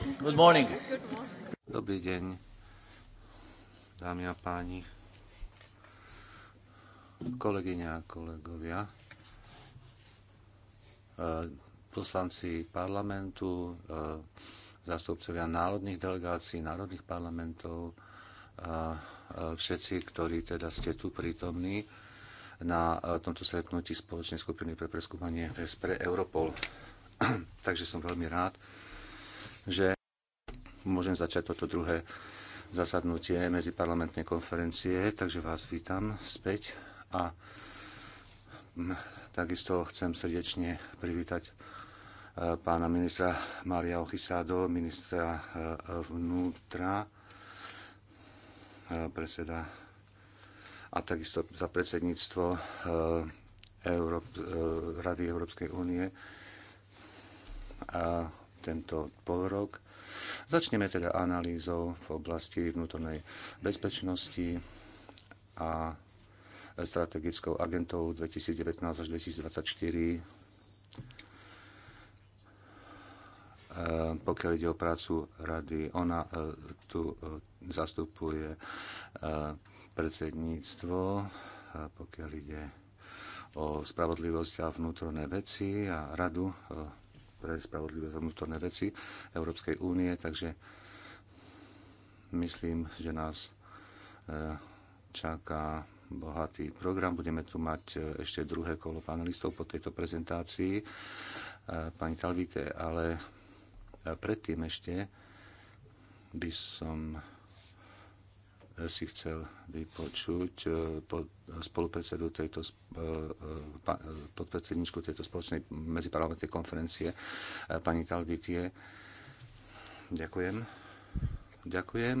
Good morning. Dobrý deň, dámy a páni, kolegyňa a kolegovia, e, poslanci parlamentu, e, zastupcovia národných delegácií, národných parlamentov, e, všetci, ktorí teda ste tu prítomní na tomto stretnutí spoločnej skupiny pre preskúmanie pre Europol. Takže som veľmi rád, že môžem začať toto druhé zasadnutie medziparlamentnej konferencie, takže vás vítam späť a mm, takisto chcem srdečne privítať e, pána ministra Maria Ochisado, ministra e, vnútra, e, predseda a takisto za predsedníctvo Rady Európskej únie tento polrok. Začneme teda analýzou v oblasti vnútornej bezpečnosti a strategickou agentou 2019 až 2024 e, pokiaľ ide o prácu rady, ona e, tu e, zastupuje predsedníctvo, pokiaľ ide o spravodlivosť a vnútorné veci a radu pre spravodlivé vnútorné veci Európskej únie, takže myslím, že nás e, čaká bohatý program. Budeme tu mať e, ešte druhé kolo panelistov po tejto prezentácii e, pani Talvite, ale predtým ešte by som si chcel vypočuť e, spolupredsedu tejto, e, e, podpredsedničku tejto spoločnej medziparlamentnej konferencie, pani Talvitie. Ďakujem. Ďakujem.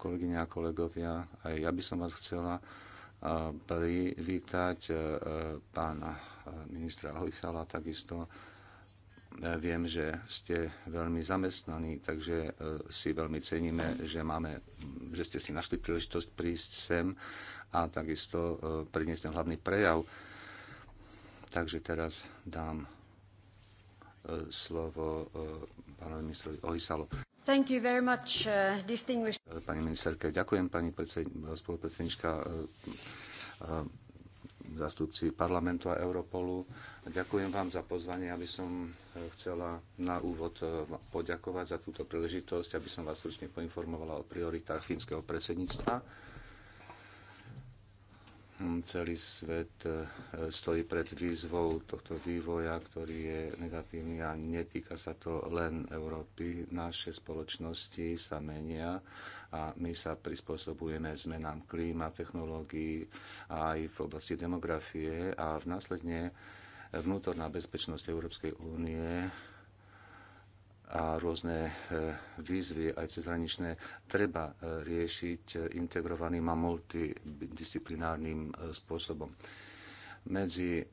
Kolegyne a kolegovia, aj ja by som vás chcela privítať pána ministra Hojsala, takisto Viem, že ste veľmi zamestnaní, takže e, si veľmi ceníme, že, máme, že ste si našli príležitosť prísť sem a takisto e, priniesť ten hlavný prejav. Takže teraz dám e, slovo pánovi ministrovi Ohisalo. Thank you very much, uh, distinguished... Pani ministerke, ďakujem, pani spolupredsednička. Uh, uh, zastupci parlamentu a Europolu. Ďakujem vám za pozvanie, aby som e, chcela na úvod e, poďakovať za túto príležitosť, aby som vás stručne poinformovala o prioritách fínskeho predsedníctva. Hm, celý svet e, stojí pred výzvou tohto vývoja, ktorý je negatívny a netýka sa to len Európy. Naše spoločnosti sa menia a my sa prispôsobujeme zmenám klíma, technológií aj v oblasti demografie a v následne vnútorná bezpečnosť Európskej únie a rôzne e, výzvy aj cezhraničné treba e, riešiť integrovaným a multidisciplinárnym e, spôsobom. Medzi e,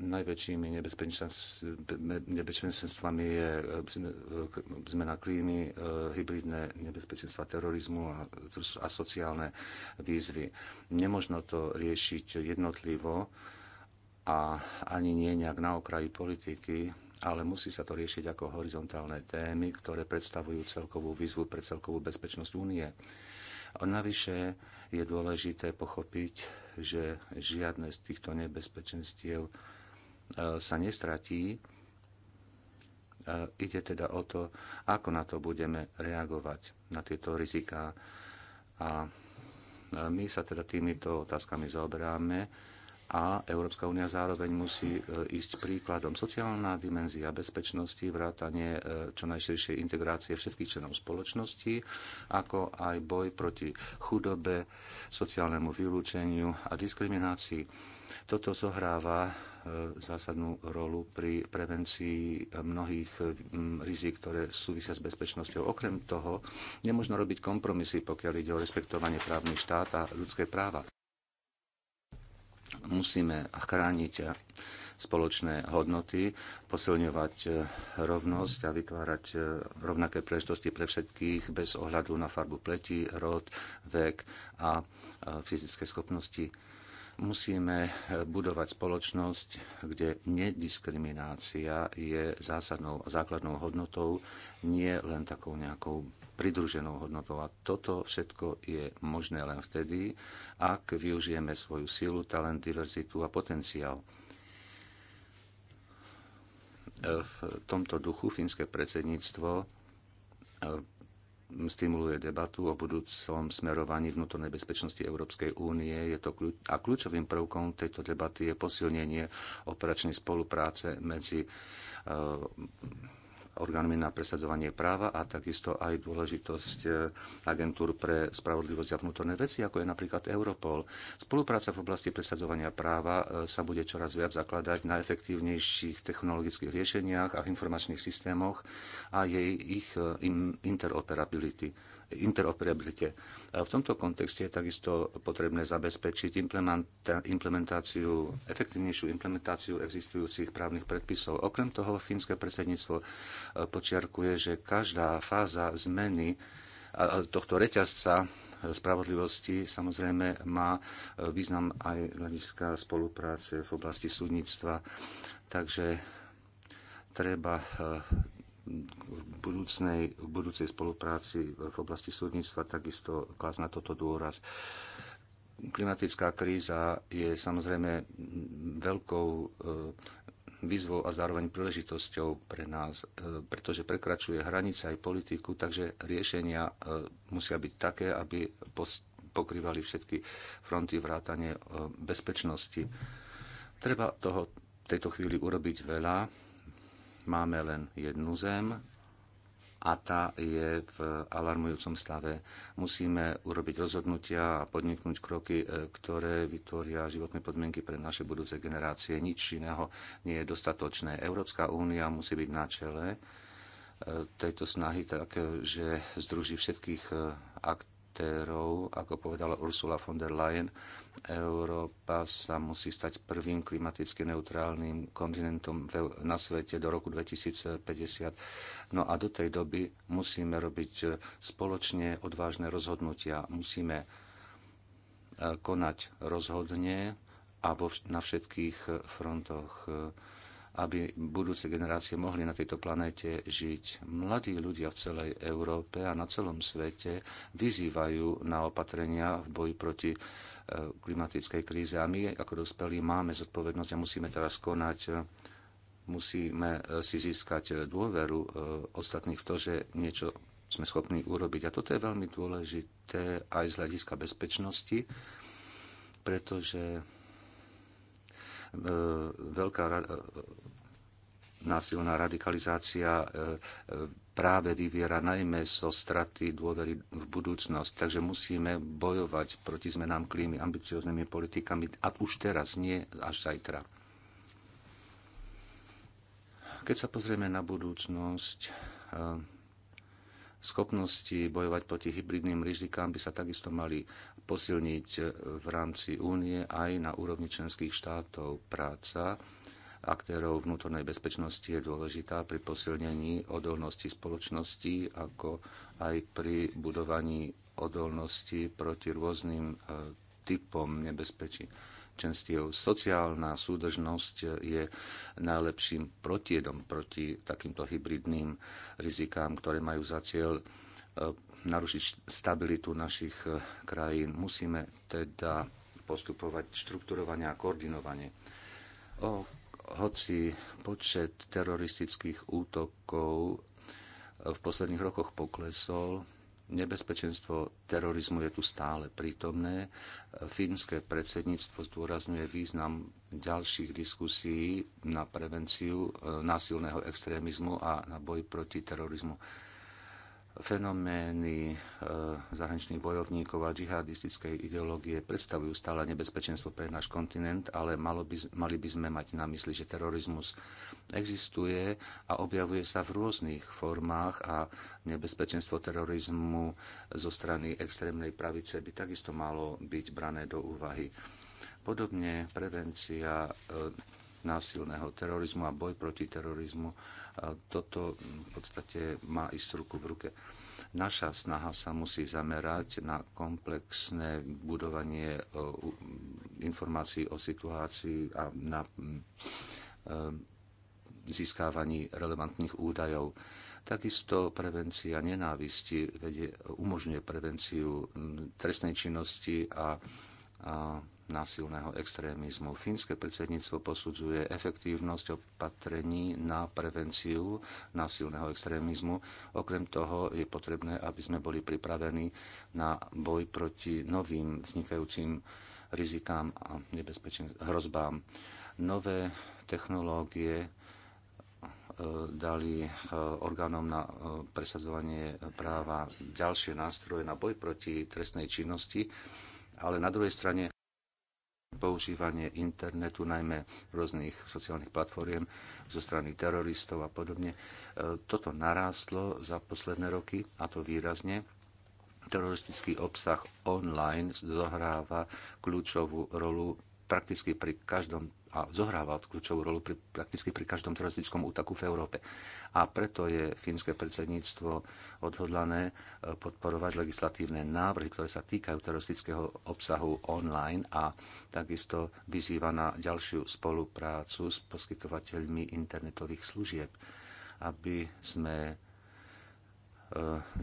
najväčšími nebezpečenstvami je e, e, zmena klímy, hybridné nebezpečenstva terorizmu a, a sociálne výzvy. Nemožno to riešiť jednotlivo a ani nie nejak na okraji politiky, ale musí sa to riešiť ako horizontálne témy, ktoré predstavujú celkovú výzvu pre celkovú bezpečnosť únie. Navyše je dôležité pochopiť, že žiadne z týchto nebezpečenstiev e, sa nestratí. E, ide teda o to, ako na to budeme reagovať, na tieto riziká. A e, my sa teda týmito otázkami zaoberáme a Európska únia zároveň musí e, ísť príkladom. Sociálna dimenzia bezpečnosti, vrátanie e, čo najširšej integrácie všetkých členov spoločnosti, ako aj boj proti chudobe, sociálnemu vylúčeniu a diskriminácii. Toto zohráva e, zásadnú rolu pri prevencii mnohých rizik, ktoré súvisia s bezpečnosťou. Okrem toho, nemôžno robiť kompromisy, pokiaľ ide o respektovanie právnych štát a ľudské práva. Musíme chrániť spoločné hodnoty, posilňovať e, rovnosť a vytvárať e, rovnaké príležitosti pre všetkých bez ohľadu na farbu pleti, rod, vek a e, fyzické schopnosti. Musíme eh, budovať spoločnosť, kde nediskriminácia je zásadnou a základnou hodnotou, nie len takou nejakou pridruženou hodnotou. A toto všetko je možné len vtedy, ak využijeme svoju silu, talent, diverzitu a potenciál. Eh, v tomto duchu fínske predsedníctvo eh, stimuluje debatu o budúcom smerovaní vnútornej bezpečnosti Európskej únie. Je to a kľúčovým prvkom tejto debaty je posilnenie operačnej spolupráce medzi eh, orgánmi na presadzovanie práva a takisto aj dôležitosť e, agentúr pre spravodlivosť a vnútorné veci, ako je napríklad Europol. Spolupráca v oblasti presadzovania práva e, sa bude čoraz viac zakladať na efektívnejších technologických riešeniach a informačných systémoch a jej ich e, interoperability interoperabilite. V tomto kontexte je takisto potrebné zabezpečiť implementáciu, efektívnejšiu implementáciu existujúcich právnych predpisov. Okrem toho, fínske predsedníctvo e, počiarkuje, že každá fáza zmeny e, tohto reťazca e, spravodlivosti samozrejme má význam aj hľadiska spolupráce v oblasti súdnictva. Takže treba v budúcnej, v budúcej spolupráci v oblasti súdnictva takisto klas na toto dôraz. Klimatická kríza je samozrejme veľkou e, výzvou a zároveň príležitosťou pre nás, e, pretože prekračuje hranice aj politiku, takže riešenia e, musia byť také, aby pokrývali všetky fronty vrátane bezpečnosti. Treba toho v tejto chvíli urobiť veľa, máme len jednu zem a tá je v alarmujúcom stave. Musíme urobiť rozhodnutia a podniknúť kroky, e, ktoré vytvoria životné podmienky pre naše budúce generácie. Nič iného nie je dostatočné. Európska únia musí byť na čele e, tejto snahy tak, e, že združí všetkých akt aktérov. Ako povedala Ursula von der Leyen, Európa sa musí stať prvým klimaticky neutrálnym kontinentom na svete do roku 2050. No a do tej doby musíme robiť e, spoločne odvážne rozhodnutia. Musíme e, konať rozhodne a vo, na všetkých frontoch e, aby budúce generácie mohli na tejto planéte žiť. Mladí ľudia v celej Európe a na celom svete vyzývajú na opatrenia v boji proti eh, klimatickej kríze a my ako dospelí máme zodpovednosť a musíme teraz konať musíme eh, si získať eh, dôveru ostatných v to, že niečo sme schopní urobiť. A toto je veľmi dôležité aj z hľadiska bezpečnosti, pretože E, veľká e, e, násilná radikalizácia práve vyviera najmä zo straty dôvery v budúcnosť. Takže musíme bojovať proti zmenám klímy ambicioznými politikami a už teraz, nie až zajtra. Keď sa pozrieme na budúcnosť, schopnosti bojovať proti hybridným rizikám by sa takisto mali posilniť e, v rámci únie aj na úrovni členských štátov. Práca aktérov vnútornej bezpečnosti je dôležitá pri posilnení odolnosti spoločnosti, ako aj pri budovaní odolnosti proti rôznym e, typom nebezpečí Čenstiev. Sociálna súdržnosť e, je najlepším protiedom proti takýmto hybridným rizikám, ktoré majú za cieľ E, narušiť stabilitu našich e, krajín. Musíme teda postupovať štrukturovanie a koordinovanie. O, hoci počet teroristických útokov e, v posledných rokoch poklesol, nebezpečenstvo terorizmu je tu stále prítomné. Fínske predsedníctvo zdôrazňuje význam ďalších diskusí na prevenciu násilného extrémizmu a na boj proti terorizmu fenomény e, zahraničných bojovníkov a džihadistickej ideológie predstavujú stále nebezpečenstvo pre náš kontinent, ale malo by, mali by sme mať na mysli, že terorizmus existuje a objavuje sa v rôznych formách a nebezpečenstvo terorizmu zo strany extrémnej pravice by takisto malo byť brané do úvahy. Podobne prevencia e, násilného terorizmu a boj proti terorizmu. Toto v podstate má istú ruku v ruke. Naša snaha sa musí zamerať na komplexné budovanie e, informácií o situácii a na mm, e, získávaní relevantných údajov. Takisto prevencia nenávisti vedie, umožňuje prevenciu mm, trestnej činnosti a, a násilného extrémizmu. Fínske predsedníctvo posudzuje efektívnosť opatrení na prevenciu násilného extrémizmu. Okrem toho je potrebné, aby sme boli pripravení na boj proti novým vznikajúcim rizikám a nebezpečným hrozbám. Nové technológie e, dali e, orgánom na e, presadzovanie práva ďalšie nástroje na boj proti trestnej činnosti, ale na druhej strane používanie internetu, najmä rôznych sociálnych platform, zo strany teroristov a podobne. E, toto narástlo za posledné roky a to výrazne. Teroristický obsah online zohráva kľúčovú rolu prakticky pri každom a zohrával kľúčovú rolu pri, prakticky pri každom teroristickom útaku v Európe. A preto je fínske predsedníctvo odhodlané e, podporovať legislatívne návrhy, ktoré sa týkajú teroristického obsahu online a takisto vyzýva na ďalšiu spoluprácu s poskytovateľmi internetových služieb, aby sme e,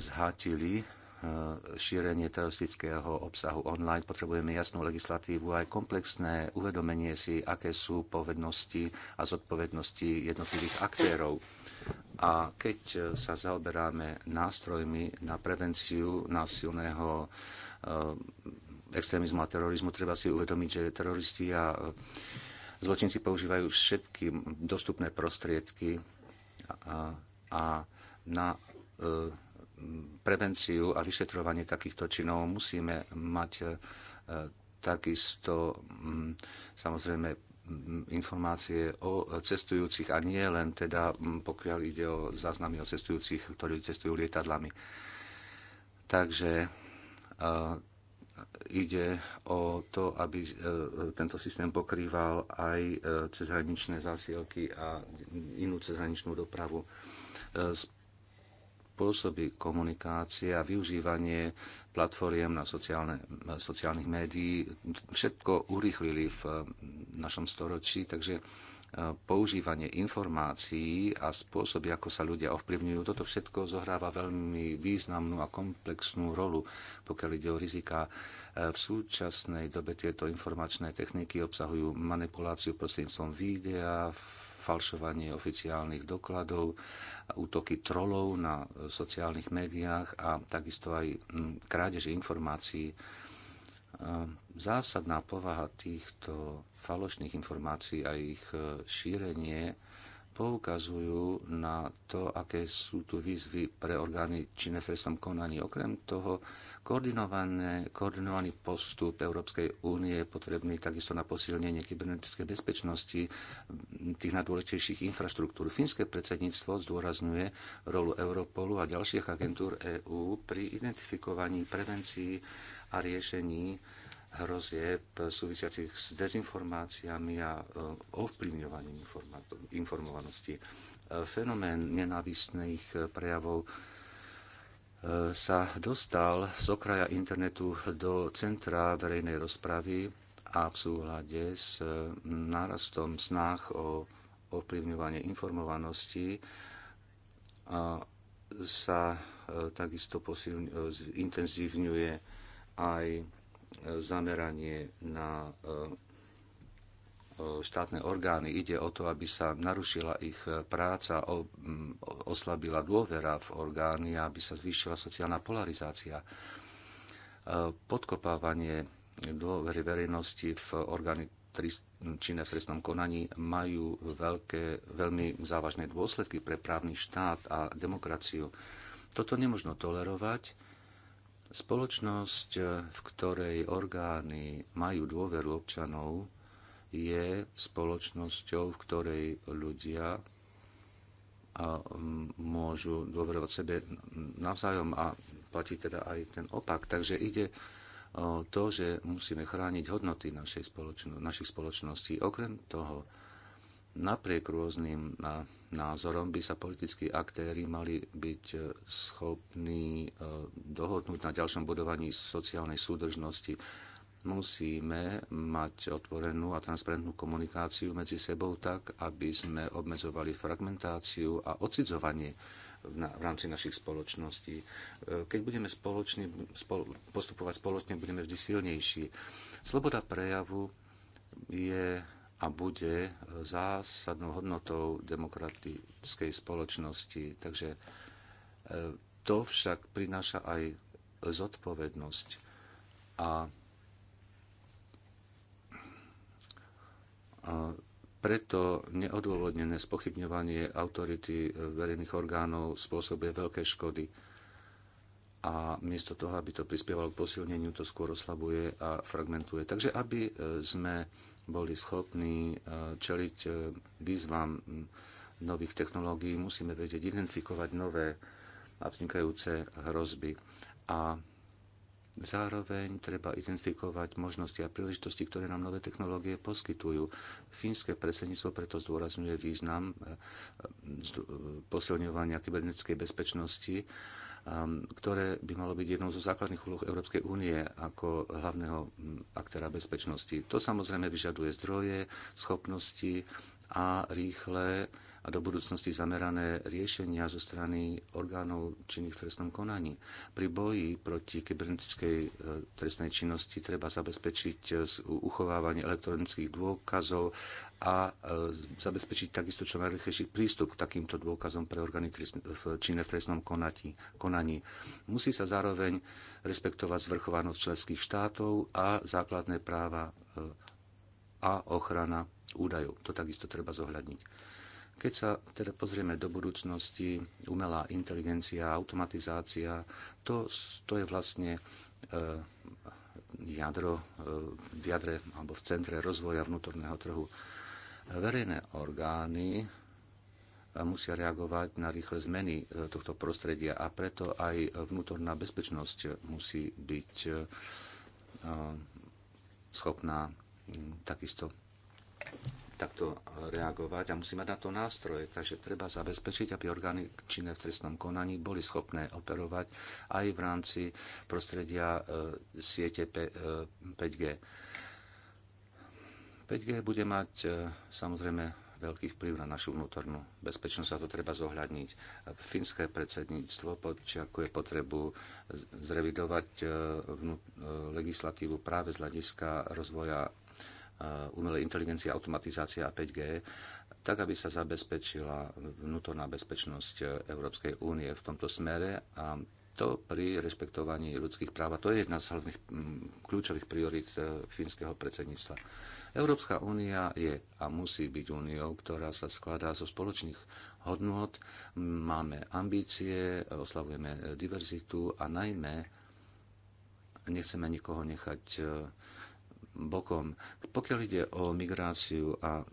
zhatili E, šírenie teroristického obsahu online. Potrebujeme jasnú legislatívu aj komplexné uvedomenie si, aké sú povednosti a zodpovednosti jednotlivých aktérov. A keď e, sa zaoberáme nástrojmi na prevenciu násilného e, extrémizmu a terorizmu, treba si uvedomiť, že teroristi a zločinci používajú všetky dostupné prostriedky a, a na prevenciu a vyšetrovanie takýchto činov musíme mať e, takisto mm, samozrejme mm, informácie o cestujúcich a nie len teda mm, pokiaľ ide o záznamy o cestujúcich, ktorí cestujú lietadlami. Takže e, ide o to, aby e, tento systém pokrýval aj cezhraničné zásielky a inú cezhraničnú dopravu. Z spôsoby komunikácie a využívanie platformiem na sociálne, sociálnych médií všetko urýchlili v eh, našom storočí, takže eh, používanie informácií a spôsoby, ako sa ľudia ovplyvňujú, toto všetko zohráva veľmi významnú a komplexnú rolu, pokiaľ ide o rizika. Eh, v súčasnej dobe tieto informačné techniky obsahujú manipuláciu prostredníctvom videa, falšovanie oficiálnych dokladov, útoky trolov na sociálnych médiách a takisto aj mm, krádeže informácií. Ehm, zásadná povaha týchto falošných informácií a ich e, šírenie poukazujú na to, aké sú tu výzvy pre orgány činné v trestnom konaní. Okrem toho, koordinovaný postup Európskej únie je potrebný takisto na posilnenie kybernetickej bezpečnosti tých najdôležitejších infraštruktúr. Fínske predsedníctvo zdôrazňuje rolu Europolu a ďalších agentúr EÚ pri identifikovaní prevencii a riešení hrozieb súvisiacich s dezinformáciami a e, ovplyvňovaním informovanosti. E, fenomén nenávistných prejavov sa dostal z okraja internetu do centra verejnej rozpravy a v súhľade s e, nárastom snách o ovplyvňovanie informovanosti e, sa e, takisto posilň, intenzívňuje aj zameranie na štátne orgány. Ide o to, aby sa narušila ich práca, oslabila dôvera v orgány, aby sa zvýšila sociálna polarizácia. E, podkopávanie dôvery verejnosti v orgány činné v trestnom konaní majú veľké, veľmi závažné dôsledky pre právny štát a demokraciu. Toto nemôžno tolerovať. Spoločnosť, v ktorej orgány majú dôveru občanov, je spoločnosťou, v ktorej ľudia môžu dôverovať sebe navzájom a platí teda aj ten opak. Takže ide o to, že musíme chrániť hodnoty našej spoločno- našich spoločností. Okrem toho, napriek rôznym názorom by sa politickí aktéry mali byť e, schopní e, dohodnúť na ďalšom budovaní sociálnej súdržnosti musíme mať otvorenú a transparentnú komunikáciu medzi sebou tak, aby sme obmedzovali fragmentáciu a ocidzovanie v, v rámci našich spoločností. E, keď budeme spoločne, spol, postupovať spoločne, budeme vždy silnejší. Sloboda prejavu je a bude zásadnou hodnotou demokratickej spoločnosti. Takže e, to však prináša aj zodpovednosť. A preto neodôvodnené spochybňovanie autority verejných orgánov spôsobuje veľké škody a miesto toho, aby to prispievalo k posilneniu, to skôr oslabuje a fragmentuje. Takže aby e, sme boli schopní e, čeliť e, výzvam nových technológií, musíme vedieť identifikovať nové a vznikajúce hrozby. A Zároveň treba identifikovať možnosti a príležitosti, ktoré nám nové technológie poskytujú. Fínske predsedníctvo preto zdôrazňuje význam eh, posilňovania kybernetickej bezpečnosti, ehm, ktoré by malo byť jednou zo základných úloh Európskej únie ako hlavného hm, aktéra bezpečnosti. To samozrejme vyžaduje zdroje, schopnosti a rýchle a do budúcnosti zamerané riešenia zo strany orgánov činných v trestnom konaní. Pri boji proti kybernetickej e, trestnej činnosti treba zabezpečiť e, uchovávanie elektronických dôkazov a e, zabezpečiť takisto čo najrychlejší prístup k takýmto dôkazom pre orgány v činné v trestnom konaní. Musí sa zároveň respektovať zvrchovanosť členských štátov a základné práva a ochrana údajov. To takisto treba zohľadniť. Keď sa teda pozrieme do budúcnosti, umelá inteligencia, automatizácia, to, to je vlastne eh, jadro, eh, v jadre alebo v centre rozvoja vnútorného trhu. Verejné orgány eh, musia reagovať na rýchle zmeny tohto prostredia a preto aj vnútorná bezpečnosť musí byť schopná hm, takisto takto eh, reagovať a musíme na to nástroje. Takže treba zabezpečiť, aby orgány činné v trestnom konaní boli schopné operovať aj v rámci prostredia eh, siete 5G. Eh, 5G bude mať samozrejme veľký vplyv na našu vnútornú bezpečnosť a to treba zohľadniť. Fínske predsedníctvo počiakuje potrebu zrevidovať legislatívu práve z hľadiska rozvoja Eh, umelej inteligencie, automatizácia a 5G, tak aby sa zabezpečila vnútorná bezpečnosť eh, Európskej únie v tomto smere a to pri rešpektovaní ľudských práv. A to je jedna z hlavných mm, kľúčových priorít eh, fínskeho predsedníctva. Európska únia je a musí byť úniou, ktorá sa skladá zo spoločných hodnot. Máme ambície, oslavujeme diverzitu a najmä nechceme nikoho nechať bokom. Pokiaľ ide o migráciu a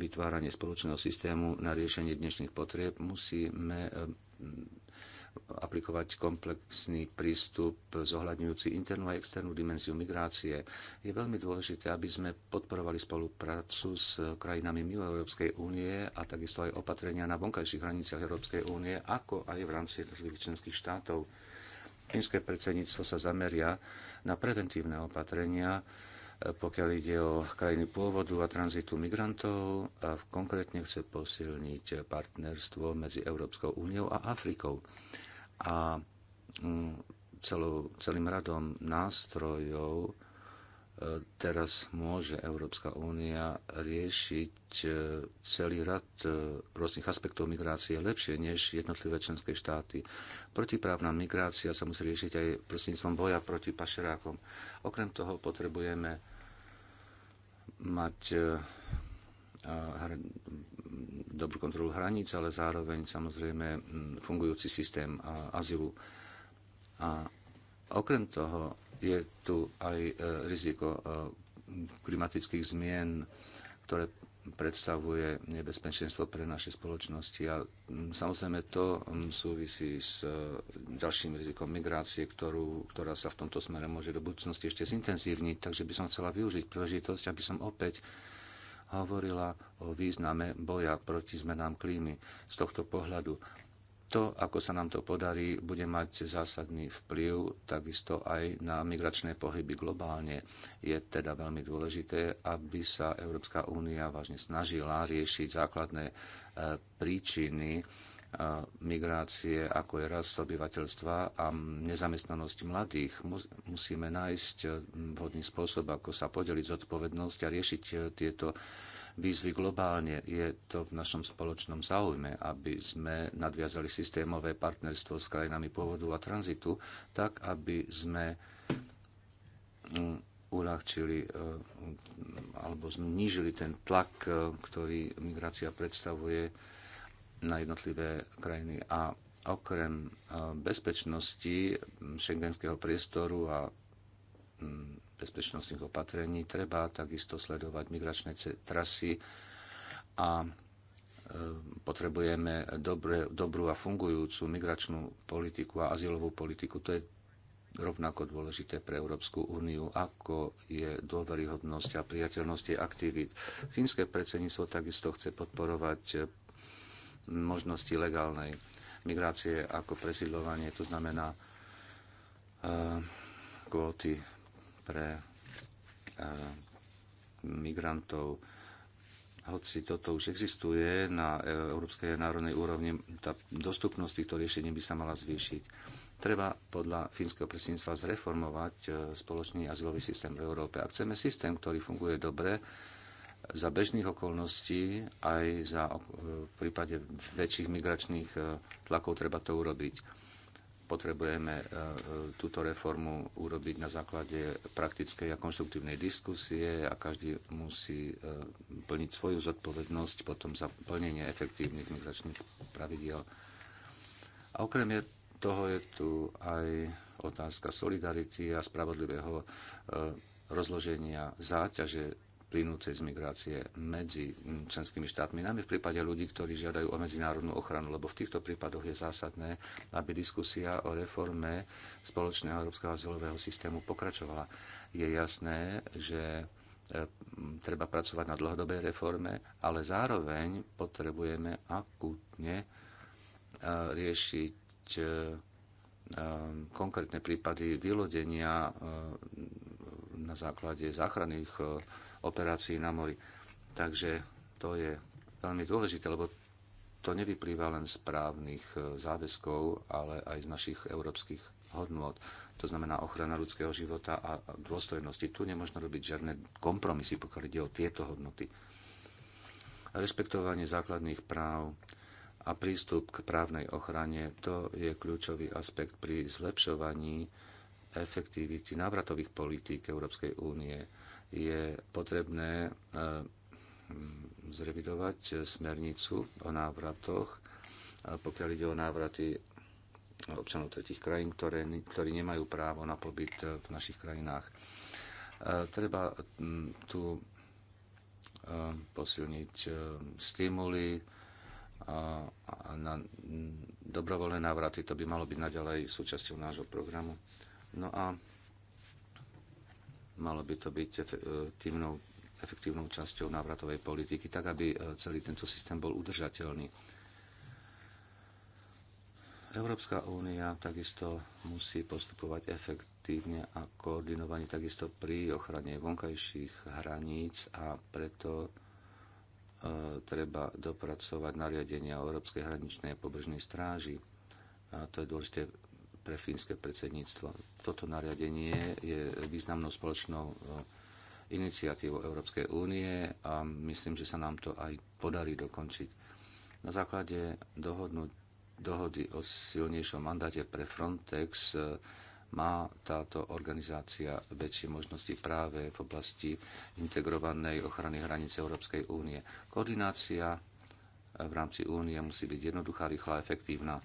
vytváranie spoločného systému na riešenie dnešných potrieb, musíme eh, aplikovať komplexný prístup zohľadňujúci internú a externú dimenziu migrácie. Je veľmi dôležité, aby sme podporovali spoluprácu s krajinami mimo Európskej únie a takisto aj opatrenia na vonkajších hraniciach Európskej únie, ako aj v rámci jednotlivých členských štátov Fínske predsedníctvo sa zameria na preventívne opatrenia, e, pokiaľ ide o krajiny pôvodu a tranzitu migrantov a konkrétne chce posilniť partnerstvo medzi Európskou úniou a Afrikou. A mm, celou, celým radom nástrojov teraz môže Európska únia riešiť e, celý rad e, rôznych aspektov migrácie lepšie než jednotlivé členské štáty. Protiprávna migrácia sa musí riešiť aj prostredníctvom boja proti pašerákom. Okrem toho potrebujeme mať e, dobrú kontrolu hraníc, ale zároveň samozrejme fungujúci systém azylu. A okrem toho je tu aj e, riziko e, klimatických zmien, ktoré predstavuje nebezpečenstvo pre naše spoločnosti a samozrejme to súvisí s e, ďalším rizikom migrácie, ktorú, ktorá sa v tomto smere môže do budúcnosti ešte zintenzívniť. Takže by som chcela využiť príležitosť, aby som opäť hovorila o význame boja proti zmenám klímy z tohto pohľadu to, ako sa nám to podarí, bude mať zásadný vplyv takisto aj na migračné pohyby globálne. Je teda veľmi dôležité, aby sa Európska únia vážne snažila riešiť základné e, príčiny e, migrácie, ako je rast obyvateľstva a nezamestnanosť mladých. Musíme nájsť e, vhodný spôsob, ako sa podeliť zodpovednosť a riešiť tieto výzvy globálne. Je to v našom spoločnom záujme, aby sme nadviazali systémové partnerstvo s krajinami pôvodu a tranzitu, tak aby sme mm, uľahčili e, alebo znížili ten tlak, e, ktorý migrácia predstavuje na jednotlivé krajiny. A okrem e, bezpečnosti šengenského priestoru a bezpečnostných opatrení. Treba takisto sledovať migračné trasy a e, potrebujeme dobrú a fungujúcu migračnú politiku a azylovú politiku. To je rovnako dôležité pre Európsku úniu, ako je dôveryhodnosť a priateľnosť jej aktivít. Fínske predsedníctvo takisto chce podporovať e, možnosti legálnej migrácie ako presídľovanie, to znamená e, kvóty pre e, migrantov. Hoci toto už existuje na e, európskej národnej úrovni, tá dostupnosť týchto riešení by sa mala zvýšiť. Treba podľa fínskeho predsedníctva zreformovať e, spoločný azylový systém v Európe. Ak chceme systém, ktorý funguje dobre, za bežných okolností, aj za, v prípade väčších migračných tlakov treba to urobiť potrebujeme e, e, túto reformu urobiť na základe praktickej a konštruktívnej diskusie a každý musí e, plniť svoju zodpovednosť potom za plnenie efektívnych migračných pravidiel. A okrem toho je tu aj otázka solidarity a spravodlivého rozloženia záťaže plynúcej z migrácie medzi členskými štátmi, najmä v prípade ľudí, ktorí žiadajú o medzinárodnú ochranu, lebo v týchto prípadoch je zásadné, aby diskusia o reforme spoločného európskeho azylového systému pokračovala. Je jasné, že e, treba pracovať na dlhodobej reforme, ale zároveň potrebujeme akútne e, riešiť e, konkrétne prípady vylodenia na základe záchranných operácií na mori. Takže to je veľmi dôležité, lebo to nevyplýva len z právnych e, záväzkov, ale aj z našich európskych hodnôt. To znamená ochrana ľudského života a dôstojnosti. Tu nemôžno robiť žiadne kompromisy, pokiaľ ide o tieto hodnoty. Rešpektovanie základných práv a prístup k právnej ochrane, to je kľúčový aspekt pri zlepšovaní efektivity návratových politík Európskej únie je potrebné e, zrevidovať smernicu o návratoch, pokiaľ ide o návraty občanov tretich krajín, ktoré, ktorí nemajú právo na pobyt v našich krajinách. E, treba tu e, posilniť stimuly a na dobrovoľné návraty. To by malo byť naďalej súčasťou nášho programu. No a Malo by to byť efektívnou, e, efektívnou časťou návratovej politiky, tak aby e, celý tento systém bol udržateľný. Európska únia takisto musí postupovať efektívne a koordinovane takisto pri ochrane vonkajších hraníc a preto e, treba dopracovať nariadenia Európskej hraničnej a pobežnej stráži. A to je dôležité pre fínske predsedníctvo. Toto nariadenie je významnou spoločnou eh, iniciatívou Európskej únie a myslím, že sa nám to aj podarí dokončiť. Na základe dohodnúť dohody o silnejšom mandáte pre Frontex eh, má táto organizácia väčšie možnosti práve v oblasti integrovanej ochrany hranic Európskej únie. Koordinácia eh, v rámci únie musí byť jednoduchá, rýchla a efektívna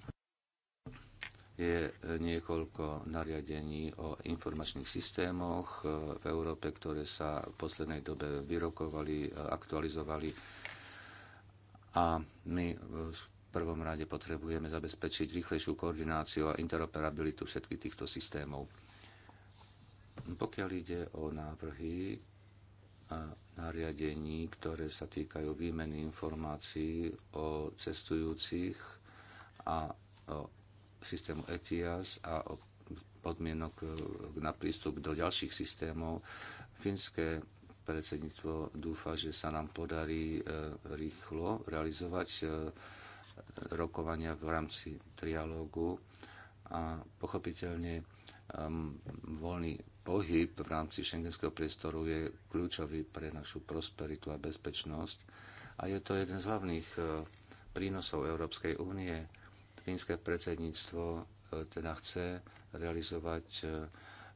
je e, niekoľko nariadení o informačných systémoch e, v Európe, ktoré sa v poslednej dobe vyrokovali, e, aktualizovali. A my v prvom rade potrebujeme zabezpečiť rýchlejšiu koordináciu a interoperabilitu všetkých týchto systémov. Pokiaľ ide o návrhy a nariadení, ktoré sa týkajú výmeny informácií o cestujúcich a o systému ETIAS a podmienok e, na prístup do ďalších systémov. Fínske predsedníctvo dúfa, že sa nám podarí e, rýchlo realizovať e, rokovania v rámci trialógu a pochopiteľne voľný pohyb v rámci šengenského priestoru je kľúčový pre našu prosperitu a bezpečnosť a je to jeden z hlavných prínosov Európskej únie Fínske predsedníctvo e, teda chce realizovať e,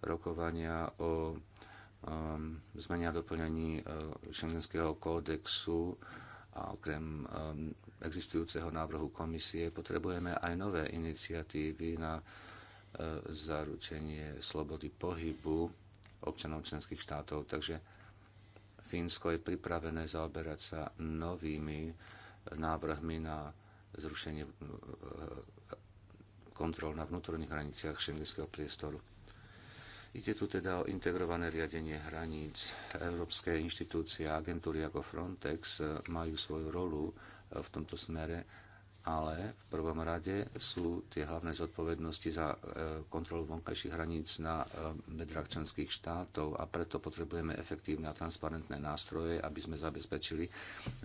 rokovania o um, zmene a doplňaní šengenského e, kódexu a okrem um, existujúceho návrhu komisie potrebujeme aj nové iniciatívy na zaručenie slobody pohybu občanov členských štátov. Takže Fínsko je pripravené zaoberať sa novými návrhmi na zrušenie e, e, kontrol na vnútorných hraniciach šengenského priestoru. Ide tu teda o integrované riadenie hraníc. Európske inštitúcie a agentúry ako Frontex e, majú svoju rolu v tomto smere ale v prvom rade sú tie hlavné zodpovednosti za e, kontrolu vonkajších hraníc na bedrách e, členských štátov a preto potrebujeme efektívne a transparentné nástroje, aby sme zabezpečili,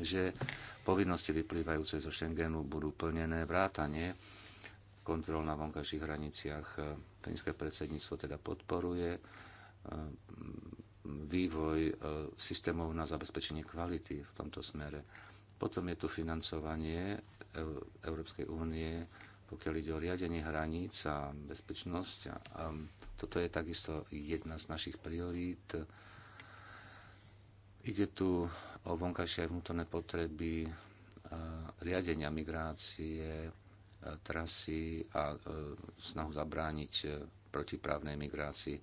že povinnosti vyplývajúce zo Schengenu budú plnené vrátanie kontrol na vonkajších hraniciach. E, Finské predsedníctvo teda podporuje vývoj systémov na zabezpečenie kvality v tomto smere. Potom je tu financovanie Európskej únie, pokiaľ ide o riadenie hraníc a bezpečnosť. A toto je takisto jedna z našich priorít. Ide tu o vonkajšie aj vnútorné potreby riadenia migrácie, trasy a snahu zabrániť e, protiprávnej migrácii.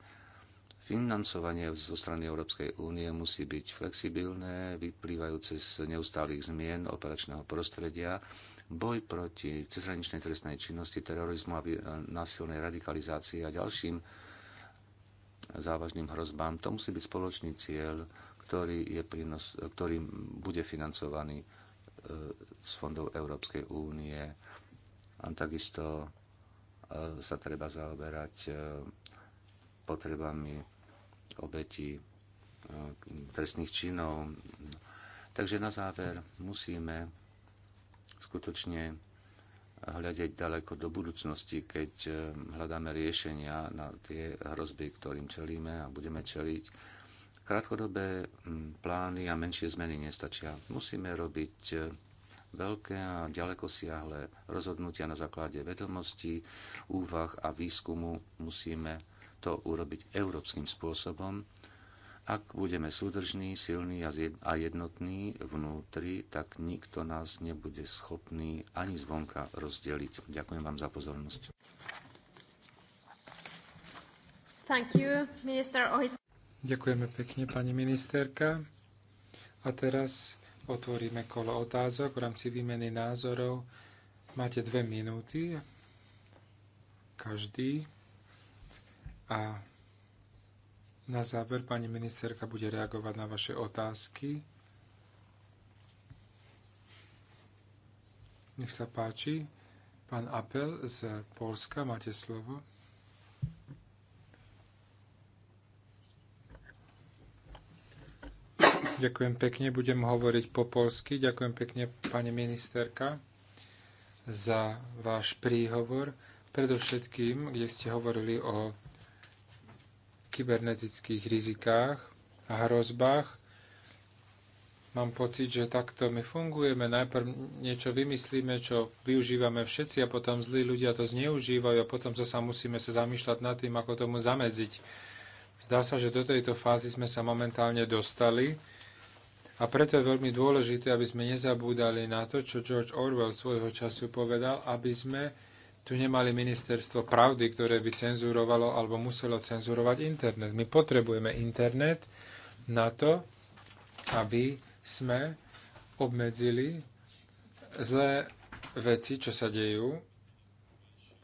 Financovanie zo strany Európskej únie musí byť flexibilné, vyplývajúce z neustálých zmien operačného prostredia boj proti cezhraničnej trestnej činnosti, terorizmu a násilnej radikalizácii a ďalším závažným hrozbám. To musí byť spoločný cieľ, ktorý, je prínos, ktorý bude financovaný e, z fondov Európskej únie. A takisto e, sa treba zaoberať e, potrebami obetí trestných činov. Takže na záver musíme skutočne hľadať ďaleko do budúcnosti, keď eh, hľadáme riešenia na tie hrozby, ktorým čelíme a budeme čeliť. Krátkodobé hm, plány a menšie zmeny nestačia. Musíme robiť eh, veľké a ďaleko siahle rozhodnutia na základe vedomostí, úvah a výskumu. Musíme to urobiť európskym spôsobom ak budeme súdržní, silní a jednotní vnútri, tak nikto nás nebude schopný ani zvonka rozdeliť. Ďakujem vám za pozornosť. Thank you, minister Ďakujeme pekne, pani ministerka. A teraz otvoríme kolo otázok v rámci výmeny názorov. Máte dve minúty, každý. A na záver pani ministerka bude reagovať na vaše otázky. Nech sa páči. Pán Apel z Polska, máte slovo. Ďakujem pekne, budem hovoriť po polsky. Ďakujem pekne, pani ministerka, za váš príhovor. Predovšetkým, kde ste hovorili o kybernetických rizikách a hrozbách. Mám pocit, že takto my fungujeme. Najprv niečo vymyslíme, čo využívame všetci a potom zlí ľudia to zneužívajú a potom sa musíme sa zamýšľať nad tým, ako tomu zamedziť. Zdá sa, že do tejto fázy sme sa momentálne dostali a preto je veľmi dôležité, aby sme nezabúdali na to, čo George Orwell svojho času povedal, aby sme tu nemali ministerstvo pravdy, ktoré by cenzurovalo alebo muselo cenzurovať internet. My potrebujeme internet na to, aby sme obmedzili zlé veci, čo sa dejú,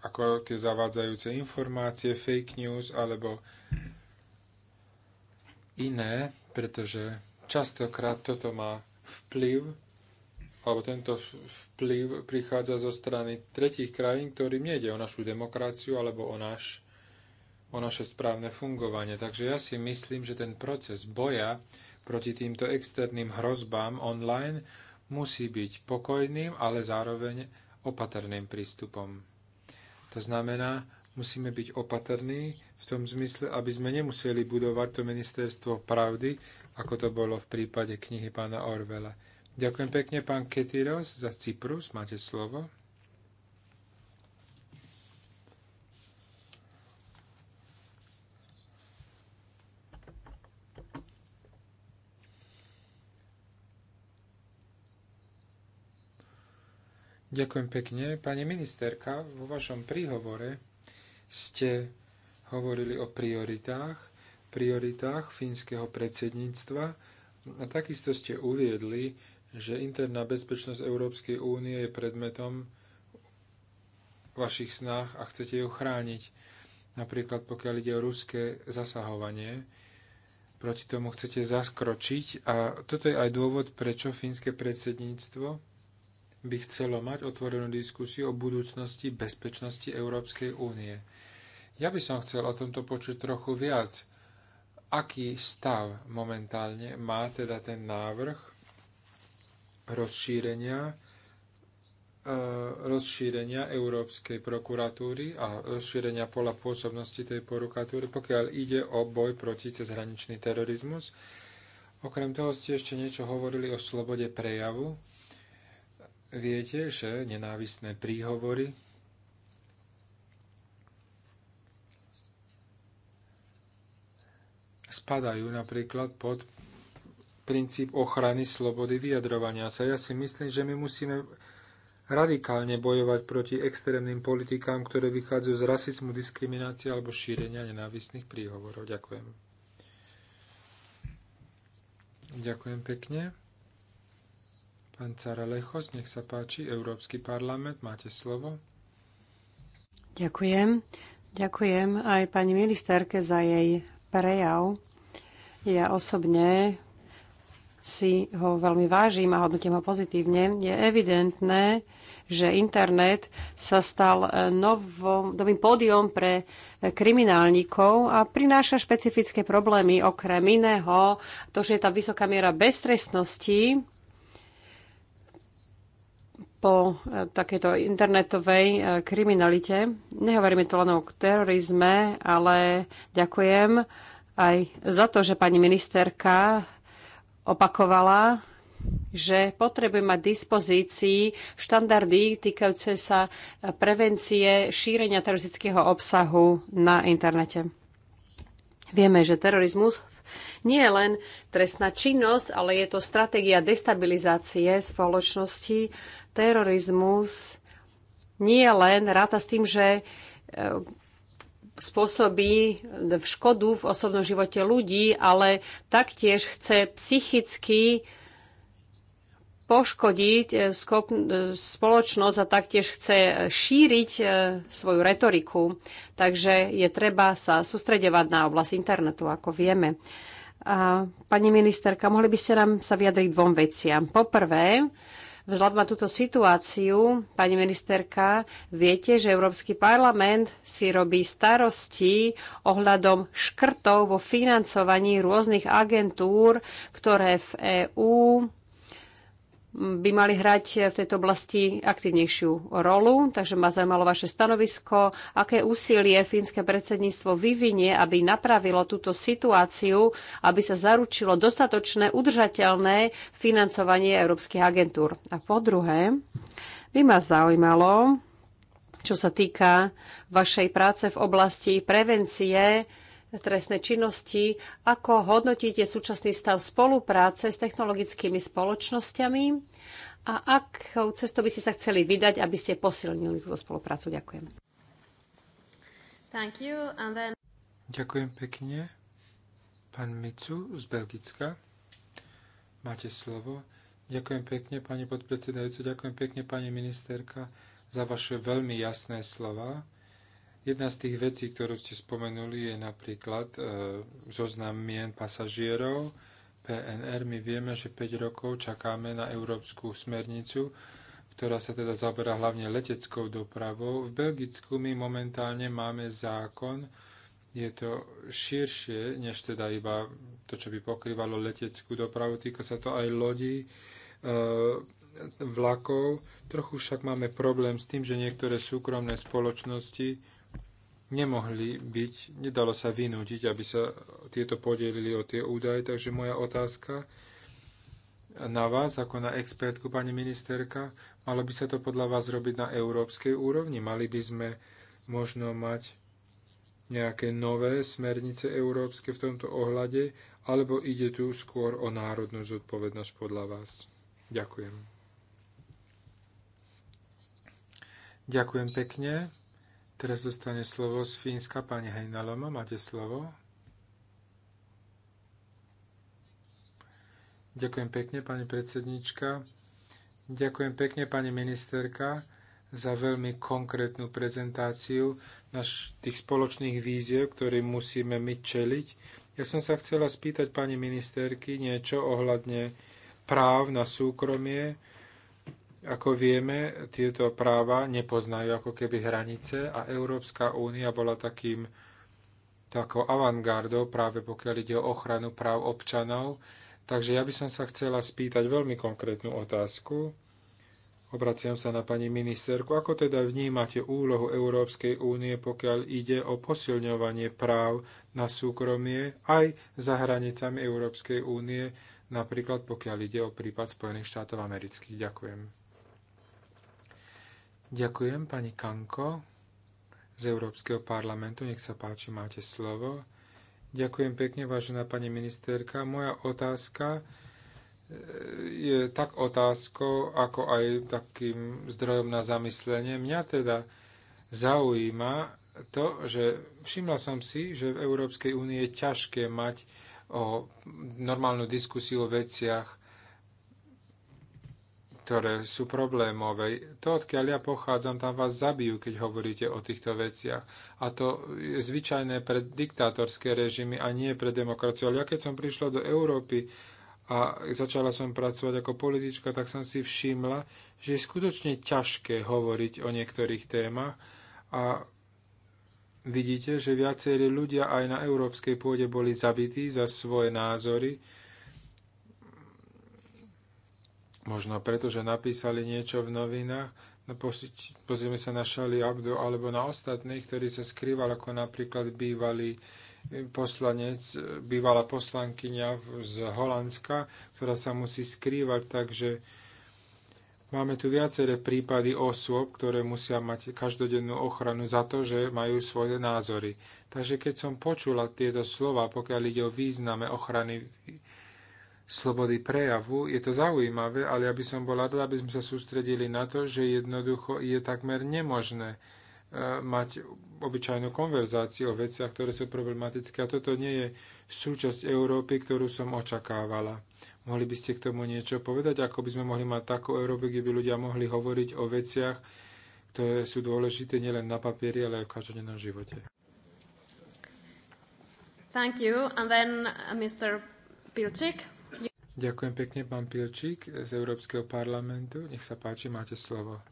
ako tie zavádzajúce informácie, fake news alebo iné, pretože častokrát toto má vplyv alebo tento vplyv prichádza zo strany tretích krajín, ktorým nejde o našu demokraciu alebo o, naš, o naše správne fungovanie. Takže ja si myslím, že ten proces boja proti týmto externým hrozbám online musí byť pokojným, ale zároveň opatrným prístupom. To znamená, musíme byť opatrní v tom zmysle, aby sme nemuseli budovať to ministerstvo pravdy, ako to bolo v prípade knihy pána Orvela Ďakujem pekne, pán Ketiros, za Cyprus. Máte slovo. Ďakujem pekne. Pani ministerka, vo vašom príhovore ste hovorili o prioritách, prioritách fínskeho predsedníctva a takisto ste uviedli, že interná bezpečnosť Európskej únie je predmetom vašich snách a chcete ju chrániť. Napríklad pokiaľ ide o ruské zasahovanie, proti tomu chcete zaskročiť a toto je aj dôvod, prečo fínske predsedníctvo by chcelo mať otvorenú diskusiu o budúcnosti bezpečnosti Európskej únie. Ja by som chcel o tomto počuť trochu viac. Aký stav momentálne má teda ten návrh rozšírenia, e, rozšírenia Európskej prokuratúry a rozšírenia pola pôsobnosti tej prokuratúry, pokiaľ ide o boj proti cezhraničný terorizmus. Okrem toho ste ešte niečo hovorili o slobode prejavu. Viete, že nenávisné príhovory spadajú napríklad pod princíp ochrany slobody vyjadrovania sa. Ja si myslím, že my musíme radikálne bojovať proti extrémnym politikám, ktoré vychádzajú z rasizmu, diskriminácie alebo šírenia nenávisných príhovorov. Ďakujem. Ďakujem pekne. Pán Lechos, nech sa páči, Európsky parlament, máte slovo. Ďakujem. Ďakujem aj pani ministerke za jej prejav. Ja osobne si ho veľmi vážim a hodnotím ho pozitívne, je evidentné, že internet sa stal e, novom, novým pódium pre e, kriminálnikov a prináša špecifické problémy okrem iného, to, že je tam vysoká miera beztrestnosti, po e, takejto internetovej kriminalite. Nehovoríme to len o terorizme, ale ďakujem aj za to, že pani ministerka opakovala, že potrebujeme mať dispozícii štandardy týkajúce sa prevencie šírenia teroristického obsahu na internete. Vieme, že terorizmus nie je len trestná činnosť, ale je to stratégia destabilizácie spoločnosti. Terorizmus nie je len ráta s tým, že spôsobí škodu v osobnom živote ľudí, ale taktiež chce psychicky poškodiť eh, eh, spoločnosť a taktiež chce šíriť eh, svoju retoriku. Takže je treba sa sústredovať na oblasť internetu, ako vieme. A, pani ministerka, mohli by ste nám sa vyjadriť dvom veciam. Poprvé, Vzhľadom na túto situáciu, pani ministerka, viete, že Európsky parlament si robí starosti ohľadom škrtov vo financovaní rôznych agentúr, ktoré v EÚ by mali hrať v tejto oblasti aktívnejšiu rolu, takže ma zaujímalo vaše stanovisko, aké úsilie fínske predsedníctvo vyvinie, aby napravilo túto situáciu, aby sa zaručilo dostatočné udržateľné financovanie európskych agentúr. A po druhé, by ma zaujímalo, čo sa týka vašej práce v oblasti prevencie trestné činnosti, ako hodnotíte súčasný stav spolupráce s technologickými spoločnosťami a akou cestou by ste sa chceli vydať, aby ste posilnili túto spoluprácu. Ďakujem. Thank you, and then... Ďakujem pekne. Pán Micu z Belgicka. Máte slovo. Ďakujem pekne, pani podpredsedajúca, ďakujem pekne, pani ministerka, za vaše veľmi jasné slova. Jedna z tých vecí, ktorú ste spomenuli, je napríklad e, zoznam mien pasažierov. PNR, my vieme, že 5 rokov čakáme na európsku smernicu, ktorá sa teda zaoberá hlavne leteckou dopravou. V Belgicku my momentálne máme zákon, je to širšie, než teda iba to, čo by pokrývalo leteckú dopravu, týka sa to aj lodí, e, vlakov. Trochu však máme problém s tým, že niektoré súkromné spoločnosti nemohli byť, nedalo sa vynútiť, aby sa tieto podelili o tie údaje. Takže moja otázka na vás, ako na expertku, pani ministerka, malo by sa to podľa vás robiť na európskej úrovni? Mali by sme možno mať nejaké nové smernice európske v tomto ohľade, alebo ide tu skôr o národnú zodpovednosť podľa vás? Ďakujem. Ďakujem pekne. Teraz dostane slovo z Fínska pani Heinaloma. Máte slovo. Ďakujem pekne, pani predsednička. Ďakujem pekne, pani ministerka, za veľmi konkrétnu prezentáciu naš, tých spoločných víziev, ktorým musíme my čeliť. Ja som sa chcela spýtať pani ministerky niečo ohľadne práv na súkromie, ako vieme, tieto práva nepoznajú ako keby hranice a Európska únia bola takým takou avantgardou práve pokiaľ ide o ochranu práv občanov. Takže ja by som sa chcela spýtať veľmi konkrétnu otázku. Obraciam sa na pani ministerku. Ako teda vnímate úlohu Európskej únie, pokiaľ ide o posilňovanie práv na súkromie aj za hranicami Európskej únie, napríklad pokiaľ ide o prípad Spojených štátov amerických? Ďakujem. Ďakujem pani Kanko z Európskeho parlamentu. Nech sa páči, máte slovo. Ďakujem pekne, vážená pani ministerka. Moja otázka e, je tak otázkou, ako aj takým zdrojom na zamyslenie. Mňa teda zaujíma to, že všimla som si, že v Európskej únii je ťažké mať o normálnu diskusiu o veciach, ktoré sú problémové. To, odkiaľ ja pochádzam, tam vás zabijú, keď hovoríte o týchto veciach. A to je zvyčajné pre diktátorské režimy a nie pre demokraciu. Ale ja keď som prišla do Európy a začala som pracovať ako politička, tak som si všimla, že je skutočne ťažké hovoriť o niektorých témach a vidíte, že viacerí ľudia aj na európskej pôde boli zabití za svoje názory, Možno preto, že napísali niečo v novinách, no pozrieme sa na Šali Abdu alebo na ostatných, ktorý sa skrýval ako napríklad bývalý e, poslanec, e, bývalá poslankyňa z Holandska, ktorá sa musí skrývať, takže máme tu viaceré prípady osôb, ktoré musia mať každodennú ochranu za to, že majú svoje názory. Takže keď som počula tieto slova, pokiaľ ide o význame ochrany slobody prejavu. Je to zaujímavé, ale ja by som bola rád, aby sme sa sústredili na to, že jednoducho je takmer nemožné e, mať obyčajnú konverzáciu o veciach, ktoré sú problematické. A toto nie je súčasť Európy, ktorú som očakávala. Mohli by ste k tomu niečo povedať? Ako by sme mohli mať takú Európu, kde by ľudia mohli hovoriť o veciach, ktoré sú dôležité nielen na papieri, ale aj v každodennom živote? Thank you. And then uh, Mr. Pilčík. Ďakujem pekne, pán Pilčík z Európskeho parlamentu. Nech sa páči, máte slovo.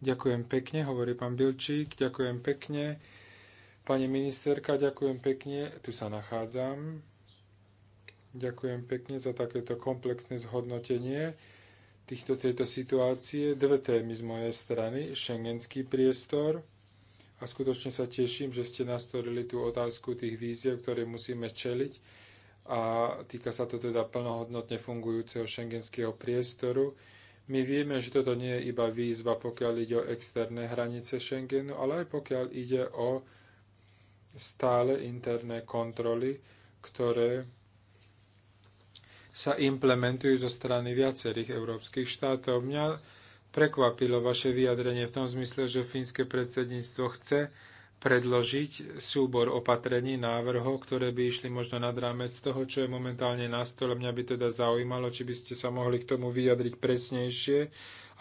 Ďakujem pekne, hovorí pán Bilčík. Ďakujem pekne. Pani ministerka, ďakujem pekne. Tu sa nachádzam. Ďakujem pekne za takéto komplexné zhodnotenie týchto, tejto situácie. Dve témy z mojej strany. Šengenský priestor. A skutočne sa teším, že ste nastorili tú otázku tých víziev, ktoré musíme čeliť a týka sa to teda plnohodnotne fungujúceho šengenského priestoru. My vieme, že toto nie je iba výzva, pokiaľ ide o externé hranice Schengenu, ale aj pokiaľ ide o stále interné kontroly, ktoré sa implementujú zo strany viacerých európskych štátov. Mňa prekvapilo vaše vyjadrenie v tom zmysle, že fínske predsedníctvo chce predložiť súbor opatrení, návrhov, ktoré by išli možno nad rámec toho, čo je momentálne na stole. Mňa by teda zaujímalo, či by ste sa mohli k tomu vyjadriť presnejšie,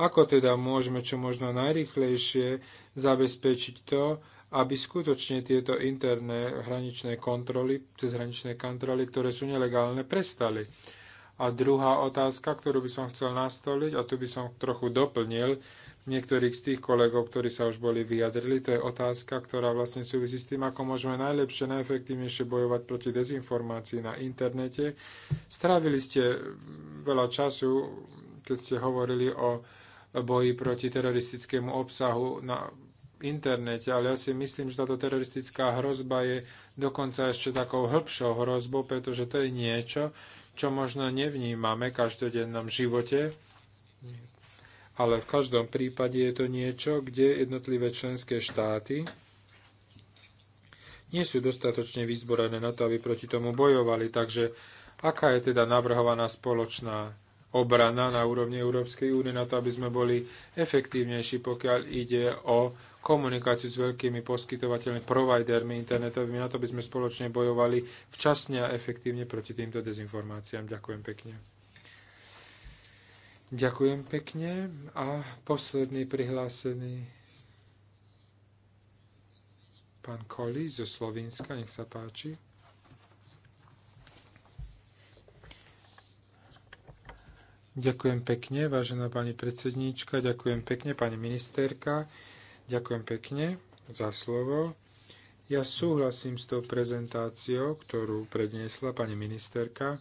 ako teda môžeme čo možno najrychlejšie zabezpečiť to, aby skutočne tieto interné hraničné kontroly, cezhraničné kontroly, ktoré sú nelegálne, prestali a druhá otázka, ktorú by som chcel nastoliť, a tu by som trochu doplnil niektorých z tých kolegov, ktorí sa už boli vyjadrili, to je otázka, ktorá vlastne súvisí s tým, ako môžeme najlepšie, najefektívnejšie bojovať proti dezinformácii na internete. Strávili ste veľa času, keď ste hovorili o boji proti teroristickému obsahu na internete, ale ja si myslím, že táto teroristická hrozba je dokonca ešte takou hĺbšou hrozbou, pretože to je niečo, čo možno nevnímame v každodennom živote, ale v každom prípade je to niečo, kde jednotlivé členské štáty nie sú dostatočne vyzborené na to, aby proti tomu bojovali. Takže aká je teda navrhovaná spoločná obrana na úrovni Európskej únie na to, aby sme boli efektívnejší, pokiaľ ide o komunikáciu s veľkými poskytovateľmi, providermi internetovými, na to by sme spoločne bojovali včasne a efektívne proti týmto dezinformáciám. Ďakujem pekne. Ďakujem pekne. A posledný prihlásený pán Koli zo Slovenska, nech sa páči. Ďakujem pekne, vážená pani predsedníčka, ďakujem pekne, pani ministerka. Ďakujem pekne za slovo. Ja súhlasím s tou prezentáciou, ktorú predniesla pani ministerka.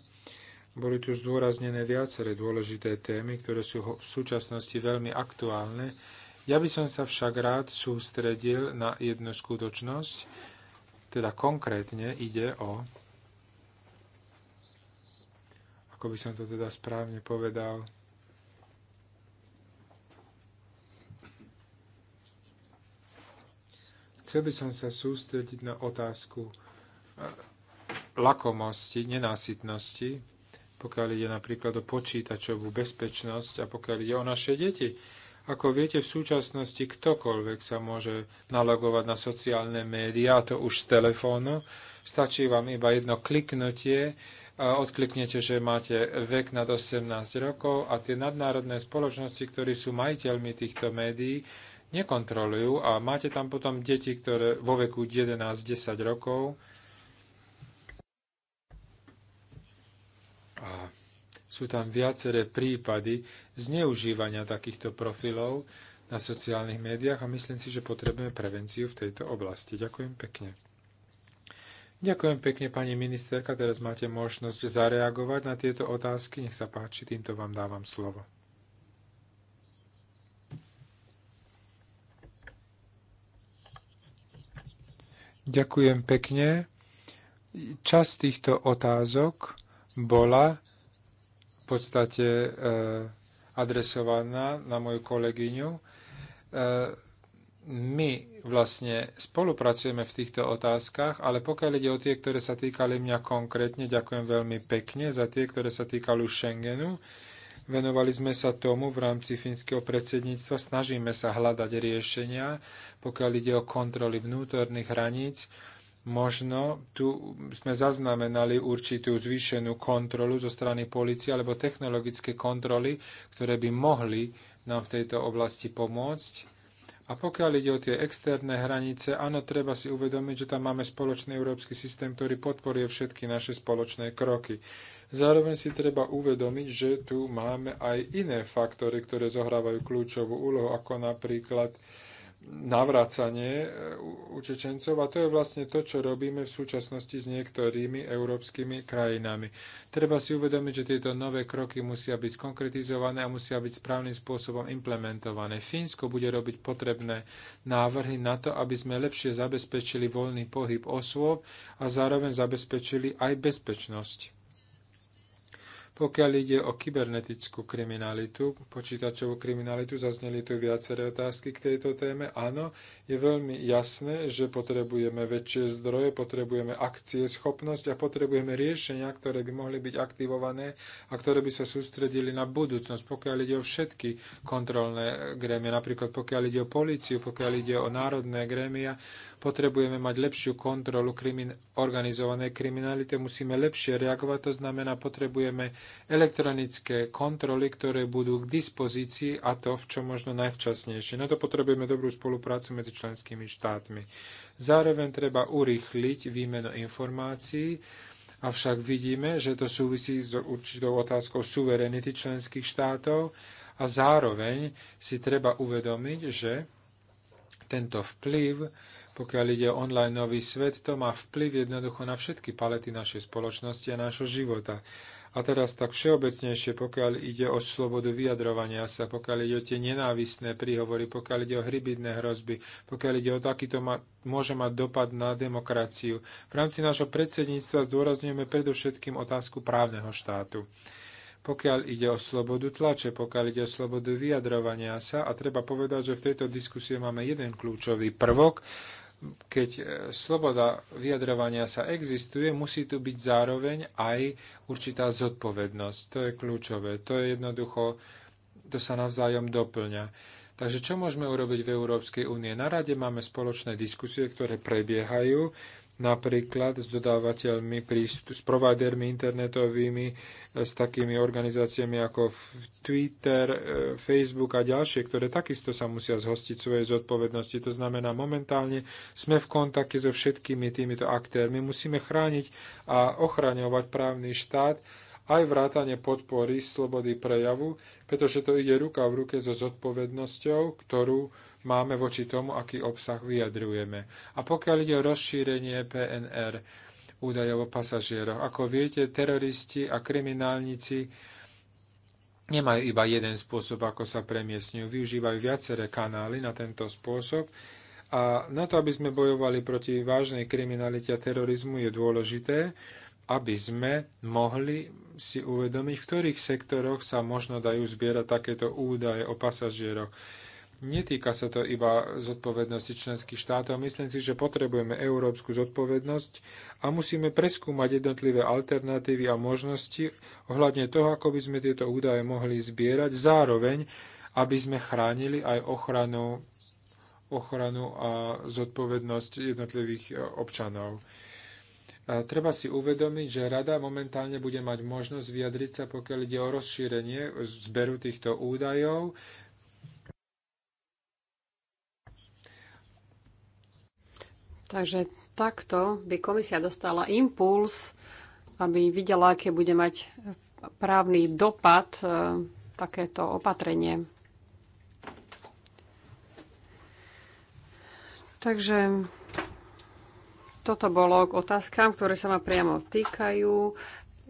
Boli tu zdôraznené viaceré dôležité témy, ktoré sú v súčasnosti veľmi aktuálne. Ja by som sa však rád sústredil na jednu skutočnosť, teda konkrétne ide o, ako by som to teda správne povedal, Chcel by som sa sústrediť na otázku eh, lakomosti, nenásytnosti, pokiaľ ide napríklad o počítačovú bezpečnosť a pokiaľ ide o naše deti. Ako viete, v súčasnosti ktokoľvek sa môže nalogovať na sociálne médiá, to už z telefónu. Stačí vám iba jedno kliknutie, a odkliknete, že máte vek nad 18 rokov a tie nadnárodné spoločnosti, ktorí sú majiteľmi týchto médií, nekontrolujú a máte tam potom deti, ktoré vo veku 11-10 rokov a sú tam viaceré prípady zneužívania takýchto profilov na sociálnych médiách a myslím si, že potrebujeme prevenciu v tejto oblasti. Ďakujem pekne. Ďakujem pekne, pani ministerka. Teraz máte možnosť zareagovať na tieto otázky. Nech sa páči, týmto vám dávam slovo. Ďakujem pekne. Čas týchto otázok bola v podstate eh, adresovaná na moju kolegyňu. Eh, my vlastne spolupracujeme v týchto otázkach, ale pokiaľ ide o tie, ktoré sa týkali mňa konkrétne, ďakujem veľmi pekne za tie, ktoré sa týkali Schengenu. Venovali sme sa tomu v rámci fínskeho predsedníctva. Snažíme sa hľadať riešenia, pokiaľ ide o kontroly vnútorných hraníc. Možno tu sme zaznamenali určitú zvýšenú kontrolu zo strany policie alebo technologické kontroly, ktoré by mohli nám v tejto oblasti pomôcť. A pokiaľ ide o tie externé hranice, áno, treba si uvedomiť, že tam máme spoločný európsky systém, ktorý podporuje všetky naše spoločné kroky. Zároveň si treba uvedomiť, že tu máme aj iné faktory, ktoré zohrávajú kľúčovú úlohu, ako napríklad navracanie e, utečencov a to je vlastne to, čo robíme v súčasnosti s niektorými európskymi krajinami. Treba si uvedomiť, že tieto nové kroky musia byť skonkretizované a musia byť správnym spôsobom implementované. Fínsko bude robiť potrebné návrhy na to, aby sme lepšie zabezpečili voľný pohyb osôb a zároveň zabezpečili aj bezpečnosť. Pokiaľ ide o kybernetickú kriminalitu, počítačovú kriminalitu, zazneli tu viaceré otázky k tejto téme. Áno, je veľmi jasné, že potrebujeme väčšie zdroje, potrebujeme akcie, schopnosť a potrebujeme riešenia, ktoré by mohli byť aktivované a ktoré by sa sústredili na budúcnosť, pokiaľ ide o všetky kontrolné grémia, napríklad pokiaľ ide o políciu, pokiaľ ide o národné grémia, Potrebujeme mať lepšiu kontrolu krimin- organizovanej kriminality, musíme lepšie reagovať, to znamená, potrebujeme elektronické kontroly, ktoré budú k dispozícii a to v čo možno najvčasnejšie. Na to potrebujeme dobrú spoluprácu medzi členskými štátmi. Zároveň treba urýchliť výmenu informácií, avšak vidíme, že to súvisí s určitou otázkou suverenity členských štátov a zároveň si treba uvedomiť, že tento vplyv pokiaľ ide o online nový svet, to má vplyv jednoducho na všetky palety našej spoločnosti a nášho života. A teraz tak všeobecnejšie, pokiaľ ide o slobodu vyjadrovania sa, pokiaľ ide o tie nenávisné príhovory, pokiaľ ide o hrybidné hrozby, pokiaľ ide o takýto ma, môže mať dopad na demokraciu. V rámci nášho predsedníctva zdôrazňujeme predovšetkým otázku právneho štátu. Pokiaľ ide o slobodu tlače, pokiaľ ide o slobodu vyjadrovania sa, a treba povedať, že v tejto diskusie máme jeden kľúčový prvok, keď e, sloboda vyjadrovania sa existuje, musí tu byť zároveň aj určitá zodpovednosť. To je kľúčové. To je jednoducho, to sa navzájom doplňa. Takže čo môžeme urobiť v Európskej únie? Na rade máme spoločné diskusie, ktoré prebiehajú napríklad s dodávateľmi, s providermi internetovými, eh, s takými organizáciami ako Twitter, eh, Facebook a ďalšie, ktoré takisto sa musia zhostiť svojej zodpovednosti. To znamená, momentálne sme v kontakte so všetkými týmito aktérmi. Musíme chrániť a ochraňovať právny štát, aj vrátanie podpory slobody prejavu, pretože to ide ruka v ruke so zodpovednosťou, ktorú máme voči tomu, aký obsah vyjadrujeme. A pokiaľ ide o rozšírenie PNR, údajov o pasažieroch. Ako viete, teroristi a kriminálnici nemajú iba jeden spôsob, ako sa premiesňujú. Využívajú viaceré kanály na tento spôsob. A na to, aby sme bojovali proti vážnej kriminalite a terorizmu, je dôležité, aby sme mohli si uvedomiť, v ktorých sektoroch sa možno dajú zbierať takéto údaje o pasažieroch Netýka sa to iba zodpovednosti členských štátov. Myslím si, že potrebujeme európsku zodpovednosť a musíme preskúmať jednotlivé alternatívy a možnosti ohľadne toho, ako by sme tieto údaje mohli zbierať, zároveň, aby sme chránili aj ochranu, ochranu a zodpovednosť jednotlivých e, občanov. A e, treba si uvedomiť, že rada momentálne bude mať možnosť vyjadriť sa, pokiaľ ide o rozšírenie zberu týchto údajov. Takže takto by komisia dostala impuls, aby videla, aké bude mať právny dopad e, takéto opatrenie. Takže toto bolo k otázkám, ktoré sa ma priamo týkajú.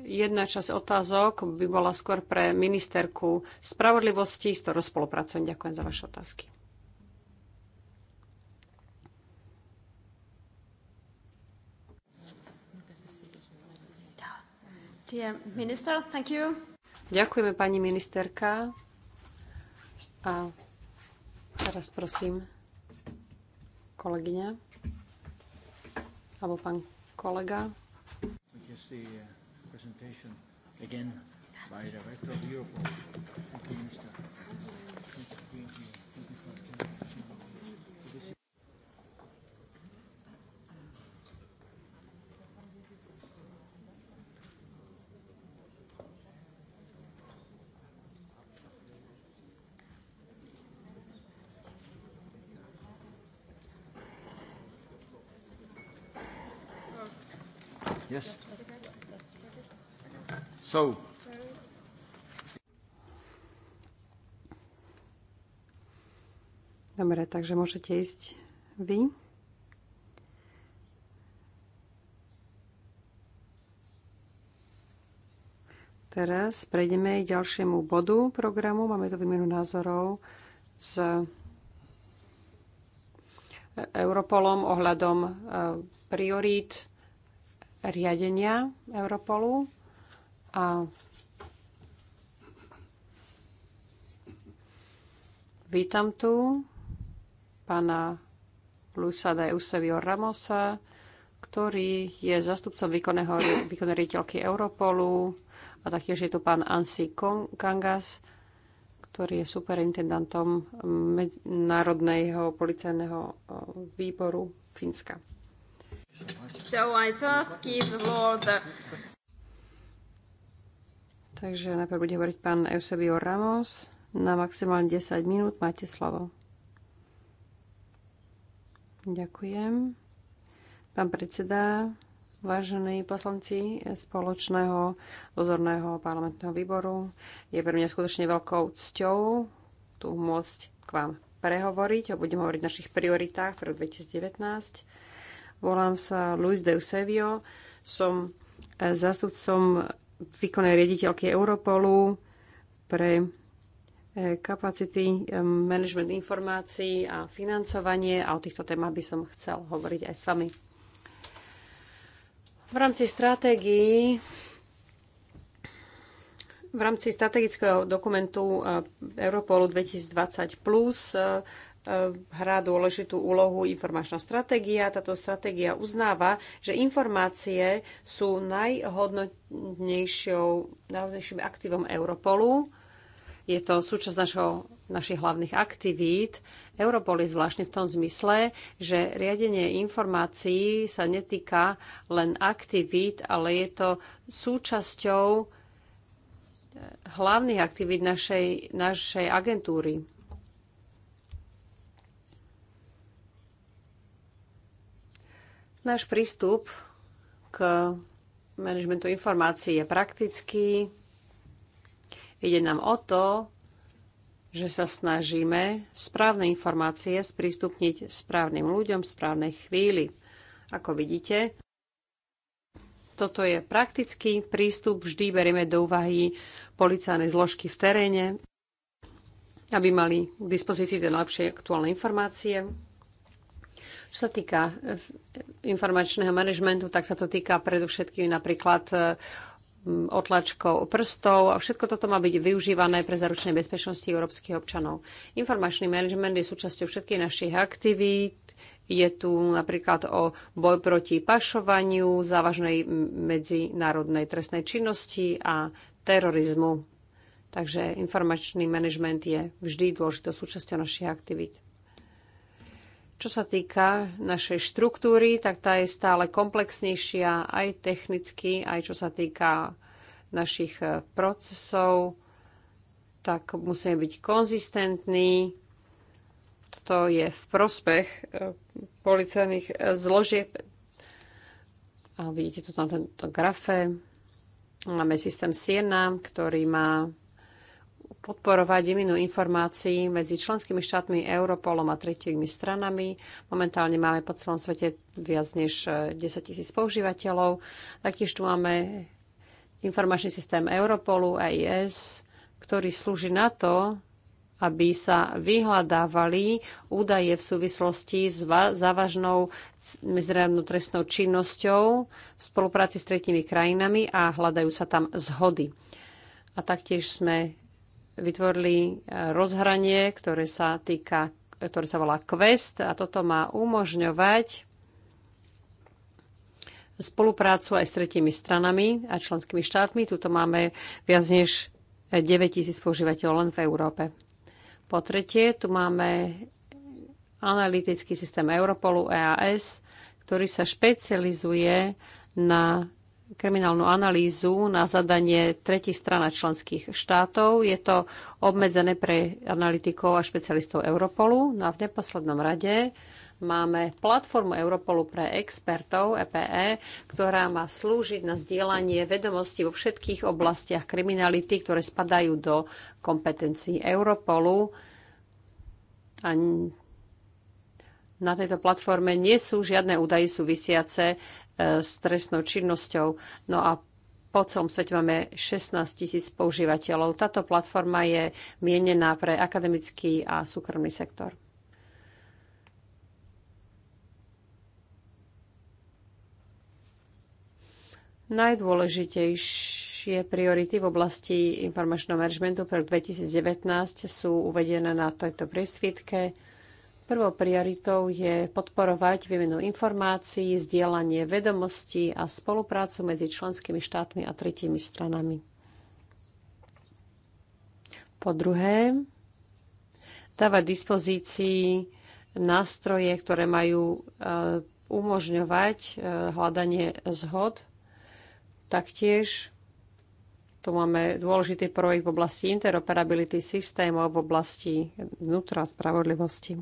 Jedna časť otázok by bola skôr pre ministerku spravodlivosti, s ktorou spolupracujem. Ďakujem za vaše otázky. Minister, Ďakujeme, pani ministerka. A teraz prosím, kolegyňa alebo pán kolega. Uh, again, by director of Europol. Thank you, Minister. Yes. So. Dobre, takže môžete ísť vy. Teraz prejdeme k ďalšiemu bodu programu. Máme tu výmenu názorov s e, Europolom ohľadom e, priorít riadenia Europolu a vítam tu pána de Eusebio Ramosa, ktorý je zastupcom výkonného, výkonnej riaditeľky Europolu a taktiež je tu pán Ansi Kangas, ktorý je superintendantom Národného policajného výboru Fínska. So I first give the floor the... Takže najprv bude hovoriť pán Eusebio Ramos. Na maximálne 10 minút máte slovo. Ďakujem. Pán predseda, vážení poslanci spoločného dozorného parlamentného výboru, je pre mňa skutočne veľkou cťou tu môcť k vám prehovoriť a budem hovoriť o našich prioritách pre 2019 Volám sa Luis Eusebio, som e, zástupcom výkonnej riaditeľky Europolu pre e, kapacity, e, management informácií a financovanie a o týchto témach by som chcel hovoriť aj s vami. V rámci stratégií v rámci strategického dokumentu Europolu 2020 plus hrá dôležitú úlohu informačná stratégia. Táto stratégia uznáva, že informácie sú najhodnotnejším aktívom Europolu. Je to súčasť našho, našich hlavných aktivít. Europol je zvláštne v tom zmysle, že riadenie informácií sa netýka len aktivít, ale je to súčasťou eh, hlavných aktivít našej, našej agentúry. Náš prístup k manažmentu informácií je praktický. Ide nám o to, že sa snažíme správne informácie sprístupniť správnym ľuďom v správnej chvíli. Ako vidíte, toto je praktický prístup, vždy berieme do úvahy policajné zložky v teréne, aby mali k dispozícii tie najlepšie aktuálne informácie. Čo sa týka eh, informačného manažmentu, tak sa to týka predovšetkým napríklad eh, otlačkov prstov a všetko toto má byť využívané pre zaručenie bezpečnosti európskych občanov. Informačný manažment je súčasťou všetkých našich aktivít. Je tu napríklad o boj proti pašovaniu, závažnej medzinárodnej trestnej činnosti a terorizmu. Takže informačný manažment je vždy dôležitou súčasťou našich aktivít. Čo sa týka našej štruktúry, tak tá je stále komplexnejšia aj technicky, aj čo sa týka našich e, procesov, tak musíme byť konzistentní. Toto je v prospech e, policajných e, zložieb. A vidíte to na tomto grafe. Máme systém Siena, ktorý má podporovať výmenu informácií medzi členskými štátmi, Europolom a tretími stranami. Momentálne máme po celom svete viac než 10 e, tisíc používateľov. Taktiež tu máme informačný systém Europolu, AIS, ktorý slúži na to, aby sa vyhľadávali údaje v súvislosti s závažnou medzinárodnou trestnou činnosťou v spolupráci s tretími krajinami a hľadajú sa tam zhody. A taktiež sme vytvorili e, rozhranie, ktoré sa týka, ktoré sa volá Quest a toto má umožňovať spoluprácu aj s tretími stranami a členskými štátmi. Tuto máme viac než 9 tisíc používateľov len v Európe. Po tretie, tu máme analytický systém Europolu EAS, ktorý sa špecializuje na kriminálnu analýzu na zadanie tretich stran a členských štátov. Je to obmedzené pre analytikov a špecialistov Europolu. No a v neposlednom rade máme platformu Europolu pre expertov EPE, e, ktorá má slúžiť na zdieľanie vedomostí vo všetkých oblastiach kriminality, ktoré spadajú do kompetencií Europolu. A na tejto platforme nie sú žiadne údaje súvisiace s trestnou činnosťou. No a po celom svete máme 16 tisíc používateľov. Táto platforma je mienená pre akademický a súkromný sektor. Najdôležitejšie priority v oblasti informačného manažmentu pre 2019 sú uvedené na tejto priesvitke. Prvou prioritou je podporovať výmenu informácií, zdieľanie vedomostí a spoluprácu medzi členskými štátmi a tretími stranami. Po druhé, dávať dispozícii nástroje, ktoré majú e, umožňovať e, hľadanie zhod. Taktiež tu máme dôležitý projekt v oblasti interoperability systémov v oblasti vnútra spravodlivosti.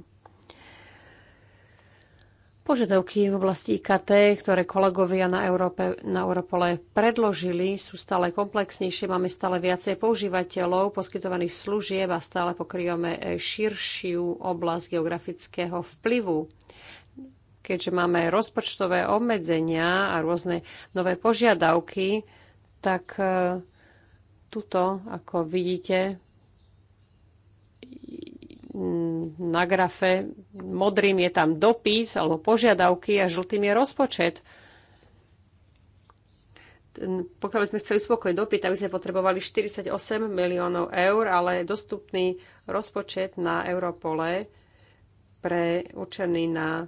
Požiadavky v oblasti IKT, ktoré kolegovia na, Európe, na Europole predložili, sú stále komplexnejšie, máme stále viacej používateľov, poskytovaných služieb a stále pokrývame e, širšiu oblasť geografického vplyvu. Keďže máme rozpočtové obmedzenia a rôzne nové požiadavky, tak e, tuto, ako vidíte, Mm, na grafe modrým je tam dopis alebo požiadavky a žltým je rozpočet. Pokiaľ by sme chceli uspokojiť dopyt, tak by sme potrebovali 48 miliónov eur, ale dostupný rozpočet na Europole pre určený na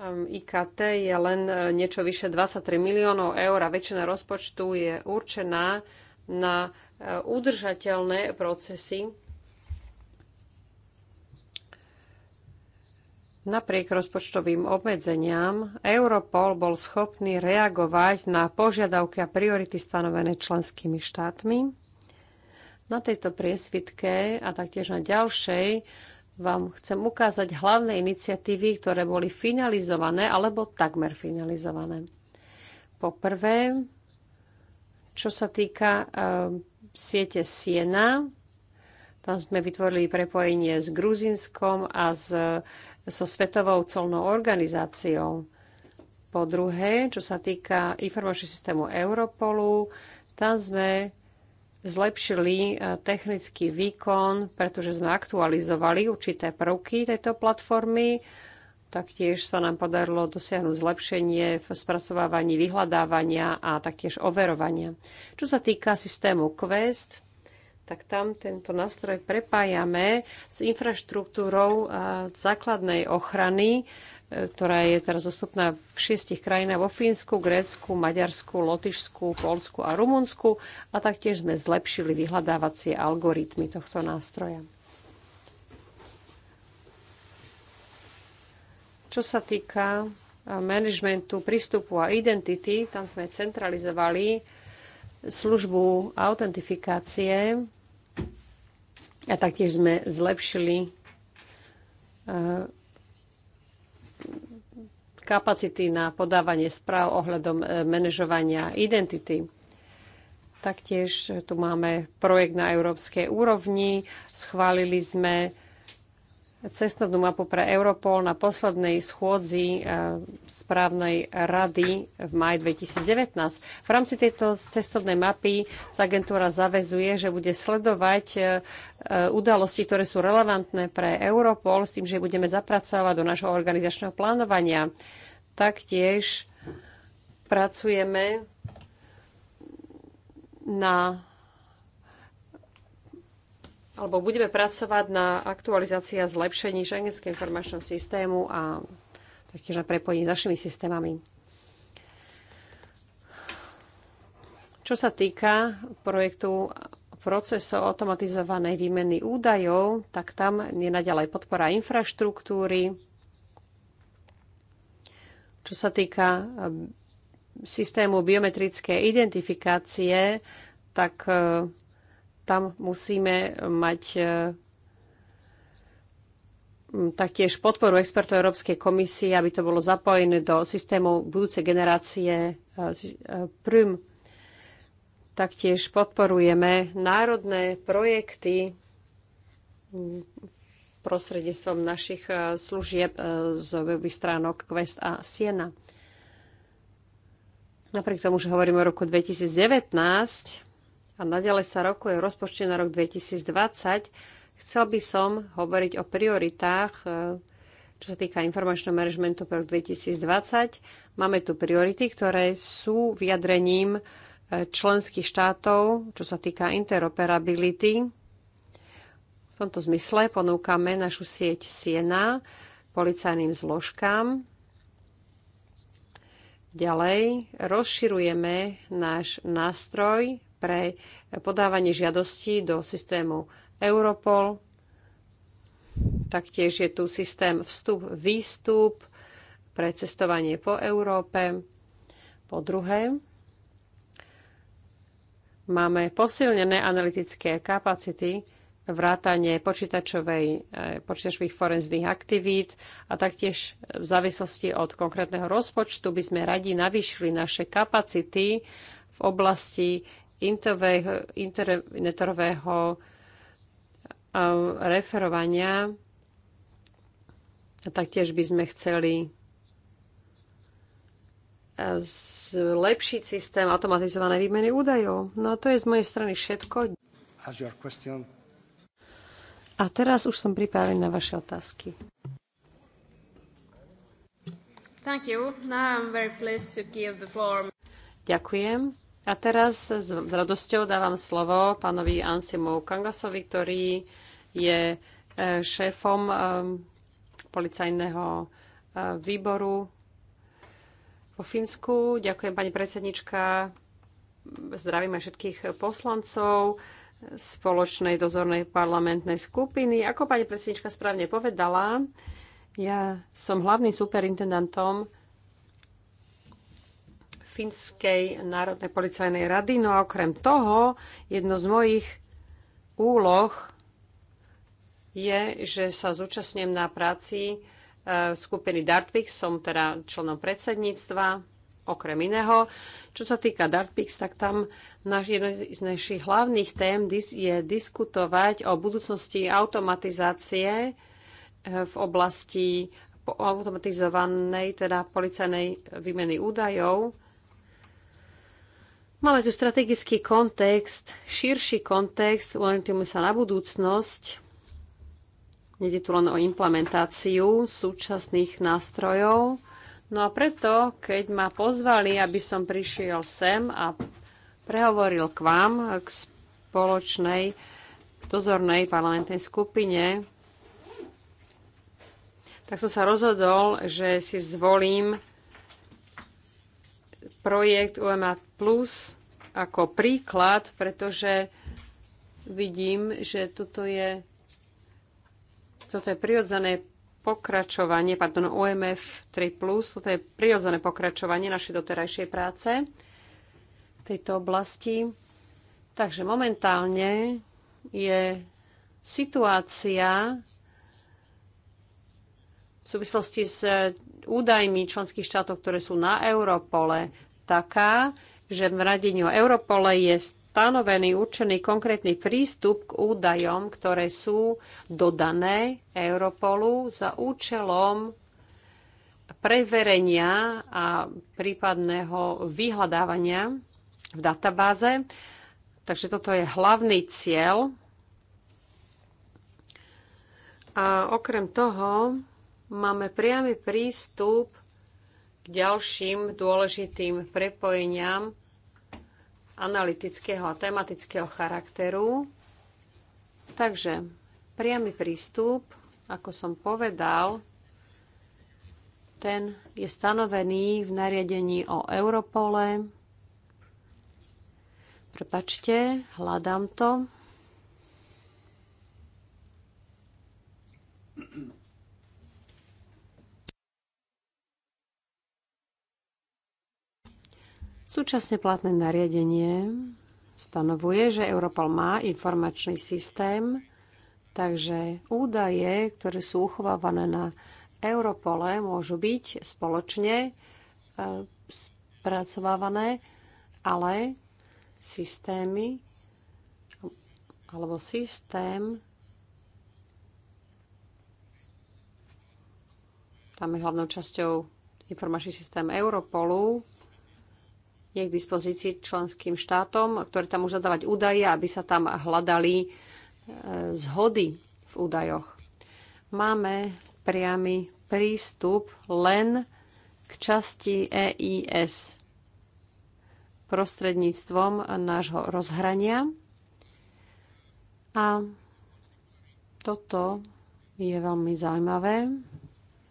um, IKT je len e, niečo vyše 23 miliónov eur a väčšina rozpočtu je určená na e, udržateľné procesy Napriek rozpočtovým obmedzeniam Europol bol schopný reagovať na požiadavky a priority stanovené členskými štátmi. Na tejto priesvitke a taktiež na ďalšej vám chcem ukázať hlavné iniciatívy, ktoré boli finalizované alebo takmer finalizované. Po prvé, čo sa týka e, siete Siena, tam sme vytvorili prepojenie s Gruzinskom a s so Svetovou colnou organizáciou. Po druhé, čo sa týka informačného systému Europolu, tam sme zlepšili e, technický výkon, pretože sme aktualizovali určité prvky tejto platformy. Taktiež sa nám podarilo dosiahnuť zlepšenie v spracovávaní vyhľadávania a taktiež overovania. Čo sa týka systému Quest, tak tam tento nástroj prepájame s infraštruktúrou základnej ochrany, e, ktorá je teraz dostupná v šiestich krajinách vo Fínsku, Grécku, Maďarsku, Lotyšsku, Polsku a Rumunsku a taktiež sme zlepšili vyhľadávacie algoritmy tohto nástroja. Čo sa týka managementu prístupu a identity, tam sme centralizovali službu autentifikácie a taktiež sme zlepšili eh, kapacity na podávanie správ ohľadom eh, manažovania identity. Taktiež tu máme projekt na európskej úrovni. Schválili sme cestovnú mapu pre Europol na poslednej schôdzi e, správnej rady v maji 2019. V rámci tejto cestovnej mapy sa agentúra zavezuje, že bude sledovať e, e, udalosti, ktoré sú relevantné pre Europol s tým, že budeme zapracovať do našho organizačného plánovania. Taktiež pracujeme na alebo budeme pracovať na aktualizácii a zlepšení Schengenského informačného systému a taktiež na prepojení s našimi systémami. Čo sa týka projektu procesu automatizovanej výmeny údajov, tak tam je naďalej podpora infraštruktúry. Čo sa týka eh, systému biometrickej identifikácie, tak eh, tam musíme mať e, taktiež podporu expertov Európskej komisie, aby to bolo zapojené do systému budúcej generácie e, e, prüm. Taktiež podporujeme národné projekty prostredníctvom našich služieb z webových stránok Quest a Siena. Napriek tomu, že hovoríme o roku 2019, a naďalej sa rokuje o rozpočte na rok 2020, chcel by som hovoriť o prioritách, e, čo sa týka informačného manažmentu pre rok 2020. Máme tu priority, ktoré sú vyjadrením e, členských štátov, čo sa týka interoperability. V tomto zmysle ponúkame našu sieť Siena policajným zložkám. Ďalej rozširujeme náš nástroj pre podávanie žiadostí do systému Europol. Taktiež je tu systém vstup-výstup pre cestovanie po Európe. Po druhé, máme posilnené analytické kapacity, vrátanie počítačovej, eh, počítačových forenzných aktivít a taktiež v závislosti od konkrétneho rozpočtu by sme radi navýšili naše kapacity v oblasti internetového referovania. A taktiež by sme chceli e, zlepšiť systém automatizovanej výmeny údajov. No a to je z mojej strany všetko. A teraz už som pripravený na vaše otázky. Ďakujem. A teraz s radosťou dávam slovo pánovi Ansimu Kangasovi, ktorý je e, šéfom e, policajného e, výboru vo Fínsku. Ďakujem, pani predsednička. Zdravíme všetkých poslancov spoločnej dozornej parlamentnej skupiny. Ako pani predsednička správne povedala, ja som hlavným superintendantom Finskej národnej policajnej rady. No a okrem toho, jedno z mojich úloh je, že sa zúčastňujem na práci e, skupiny Dartpix, som teda členom predsedníctva, okrem iného. Čo sa týka Dartpix, tak tam naš, jedno z našich hlavných tém je diskutovať o budúcnosti automatizácie e, v oblasti automatizovanej, teda policajnej výmeny údajov. Máme tu strategický kontext, širší kontext, orientujeme sa na budúcnosť. Nede tu len o implementáciu súčasných nástrojov. No a preto, keď ma pozvali, aby som prišiel sem a prehovoril k vám, k spoločnej dozornej parlamentnej skupine, tak som sa rozhodol, že si zvolím projekt UMA Plus ako príklad, pretože vidím, že toto je, toto je prirodzené pokračovanie, pardon, OMF 3+, toto je prirodzené pokračovanie našej doterajšej práce v tejto oblasti. Takže momentálne je situácia v súvislosti s údajmi členských štátov, ktoré sú na Europole taká, že v radení o Europole je stanovený určený konkrétny prístup k údajom, ktoré sú dodané Europolu za účelom preverenia a prípadného vyhľadávania v databáze. Takže toto je hlavný cieľ. A okrem toho máme priamy prístup ďalším dôležitým prepojeniam analytického a tematického charakteru. Takže priamy prístup, ako som povedal, ten je stanovený v nariadení o Europole. Prepačte, hľadám to. Súčasne platné nariadenie stanovuje, že Europol má informačný systém, takže údaje, ktoré sú uchovávané na Europole, môžu byť spoločne e, spracovávané, ale systémy alebo systém tam je hlavnou časťou informačný systém Europolu, je k dispozícii členským štátom, ktoré tam môžu dávať údaje, aby sa tam hľadali e, zhody v údajoch. Máme priamy prístup len k časti EIS prostredníctvom nášho rozhrania. A toto je veľmi zaujímavé.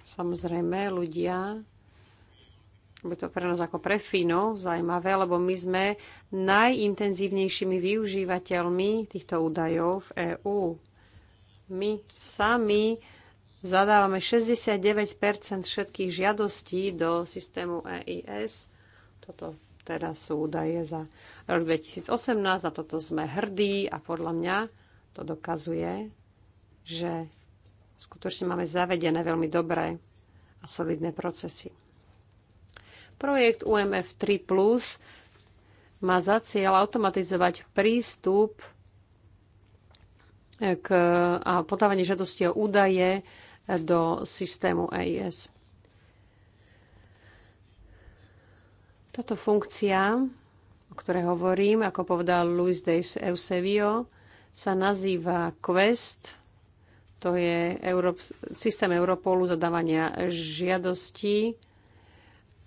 Samozrejme, ľudia bude to pre nás ako pre Fínov zaujímavé, lebo my sme najintenzívnejšími využívateľmi týchto údajov v EÚ. My sami zadávame 69 všetkých žiadostí do systému EIS. Toto teda sú údaje za rok 2018, na toto sme hrdí a podľa mňa to dokazuje, že skutočne máme zavedené veľmi dobré a solidné procesy. Projekt UMF 3 Plus má za cieľ automatizovať prístup eh, k, a podávanie žiadosti o údaje eh, do systému AIS. Táto funkcia, o ktorej hovorím, ako povedal Luis de Eusebio, sa nazýva Quest. To je Euró- systém Europolu zadávania žiadostí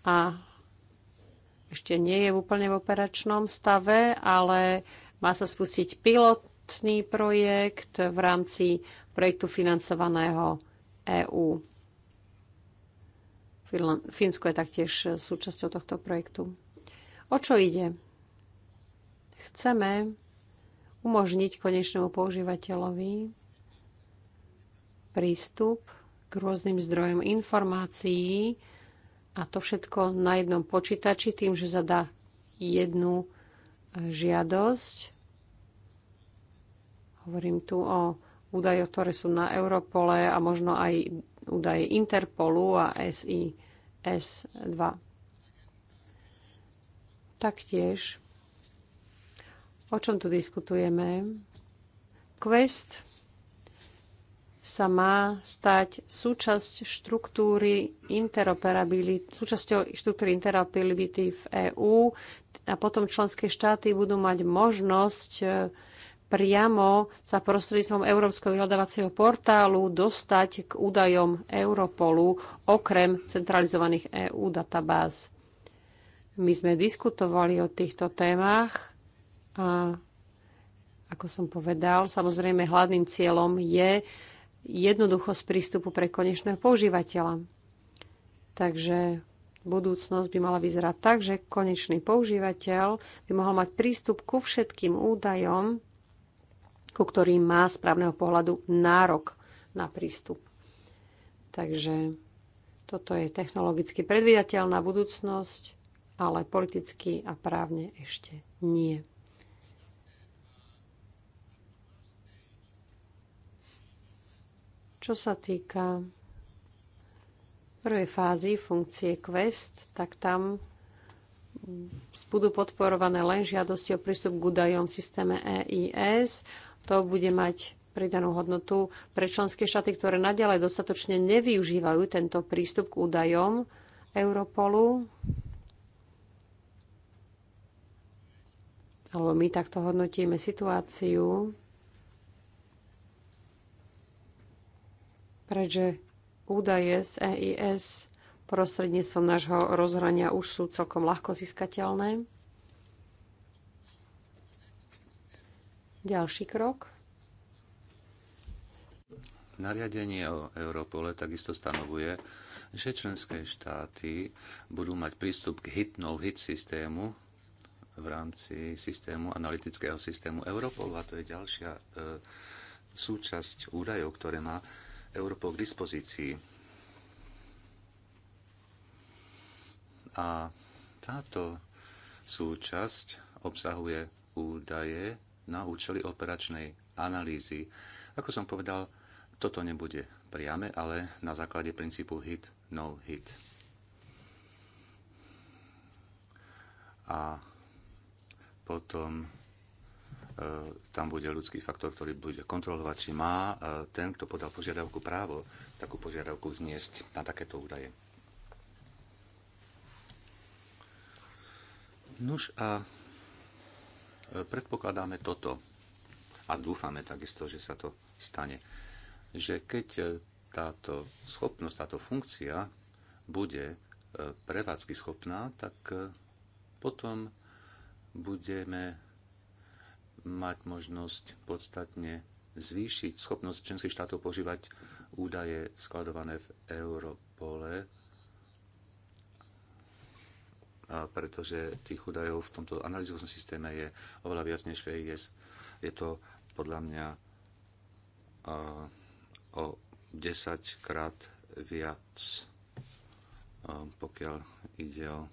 a ešte nie je úplne v operačnom stave, ale má sa spustiť pilotný projekt v rámci projektu financovaného EÚ. Fínsko je taktiež súčasťou tohto projektu. O čo ide? Chceme umožniť konečnému používateľovi prístup k rôznym zdrojom informácií, a to všetko na jednom počítači tým, že zadá jednu e, žiadosť. Hovorím tu o údajoch, ktoré sú na Europole a možno aj údaje Interpolu a SIS-2. Taktiež, o čom tu diskutujeme? Quest sa má stať súčasť štruktúry interoperability, súčasťou štruktúry interoperability v EÚ a potom členské štáty budú mať možnosť e, priamo sa prostredníctvom Európskeho vyhľadávacieho portálu dostať k údajom Europolu okrem centralizovaných EU databáz. My sme diskutovali o týchto témach a ako som povedal, samozrejme hlavným cieľom je jednoduchosť prístupu pre konečného používateľa. Takže budúcnosť by mala vyzerať tak, že konečný používateľ by mohol mať prístup ku všetkým údajom, ku ktorým má z právneho pohľadu nárok na prístup. Takže toto je technologicky predvídateľná budúcnosť, ale politicky a právne ešte nie. Čo sa týka prvej fázy funkcie Quest, tak tam budú podporované len žiadosti o prístup k údajom v systéme EIS. To bude mať pridanú hodnotu pre členské štáty, ktoré nadalej dostatočne nevyužívajú tento prístup k údajom Europolu. Alebo my takto hodnotíme situáciu. pretože údaje z EIS prostredníctvom nášho rozhrania už sú celkom ľahko získateľné. Ďalší krok. Nariadenie o Europole takisto stanovuje, že členské štáty budú mať prístup k hitnou hit systému v rámci systému, analytického systému Europolu a to je ďalšia e, súčasť údajov, ktoré má Europol k dispozícii. A táto súčasť obsahuje údaje na účely operačnej analýzy. Ako som povedal, toto nebude priame, ale na základe princípu hit, no hit. A potom E, tam bude ľudský faktor, ktorý bude kontrolovať, či má e, ten, kto podal požiadavku právo, takú požiadavku vzniesť na takéto údaje. Nuž a e, predpokladáme toto a dúfame takisto, že sa to stane, že keď táto schopnosť, táto funkcia bude prevádzky schopná, tak potom budeme mať možnosť podstatne zvýšiť schopnosť členských štátov požívať údaje skladované v Europole, pretože tých údajov v tomto analýzovom systéme je oveľa viac než v Je to podľa mňa o 10 krát viac, pokiaľ ide o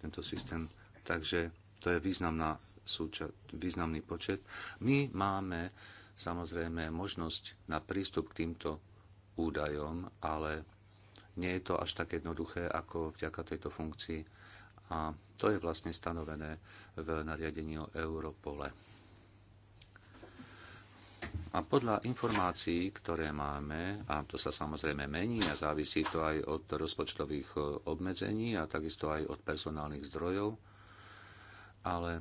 tento systém. Takže to je významná súča- významný počet. My máme samozrejme možnosť na prístup k týmto údajom, ale nie je to až tak jednoduché ako vďaka tejto funkcii. A to je vlastne stanovené v nariadení o Europole. A podľa informácií, ktoré máme, a to sa samozrejme mení a závisí to aj od rozpočtových e, obmedzení a takisto aj od personálnych zdrojov, ale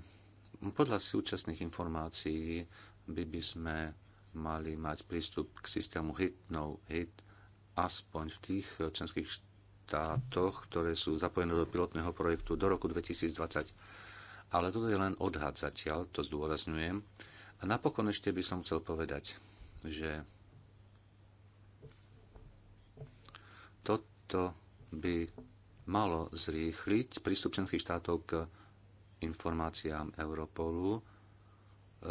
podľa súčasných informácií by, by sme mali mať prístup k systému hit, no hit, aspoň v tých eh, členských štátoch, ktoré sú zapojené do pilotného projektu do roku 2020. Ale toto je len odhad zatiaľ, to zdôrazňujem. A napokon ešte by som chcel povedať, že toto by malo zrýchliť prístup členských štátov k informáciám Europolu e,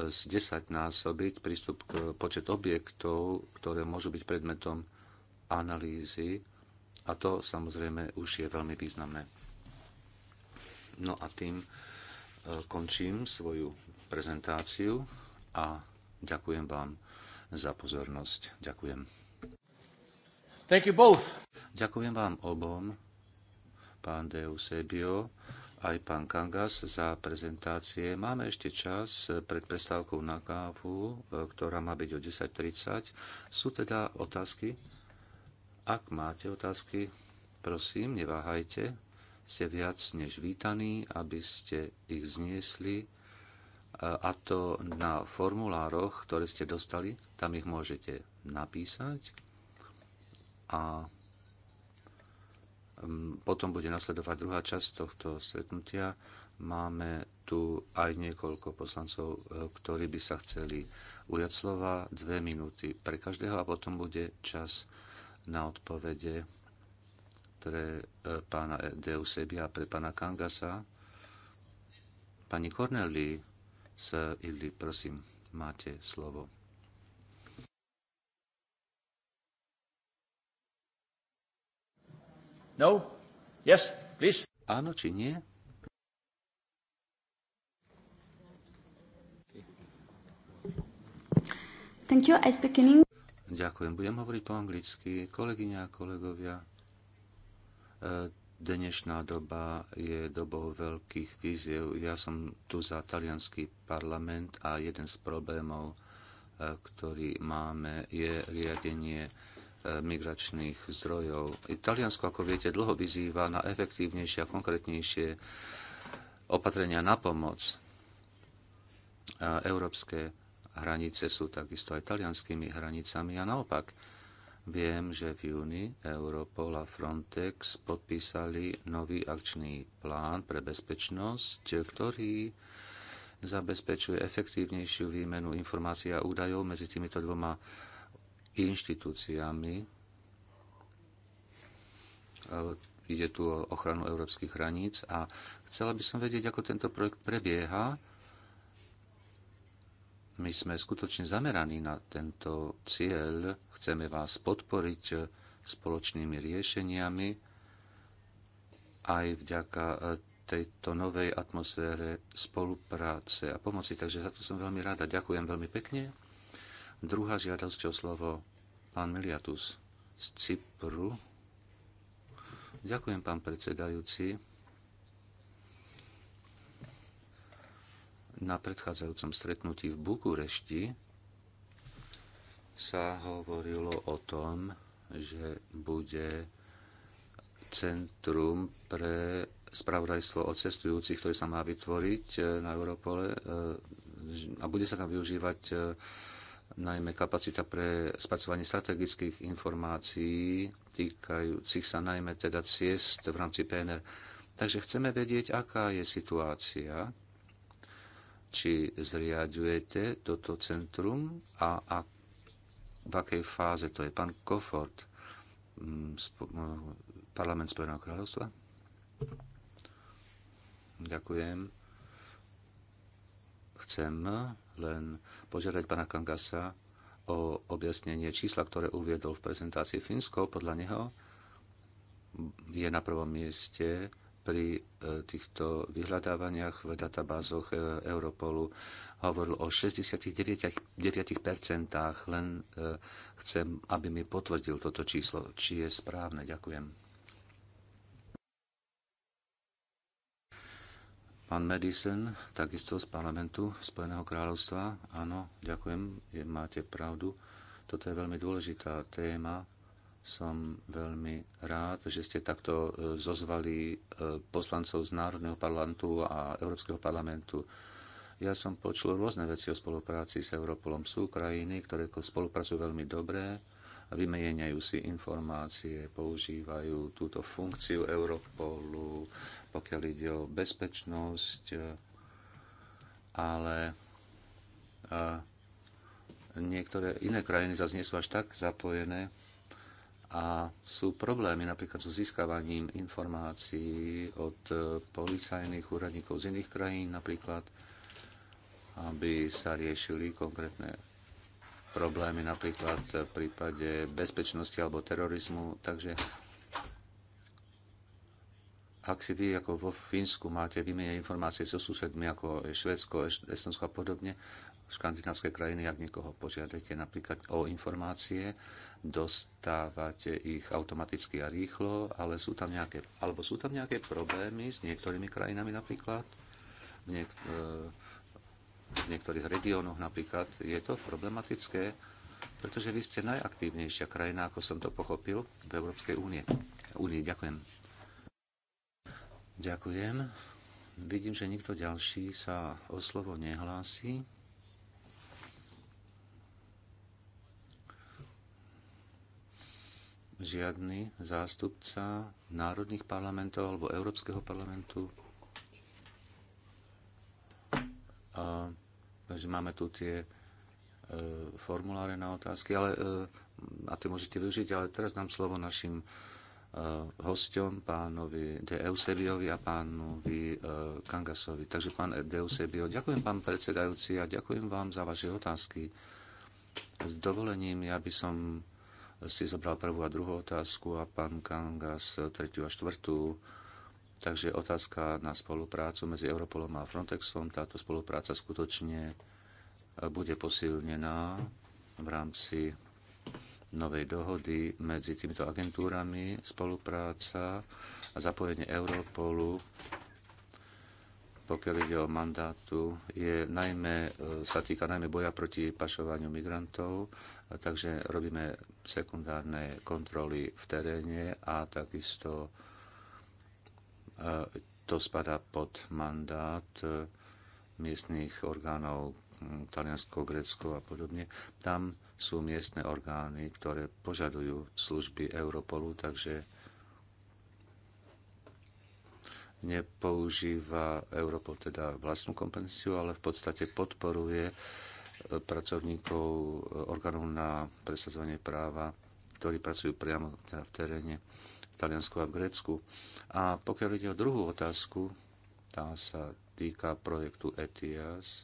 z 10 násobiť prístup k počet objektov, ktoré môžu byť predmetom analýzy a to samozrejme už je veľmi významné. No a tým e, končím svoju prezentáciu a ďakujem vám za pozornosť. Ďakujem. Thank you both. Ďakujem vám obom, pán Deusebio aj pán Kangas za prezentácie. Máme ešte čas pred prestávkou na kávu, e, ktorá má byť o 10.30. Sú teda otázky? Ak máte otázky, prosím, neváhajte. Ste viac než vítaní, aby ste ich zniesli e, a to na formulároch, ktoré ste dostali, tam ich môžete napísať a Hm, potom bude nasledovať druhá časť tohto stretnutia. Máme tu aj niekoľko poslancov, eh, ktorí by sa chceli ujať slova. Dve minúty pre každého a potom bude čas na odpovede pre eh, pána Deusebia a pre pána Kangasa. Pani Corneli, sa, ili prosím, máte slovo. No? Yes, please. Áno či nie? Thank you. I speak in English. Ďakujem. Budem hovoriť po anglicky. Kolegyňa a kolegovia, e, dnešná doba je dobou veľkých víziev. Ja som tu za talianský parlament a jeden z problémov, e, ktorý máme, je riadenie migračných zdrojov. Taliansko, ako viete, dlho vyzýva na efektívnejšie a konkrétnejšie opatrenia na pomoc. Európske hranice sú takisto aj talianskými hranicami a naopak. Viem, že v júni Europol a Frontex podpísali nový akčný plán pre bezpečnosť, ktorý zabezpečuje efektívnejšiu výmenu informácií a údajov medzi týmito dvoma inštitúciami. Ide tu o ochranu európskych hraníc a chcela by som vedieť, ako tento projekt prebieha. My sme skutočne zameraní na tento cieľ. Chceme vás podporiť spoločnými riešeniami aj vďaka e, tejto novej atmosfére spolupráce a pomoci. Takže za to som veľmi rada. Ďakujem veľmi pekne Druhá žiadosť o slovo, pán Meliatus z Cypru. Ďakujem, pán predsedajúci. Na predchádzajúcom stretnutí v Bukurešti sa hovorilo o tom, že bude centrum pre spravodajstvo o cestujúcich, ktoré sa má vytvoriť eh, na Europole eh, a bude sa tam využívať eh, najmä kapacita pre spracovanie strategických informácií týkajúcich sa najmä teda ciest v rámci PNR. Takže chceme vedieť, aká je situácia, či zriadujete toto centrum a, a v akej fáze to je. Pán Kofort, mm, mm, parlament Spojeného kráľovstva. Ďakujem. Chcem len požiadať pana Kangasa o objasnenie čísla, ktoré uviedol v prezentácii Fínsko. Podľa neho je na prvom mieste pri e, týchto vyhľadávaniach v databázoch e, Europolu hovoril o 69% len e, chcem, aby mi potvrdil toto číslo, či je správne. Ďakujem. Pán Madison, takisto z parlamentu Spojeného kráľovstva. Áno, ďakujem, máte pravdu. Toto je veľmi dôležitá téma. Som veľmi rád, že ste takto e, zozvali e, poslancov z Národného parlamentu a Európskeho parlamentu. Ja som počul rôzne veci o spolupráci s Europolom. Sú krajiny, ktoré spolupracujú veľmi dobre, vymieňajú si informácie, používajú túto funkciu Europolu, pokiaľ ide o bezpečnosť, e, ale e, niektoré iné krajiny zase nie sú až tak zapojené a sú problémy napríklad so získavaním informácií od e, policajných úradníkov z iných krajín napríklad, aby sa riešili konkrétne problémy napríklad v prípade bezpečnosti alebo terorizmu. Takže ak si vy ako vo Fínsku máte vymieňať informácie so susedmi ako Švedsko, Estonsko a podobne, škandinávské krajiny, ak niekoho požiadate napríklad o informácie, dostávate ich automaticky a rýchlo, ale sú tam nejaké, alebo sú tam nejaké problémy s niektorými krajinami napríklad, v niek- e, v niektorých regiónoch napríklad, je to problematické, pretože vy ste najaktívnejšia krajina, ako som to pochopil, v Európskej únie. Únie, ďakujem. Ďakujem. Vidím, že nikto ďalší sa o slovo nehlási. Žiadny zástupca národných parlamentov alebo Európskeho parlamentu A, takže máme tu tie e, formuláre na otázky, ale, e, a tie môžete využiť, ale teraz dám slovo našim e, hostom, pánovi De Eusebiovi a pánovi e, Kangasovi. Takže pán De Eusebio, ďakujem pán predsedajúci a ďakujem vám za vaše otázky. S dovolením ja by som si zobral prvú a druhú otázku a pán Kangas tretiu a štvrtú. Takže otázka na spoluprácu medzi Europolom a Frontexom. Táto spolupráca skutočne eh, bude posilnená v rámci novej dohody medzi týmito agentúrami, spolupráca a zapojenie Europolu, pokiaľ ide o mandátu, je najmä, eh, sa týka najmä boja proti pašovaniu migrantov, takže robíme sekundárne kontroly v teréne a takisto to spada pod mandát e, miestných orgánov Taliansko, Grécko a podobne. Tam sú miestne orgány, ktoré požadujú služby Europolu, takže nepoužíva Europol teda vlastnú kompetenciu, ale v podstate podporuje e, pracovníkov e, orgánov na presadzovanie práva, ktorí pracujú priamo teda v teréne v Taliansku a v Grécku. A pokiaľ ide o druhú otázku, tá sa týka projektu ETIAS, e,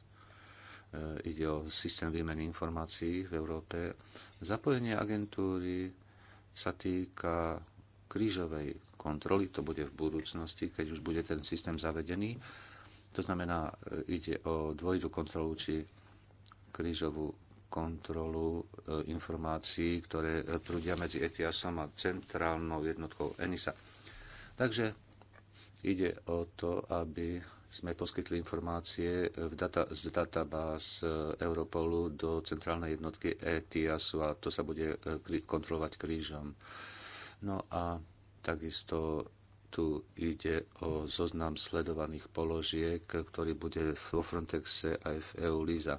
ide o systém výmeny informácií v Európe. Zapojenie agentúry sa týka krížovej kontroly, to bude v budúcnosti, keď už bude ten systém zavedený. To znamená, e, ide o dvojitú kontrolu či krížovú kontrolu e, informácií, ktoré prúdia e, medzi ETIASom a centrálnou jednotkou ENISA. Takže ide o to, aby sme poskytli informácie e, v data, z databáz Europolu do centrálnej jednotky ETIASu a to sa bude kontrolovať krížom. No a takisto tu ide o zoznam sledovaných položiek, ktorý bude vo Frontexe aj v EU LISA.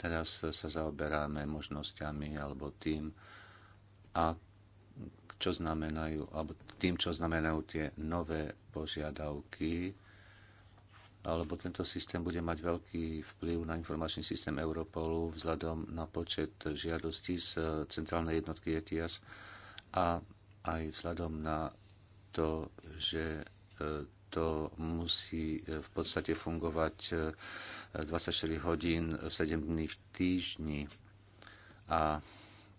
Teraz sa zaoberáme možnosťami alebo tým, a čo znamenajú, alebo tým, čo znamenajú tie nové požiadavky, alebo tento systém bude mať veľký vplyv na informačný systém Europolu vzhľadom na počet žiadostí z centrálnej jednotky ETIAS a aj vzhľadom na to, že e, to musí e, v podstate fungovať 24 e, hodín 7 dní v týždni. A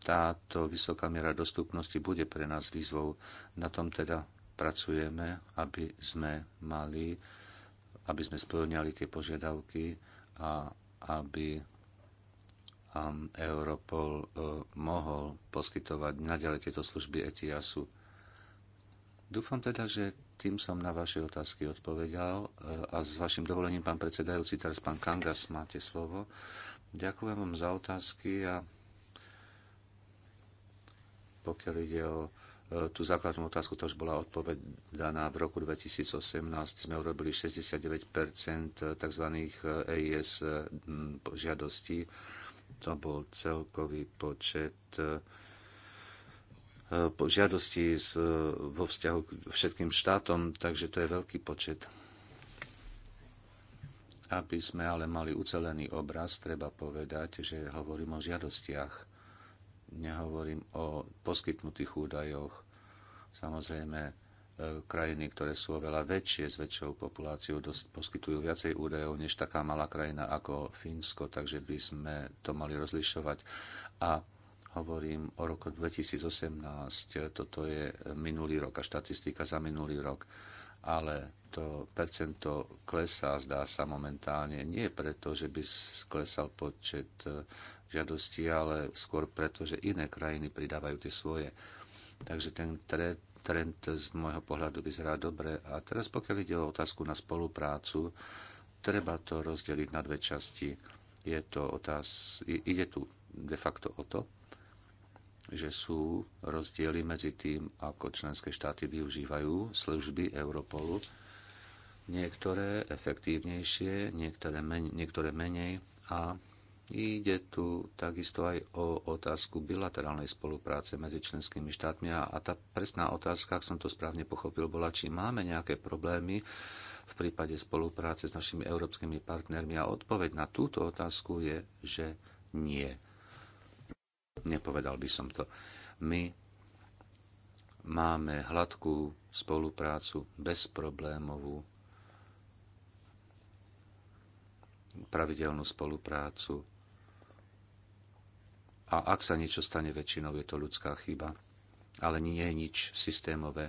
táto vysoká miera dostupnosti bude pre nás výzvou. Na tom teda pracujeme, aby sme mali, aby sme splňali tie požiadavky a aby Europol e, mohol poskytovať naďalej tieto služby ETIASu Dúfam teda, že tým som na vaše otázky odpovedal e, a s vašim dovolením, pán predsedajúci, teraz pán Kangas, máte slovo. Ďakujem vám za otázky a pokiaľ ide o e, tú základnú otázku, to už bola odpovedaná v roku 2018, sme urobili 69% tzv. EIS žiadostí. To bol celkový počet e, E, žiadosti e, vo vzťahu k všetkým štátom, takže to je veľký počet. Aby sme ale mali ucelený obraz, treba povedať, že hovorím o žiadostiach, nehovorím o poskytnutých údajoch. Samozrejme, e, krajiny, ktoré sú oveľa väčšie, s väčšou populáciou, poskytujú viacej údajov než taká malá krajina ako Fínsko, takže by sme to mali rozlišovať. A hovorím o roku 2018, toto je minulý rok a štatistika za minulý rok, ale to percento klesá, zdá sa momentálne, nie preto, že by sklesal počet eh, žiadostí, ale skôr preto, že iné krajiny pridávajú tie svoje. Takže ten trend, z môjho pohľadu vyzerá dobre. A teraz pokiaľ ide o otázku na spoluprácu, treba to rozdeliť na dve časti. Je to otáz... Ide tu de facto o to, že sú rozdiely medzi tým, ako členské štáty využívajú služby Europolu. Niektoré efektívnejšie, niektoré, men- niektoré menej a ide tu takisto aj o otázku bilaterálnej spolupráce medzi členskými štátmi a, a tá presná otázka, ak som to správne pochopil, bola, či máme nejaké problémy v prípade spolupráce s našimi európskymi partnermi a odpoveď na túto otázku je, že nie Nepovedal by som to. My máme hladkú spoluprácu, bezproblémovú, pravidelnú spoluprácu. A ak sa niečo stane väčšinou, je to ľudská chyba. Ale nie je nič systémové,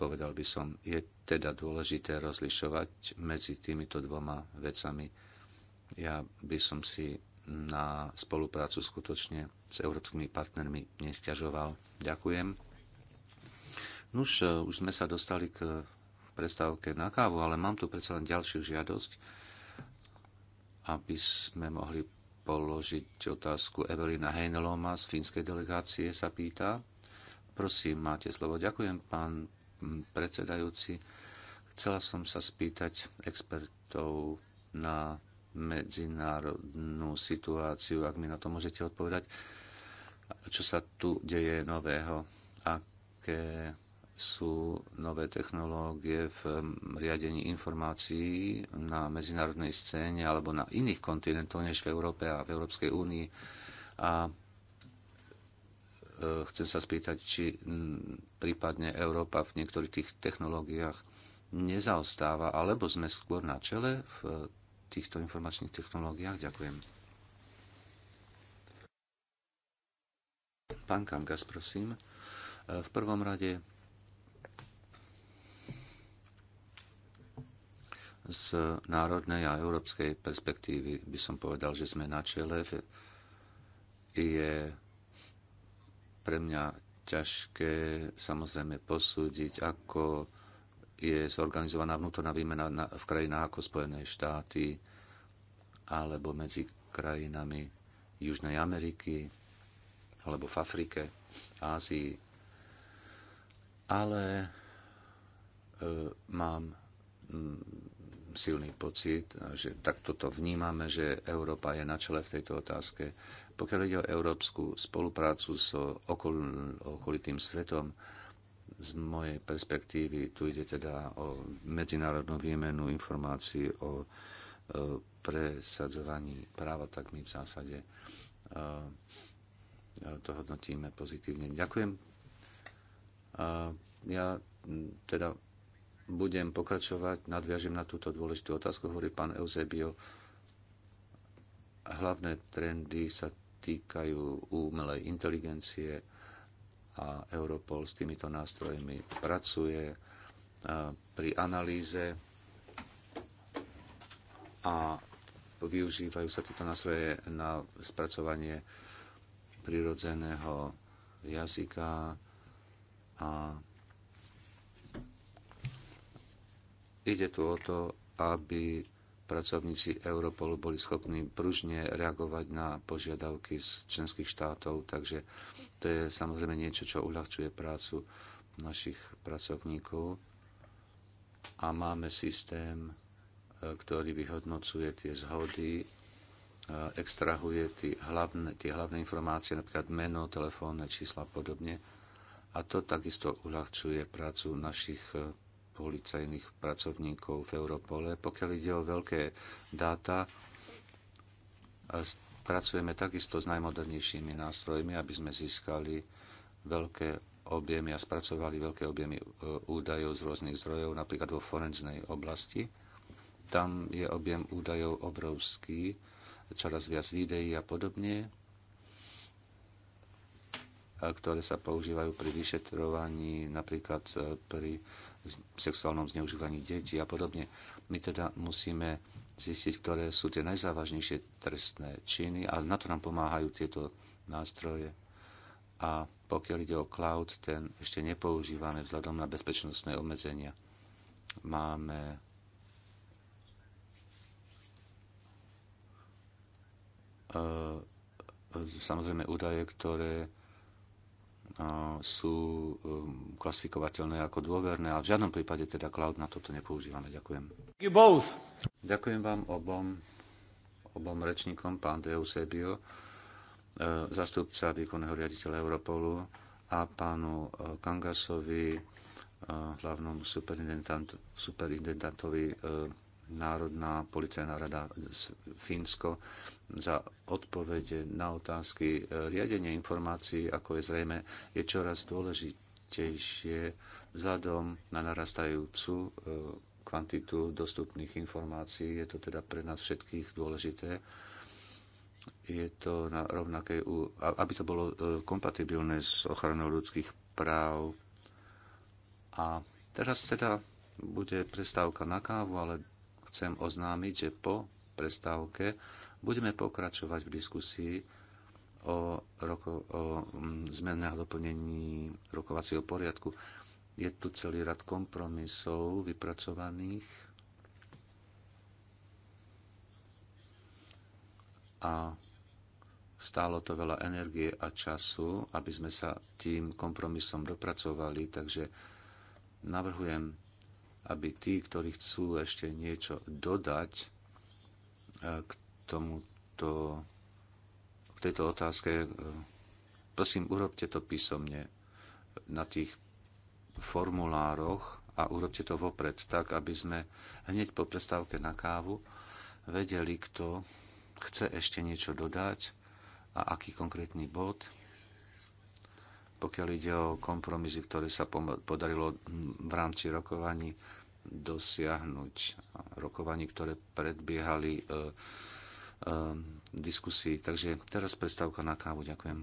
povedal by som. Je teda dôležité rozlišovať medzi týmito dvoma vecami. Ja by som si na spoluprácu skutočne s európskymi partnermi nestiažoval. Ďakujem. Nuž, e, už sme sa dostali k prestávke na kávu, ale mám tu predsa len ďalšiu žiadosť, aby sme mohli položiť otázku. Evelina Heineloma z fínskej delegácie sa pýta. Prosím, máte slovo. Ďakujem, pán predsedajúci. Chcela som sa spýtať expertov na medzinárodnú situáciu, ak mi na to môžete odpovedať, čo sa tu deje nového, aké sú nové technológie v riadení informácií na medzinárodnej scéne alebo na iných kontinentoch než v Európe a v Európskej únii. A e, chcem sa spýtať, či prípadne Európa v niektorých tých technológiách nezaostáva, alebo sme skôr na čele v týchto informačných technológiách? Ďakujem. Pán Kangas, prosím. E, v prvom rade z národnej a európskej perspektívy by som povedal, že sme na čele. Je pre mňa ťažké samozrejme posúdiť, ako je zorganizovaná vnútorná výmena v krajinách ako Spojené štáty alebo medzi krajinami Južnej Ameriky alebo v Afrike, Ázii. Ale e, mám mm, silný pocit, že takto to vnímame, že Európa je na čele v tejto otázke. Pokiaľ ide o európsku spoluprácu s so okol, okolitým svetom, z mojej perspektívy tu ide teda o medzinárodnú výmenu informácií o e, presadzovaní práva, tak my v zásade e, e, to hodnotíme pozitívne. Ďakujem. Ja teda budem pokračovať, nadviažem na túto dôležitú otázku, hovorí pán Eusebio. Hlavné trendy sa týkajú umelej inteligencie, a Europol s týmito nástrojmi pracuje pri analýze a využívajú sa tieto nástroje na spracovanie prirodzeného jazyka a ide tu o to, aby pracovníci Europolu boli schopní pružne reagovať na požiadavky z členských štátov, takže to je samozrejme niečo, čo uľahčuje prácu našich pracovníkov. A máme systém, e, ktorý vyhodnocuje tie zhody, e, extrahuje tie hlavné, tie hlavné informácie, napríklad meno, telefónne čísla a podobne. A to takisto uľahčuje prácu našich e, policajných pracovníkov v Europole. Pokiaľ ide o veľké dáta, pracujeme takisto s najmodernejšími nástrojmi, aby sme získali veľké objemy a spracovali veľké objemy e, údajov z rôznych zdrojov, napríklad vo forenznej oblasti. Tam je objem údajov obrovský, čoraz viac videí a podobne, ktoré sa používajú pri vyšetrovaní, napríklad e, pri sexuálnom zneužívaní detí a podobne. My teda musíme zistiť, ktoré sú tie najzávažnejšie trestné činy a na to nám pomáhajú tieto nástroje. A pokiaľ ide o cloud, ten ešte nepoužívame vzhľadom na bezpečnostné obmedzenia. Máme e, samozrejme údaje, ktoré sú um, klasifikovateľné ako dôverné a v žiadnom prípade teda cloud na toto nepoužívame. Ďakujem. Ďakujem vám obom, obom rečníkom, pán Deusebio, e, zastupca výkonného riaditeľa Europolu a pánu e, Kangasovi, e, hlavnom superintendentantovi Národná policajná rada Fínsko za odpovede na otázky. E, riadenie informácií, ako je zrejme, je čoraz dôležitejšie vzhľadom na narastajúcu e, kvantitu dostupných informácií. Je to teda pre nás všetkých dôležité. Je to na rovnakej, aby to bolo e, kompatibilné s ochranou ľudských práv. A teraz teda bude prestávka na kávu, ale chcem oznámiť, že po prestávke budeme pokračovať v diskusii o, roko, o mm, zmenách doplnení rokovacieho poriadku. Je tu celý rad kompromisov vypracovaných a stálo to veľa energie a času, aby sme sa tým kompromisom dopracovali, takže navrhujem aby tí, ktorí chcú ešte niečo dodať e, k tomuto, k tejto otázke, e, prosím, urobte to písomne na tých formulároch a urobte to vopred, tak aby sme hneď po prestávke na kávu vedeli, kto chce ešte niečo dodať a aký konkrétny bod pokiaľ ide o kompromisy, ktoré sa podarilo v rámci rokovaní dosiahnuť. Rokovaní, ktoré predbiehali e, e, diskusii. Takže teraz prestávka na kávu. Ďakujem.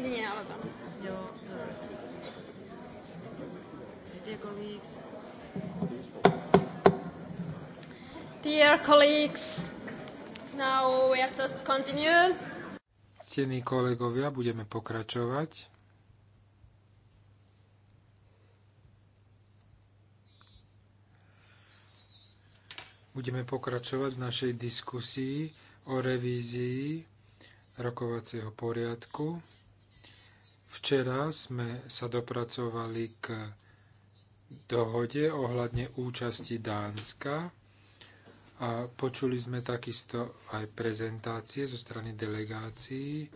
Nie, ale tam. Dear colleagues, now we are just continue. Ctení kolegovia, budeme pokračovať. Budeme pokračovať v našej diskusii o revízii rokovacieho poriadku. Včera sme sa dopracovali k dohode ohľadne účasti Dánska a počuli sme takisto aj prezentácie zo strany delegácií.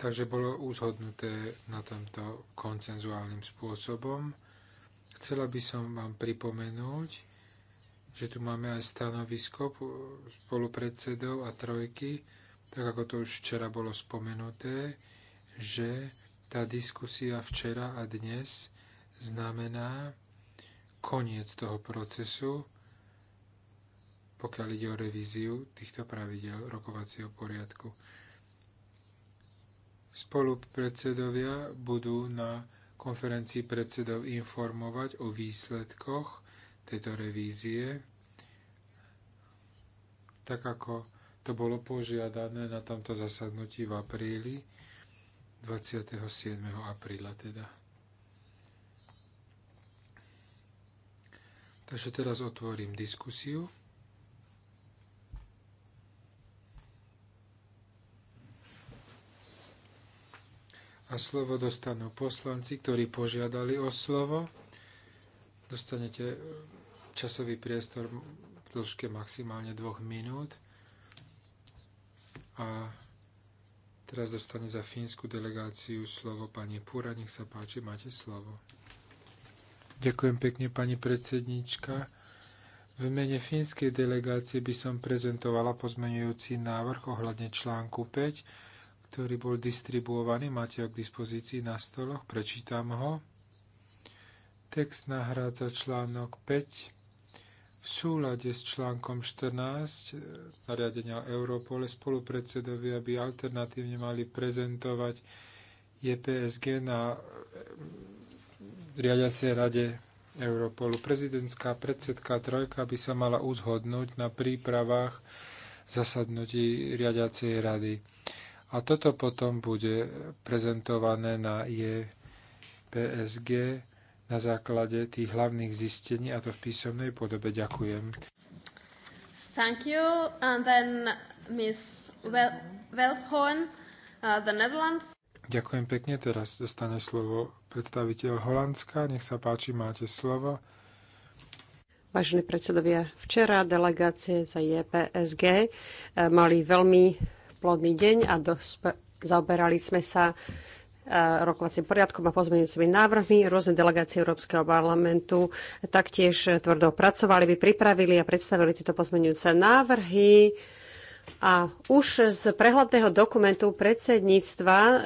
Takže bolo uzhodnuté na tomto koncenzuálnym spôsobom. Chcela by som vám pripomenúť, že tu máme aj stanovisko spolupredsedov a trojky, tak ako to už včera bolo spomenuté, že tá diskusia včera a dnes znamená koniec toho procesu, pokiaľ ide o revíziu týchto pravidel rokovacieho poriadku. Spolupredsedovia budú na konferencii predsedov informovať o výsledkoch tejto revízie, tak ako to bolo požiadané na tomto zasadnutí v apríli, 27. apríla teda. Takže teraz otvorím diskusiu. a slovo dostanú poslanci, ktorí požiadali o slovo. Dostanete časový priestor v dĺžke maximálne dvoch minút. A teraz dostane za fínsku delegáciu slovo pani Púra. Nech sa páči, máte slovo. Ďakujem pekne, pani predsednička. V mene fínskej delegácie by som prezentovala pozmenujúci návrh ohľadne článku 5 ktorý bol distribuovaný, máte ho k dispozícii na stoloch, prečítam ho. Text nahrádza článok 5 v súlade s článkom 14 e, nariadenia Europole spolupredsedovia by alternatívne mali prezentovať JPSG na e, riadiacej rade Europolu. Prezidentská predsedka Trojka by sa mala uzhodnúť na prípravách zasadnutí riadiacej rady. A toto potom bude prezentované na JPSG na základe tých hlavných zistení a to v písomnej podobe. Ďakujem. Thank you. And then Ms. Wel- uh, the Netherlands. Ďakujem pekne. Teraz dostane slovo predstaviteľ Holandska. Nech sa páči, máte slovo. Vážení predsedovia, včera delegácie za JPSG eh, mali veľmi plodný deň a dospe- zaoberali sme sa e, rokovacím poriadkom a pozmeňujúcimi návrhmi. Rôzne delegácie Európskeho parlamentu taktiež tvrdo pracovali, by pripravili a predstavili tieto pozmeňujúce návrhy. A už z prehľadného dokumentu predsedníctva, e,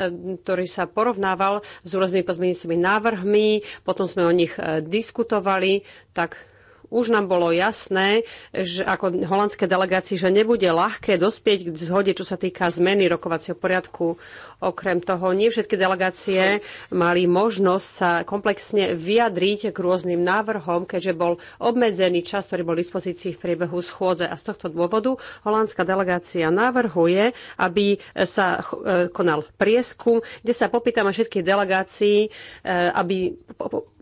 ktorý sa porovnával s rôznymi pozmeňujúcimi návrhmi, potom sme o nich e, diskutovali, tak už nám bolo jasné, že ako holandské delegácii, že nebude ľahké dospieť k zhode, čo sa týka zmeny rokovacieho poriadku. Okrem toho, nie všetky delegácie mali možnosť sa komplexne vyjadriť k rôznym návrhom, keďže bol obmedzený čas, ktorý bol v dispozícii v priebehu schôdze. A z tohto dôvodu holandská delegácia navrhuje, aby sa e, konal prieskum, kde sa popýtame všetkých delegácií, e, aby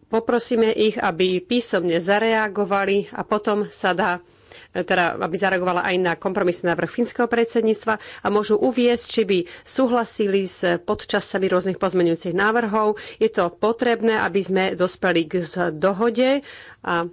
Poprosíme ich, aby písomne zareagovali a potom sa dá e, teda aby zareagovala aj na kompromisný návrh finského predsedníctva a môžu uviesť, či by súhlasili s podčasami rôznych pozmeňujúcich návrhov. Je to potrebné, aby sme dospeli k dohode a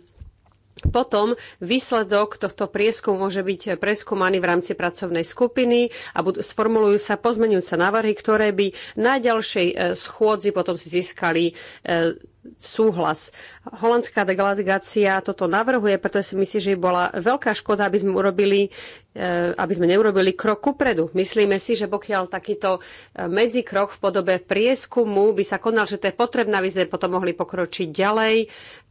potom výsledok tohto prieskumu môže byť preskúmaný v rámci pracovnej skupiny a budú, sformulujú sa pozmenujúce návrhy, ktoré by na ďalšej e, schôdzi potom si získali e, súhlas. Holandská delegácia toto navrhuje, pretože si myslí, že by bola veľká škoda, aby sme urobili eh, aby sme neurobili krok kupredu. Myslíme si, že pokiaľ takýto eh, medzikrok v podobe prieskumu by sa konal, že to je potrebné, aby sme potom mohli pokročiť ďalej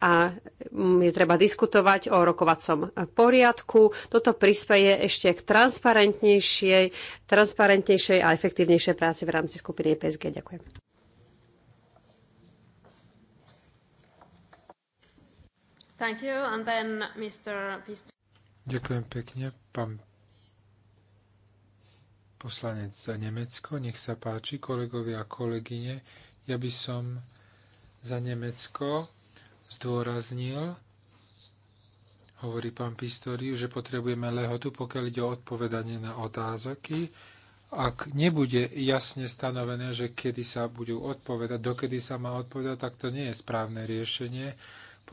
a mm, je treba diskutovať o rokovacom poriadku. Toto prispieje ešte k transparentnejšej, transparentnejšej a efektívnejšej práci v rámci skupiny PSG. Ďakujem. Thank you. And then Mr. Ďakujem pekne. Pán poslanec za Nemecko, nech sa páči, kolegovia a kolegyne. Ja by som za Nemecko zdôraznil, hovorí pán Pistoriu, že potrebujeme lehotu, pokiaľ ide o odpovedanie na otázky. Ak nebude jasne stanovené, že kedy sa budú odpovedať, dokedy sa má odpovedať, tak to nie je správne riešenie.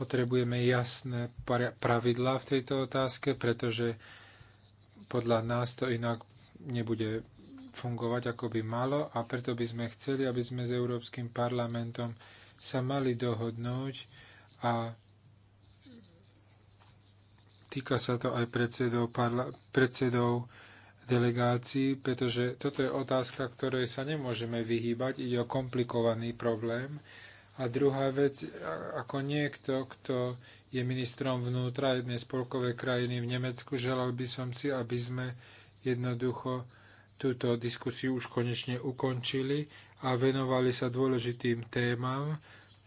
Potrebujeme jasné pravidlá v tejto otázke, pretože podľa nás to inak nebude fungovať, ako by malo a preto by sme chceli, aby sme s Európskym parlamentom sa mali dohodnúť a týka sa to aj predsedov, parla- predsedov delegácií, pretože toto je otázka, ktorej sa nemôžeme vyhýbať. Ide o komplikovaný problém a druhá vec, ako niekto, kto je ministrom vnútra jednej spolkovej krajiny v Nemecku, želal by som si, aby sme jednoducho túto diskusiu už konečne ukončili a venovali sa dôležitým témam,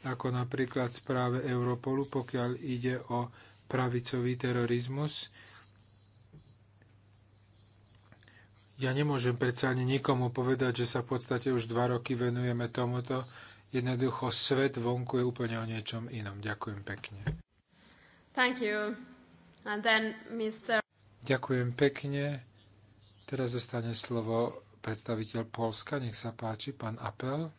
ako napríklad správe Europolu, pokiaľ ide o pravicový terorizmus. Ja nemôžem predsa ani nikomu povedať, že sa v podstate už dva roky venujeme tomuto. Jednoducho svet vonku je úplne o niečom inom. Ďakujem pekne. Thank you. And then Mr. Ďakujem pekne. Teraz zostane slovo predstaviteľ Polska. Nech sa páči, pán Apel.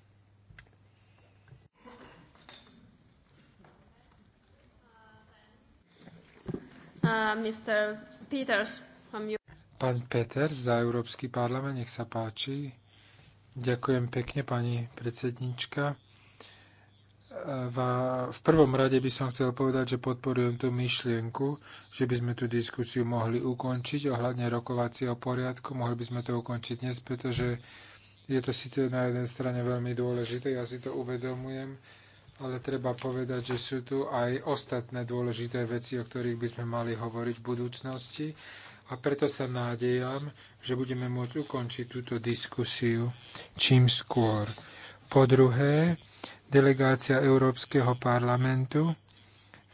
Uh, Mr. Peters from you. Pán Peters za Európsky parlament, nech sa páči. Ďakujem pekne, pani predsednička v prvom rade by som chcel povedať, že podporujem tú myšlienku, že by sme tú diskusiu mohli ukončiť ohľadne rokovacieho poriadku. Mohli by sme to ukončiť dnes, pretože je to síce na jednej strane veľmi dôležité, ja si to uvedomujem, ale treba povedať, že sú tu aj ostatné dôležité veci, o ktorých by sme mali hovoriť v budúcnosti. A preto sa nádejam, že budeme môcť ukončiť túto diskusiu čím skôr. Po druhé, delegácia Európskeho parlamentu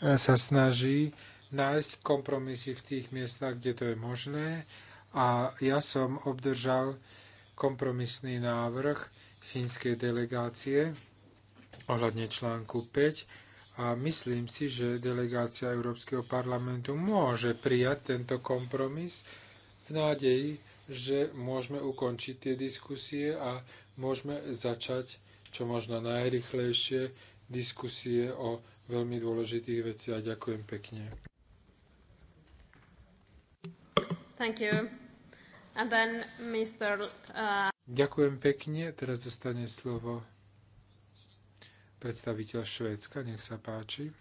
e, sa snaží nájsť kompromisy v tých miestach, kde to je možné. A ja som obdržal kompromisný návrh fínskej delegácie ohľadne článku 5 a myslím si, že delegácia Európskeho parlamentu môže prijať tento kompromis v nádeji, že môžeme ukončiť tie diskusie a môžeme začať čo možno najrychlejšie diskusie o veľmi dôležitých veciach. Ďakujem pekne. Thank you. And then Mr. Uh... Ďakujem pekne. Teraz dostane slovo predstaviteľ Švédska. Nech sa páči.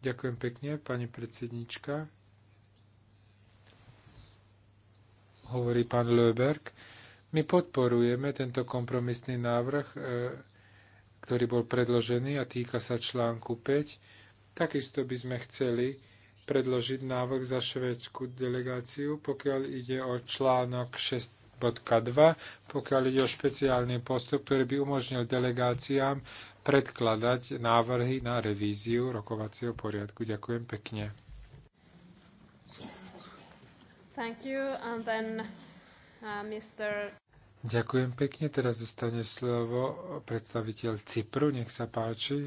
Ďakujem pekne, pani predsednička. Hovorí pán Löberg. My podporujeme tento kompromisný návrh, e, ktorý bol predložený a týka sa článku 5. Takisto by sme chceli predložiť návrh za švédsku delegáciu, pokiaľ ide o článok 6.2, pokiaľ ide o špeciálny postup, ktorý by umožnil delegáciám predkladať návrhy na revíziu rokovacieho poriadku. Ďakujem pekne. Thank you. And then, uh, Mr. Ďakujem pekne. Teraz zostane slovo predstaviteľ Cypru. Nech sa páči.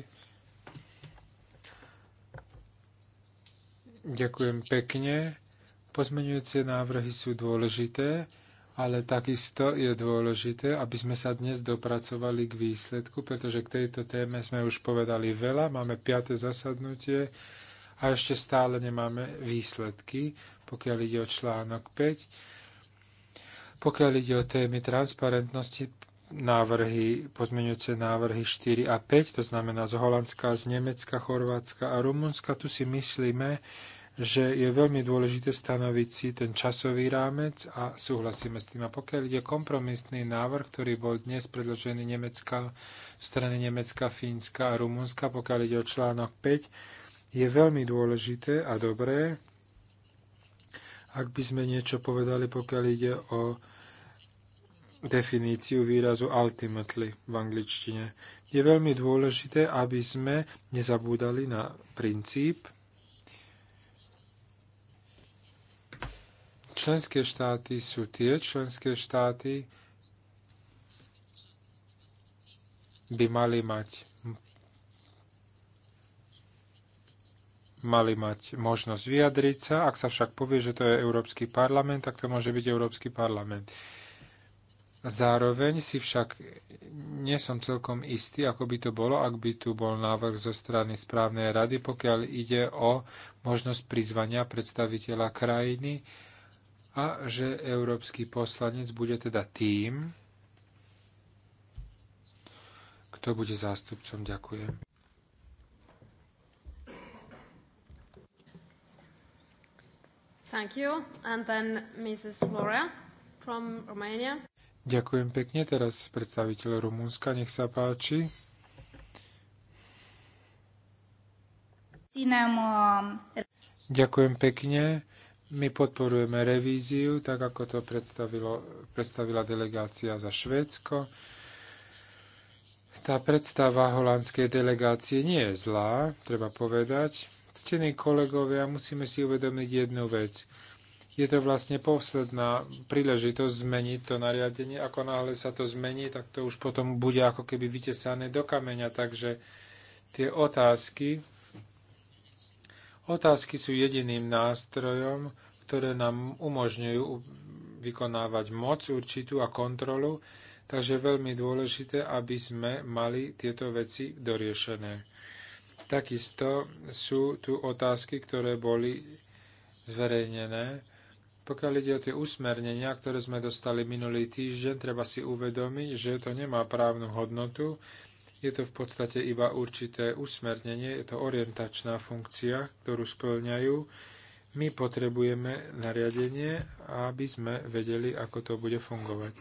Ďakujem pekne. pozmenujúce návrhy sú dôležité, ale takisto je dôležité, aby sme sa dnes dopracovali k výsledku, pretože k tejto téme sme už povedali veľa. Máme piate zasadnutie a ešte stále nemáme výsledky, pokiaľ ide o článok 5 pokiaľ ide o témy transparentnosti, návrhy, pozmeňujúce návrhy 4 a 5, to znamená z Holandska, z Nemecka, Chorvátska a Rumunska, tu si myslíme, že je veľmi dôležité stanoviť si ten časový rámec a súhlasíme s tým. A pokiaľ ide kompromisný návrh, ktorý bol dnes predložený Nemecka, strany Nemecka, Fínska a Rumunska, pokiaľ ide o článok 5, je veľmi dôležité a dobré, ak by sme niečo povedali, pokiaľ ide o definíciu výrazu ultimately v angličtine. Je veľmi dôležité, aby sme nezabúdali na princíp. Členské štáty sú tie členské štáty, by mali mať mali mať možnosť vyjadriť sa. Ak sa však povie, že to je Európsky parlament, tak to môže byť Európsky parlament. Zároveň si však nie som celkom istý, ako by to bolo, ak by tu bol návrh zo strany správnej rady, pokiaľ ide o možnosť prizvania predstaviteľa krajiny a že európsky poslanec bude teda tým, kto bude zástupcom. Ďakujem. Thank you. And then Mrs. Florea from Romania. Ďakujem pekne. Teraz predstaviteľ Rumúnska, nech sa páči. Ďakujem pekne. My podporujeme revíziu, tak ako to predstavila delegácia za Švédsko. Tá predstava holandskej delegácie nie je zlá, treba povedať. Ctení kolegovia, musíme si uvedomiť jednu vec. Je to vlastne posledná príležitosť zmeniť to nariadenie. Ako náhle sa to zmení, tak to už potom bude ako keby vytesané do kameňa. Takže tie otázky, otázky sú jediným nástrojom, ktoré nám umožňujú vykonávať moc určitú a kontrolu, takže je veľmi dôležité, aby sme mali tieto veci doriešené. Takisto sú tu otázky, ktoré boli zverejnené. Pokiaľ ide o tie usmernenia, ktoré sme dostali minulý týždeň, treba si uvedomiť, že to nemá právnu hodnotu. Je to v podstate iba určité usmernenie, je to orientačná funkcia, ktorú splňajú. My potrebujeme nariadenie, aby sme vedeli, ako to bude fungovať.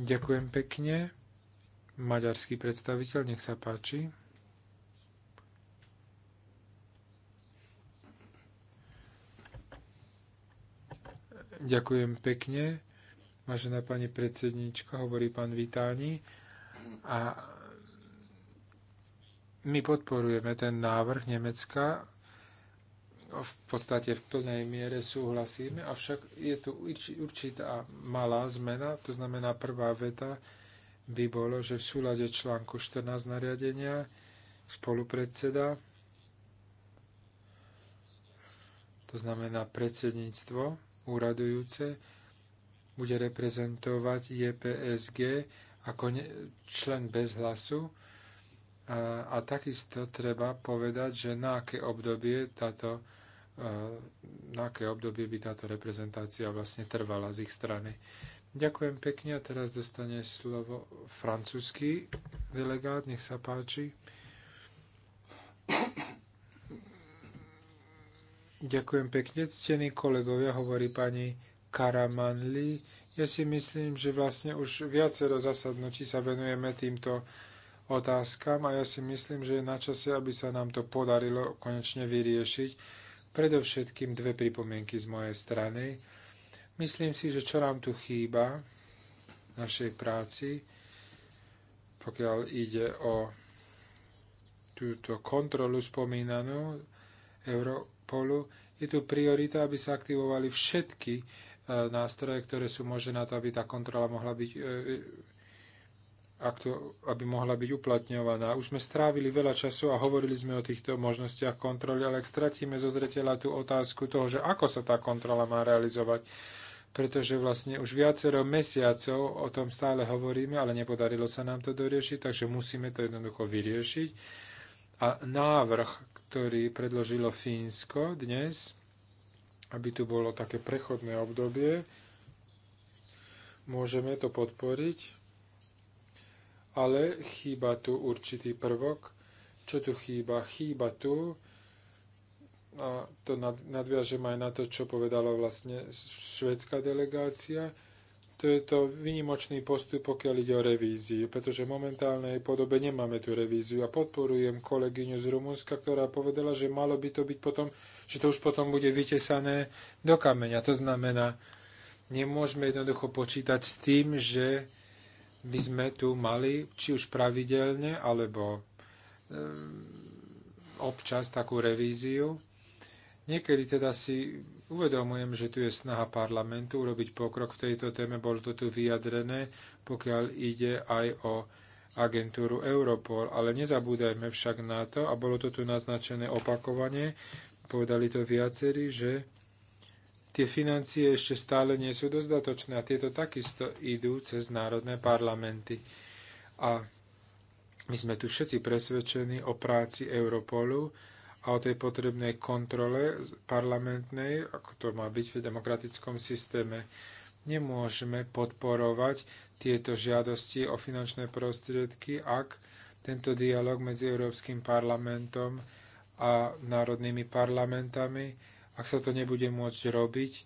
Ďakujem pekne. Maďarský predstaviteľ, nech sa páči. Ďakujem pekne, vážená pani predsedníčka, hovorí pán Vitáni. A my podporujeme ten návrh Nemecka, v podstate v plnej miere súhlasíme, avšak je tu určitá malá zmena, to znamená prvá veta by bolo, že v súlade článku 14 nariadenia spolupredseda, to znamená predsedníctvo, úradujúce, bude reprezentovať JPSG ako člen bez hlasu. A, a takisto treba povedať, že na aké obdobie táto na aké obdobie by táto reprezentácia vlastne trvala z ich strany. Ďakujem pekne a teraz dostane slovo francúzsky delegát, nech sa páči. Ďakujem pekne, ctení kolegovia, hovorí pani Karamanli. Ja si myslím, že vlastne už viacero zasadnutí sa venujeme týmto otázkam a ja si myslím, že je na čase, aby sa nám to podarilo konečne vyriešiť. Predovšetkým dve pripomienky z mojej strany. Myslím si, že čo nám tu chýba v našej práci, pokiaľ ide o túto kontrolu spomínanú Euro polu, Je tu priorita, aby sa aktivovali všetky e, nástroje, ktoré sú možné na to, aby tá kontrola mohla byť e, e, aby mohla byť uplatňovaná. Už sme strávili veľa času a hovorili sme o týchto možnostiach kontroly, ale ak stratíme zo zretela tú otázku toho, že ako sa tá kontrola má realizovať, pretože vlastne už viacero mesiacov o tom stále hovoríme, ale nepodarilo sa nám to doriešiť, takže musíme to jednoducho vyriešiť a návrh, ktorý predložilo Fínsko dnes, aby tu bolo také prechodné obdobie, môžeme to podporiť, ale chýba tu určitý prvok. Čo tu chýba? Chýba tu, a to nadviažem aj na to, čo povedala vlastne švedská delegácia, to je to vynimočný postup, pokiaľ ide o revíziu, pretože v momentálnej podobe nemáme tú revíziu. A podporujem kolegyňu z Rumunska, ktorá povedala, že malo by to byť potom, že to už potom bude vytesané do kameňa. To znamená, nemôžeme jednoducho počítať s tým, že by sme tu mali, či už pravidelne, alebo um, občas takú revíziu. Niekedy teda si Uvedomujem, že tu je snaha parlamentu urobiť pokrok v tejto téme, bolo to tu vyjadrené, pokiaľ ide aj o agentúru Europol, ale nezabúdajme však na to, a bolo to tu naznačené opakovane, povedali to viacerí, že tie financie ešte stále nie sú dostatočné a tieto takisto idú cez národné parlamenty. A my sme tu všetci presvedčení o práci Europolu, a o tej potrebnej kontrole parlamentnej, ako to má byť v demokratickom systéme. Nemôžeme podporovať tieto žiadosti o finančné prostriedky, ak tento dialog medzi Európskym parlamentom a národnými parlamentami, ak sa to nebude môcť robiť e,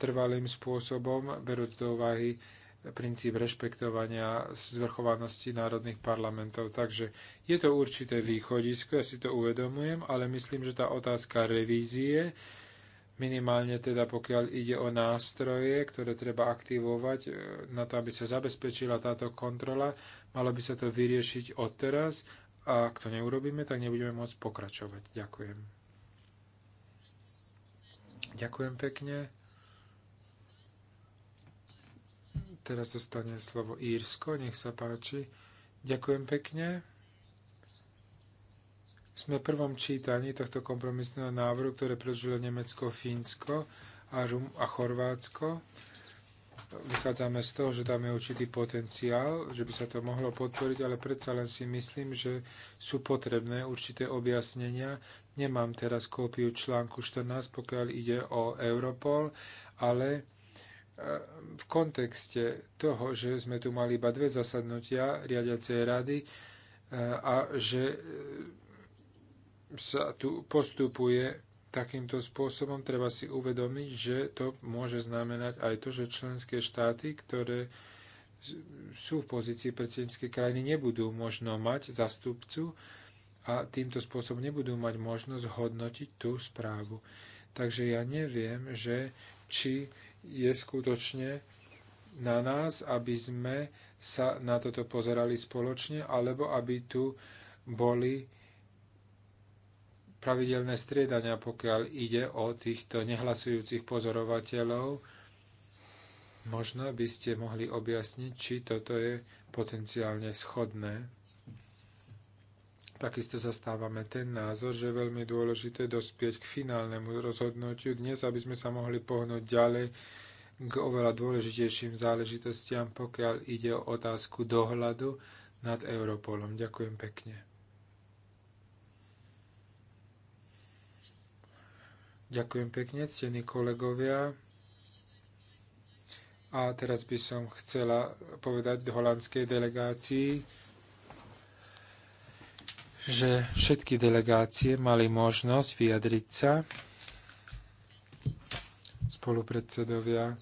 trvalým spôsobom, berúť do úvahy princíp rešpektovania zvrchovanosti národných parlamentov. Takže je to určité východisko, ja si to uvedomujem, ale myslím, že tá otázka revízie, minimálne teda pokiaľ ide o nástroje, ktoré treba aktivovať e, na to, aby sa zabezpečila táto kontrola, malo by sa to vyriešiť odteraz a ak to neurobíme, tak nebudeme môcť pokračovať. Ďakujem. Ďakujem pekne. Teraz zostane slovo Írsko, nech sa páči. Ďakujem pekne. Sme v prvom čítaní tohto kompromisného návrhu, ktoré prežilo Nemecko, Fínsko a, Rum- a Chorvátsko. Vychádzame z toho, že tam je určitý potenciál, že by sa to mohlo podporiť, ale predsa len si myslím, že sú potrebné určité objasnenia. Nemám teraz kópiu článku 14, pokiaľ ide o Europol, ale v kontexte toho, že sme tu mali iba dve zasadnutia riadiacej rady e, a že e, sa tu postupuje takýmto spôsobom, treba si uvedomiť, že to môže znamenať aj to, že členské štáty, ktoré sú v pozícii predsedníckej krajiny, nebudú možno mať zastupcu a týmto spôsobom nebudú mať možnosť hodnotiť tú správu. Takže ja neviem, že či je skutočne na nás, aby sme sa na toto pozerali spoločne, alebo aby tu boli pravidelné striedania, pokiaľ ide o týchto nehlasujúcich pozorovateľov. Možno by ste mohli objasniť, či toto je potenciálne schodné. Takisto zastávame ten názor, že je veľmi dôležité dospieť k finálnemu rozhodnutiu dnes, aby sme sa mohli pohnúť ďalej k oveľa dôležitejším záležitostiam, pokiaľ ide o otázku dohľadu nad Europolom. Ďakujem pekne. Ďakujem pekne, ctení kolegovia. A teraz by som chcela povedať holandskej delegácii, že všetky delegácie mali možnosť vyjadriť sa. Spolupredsedovia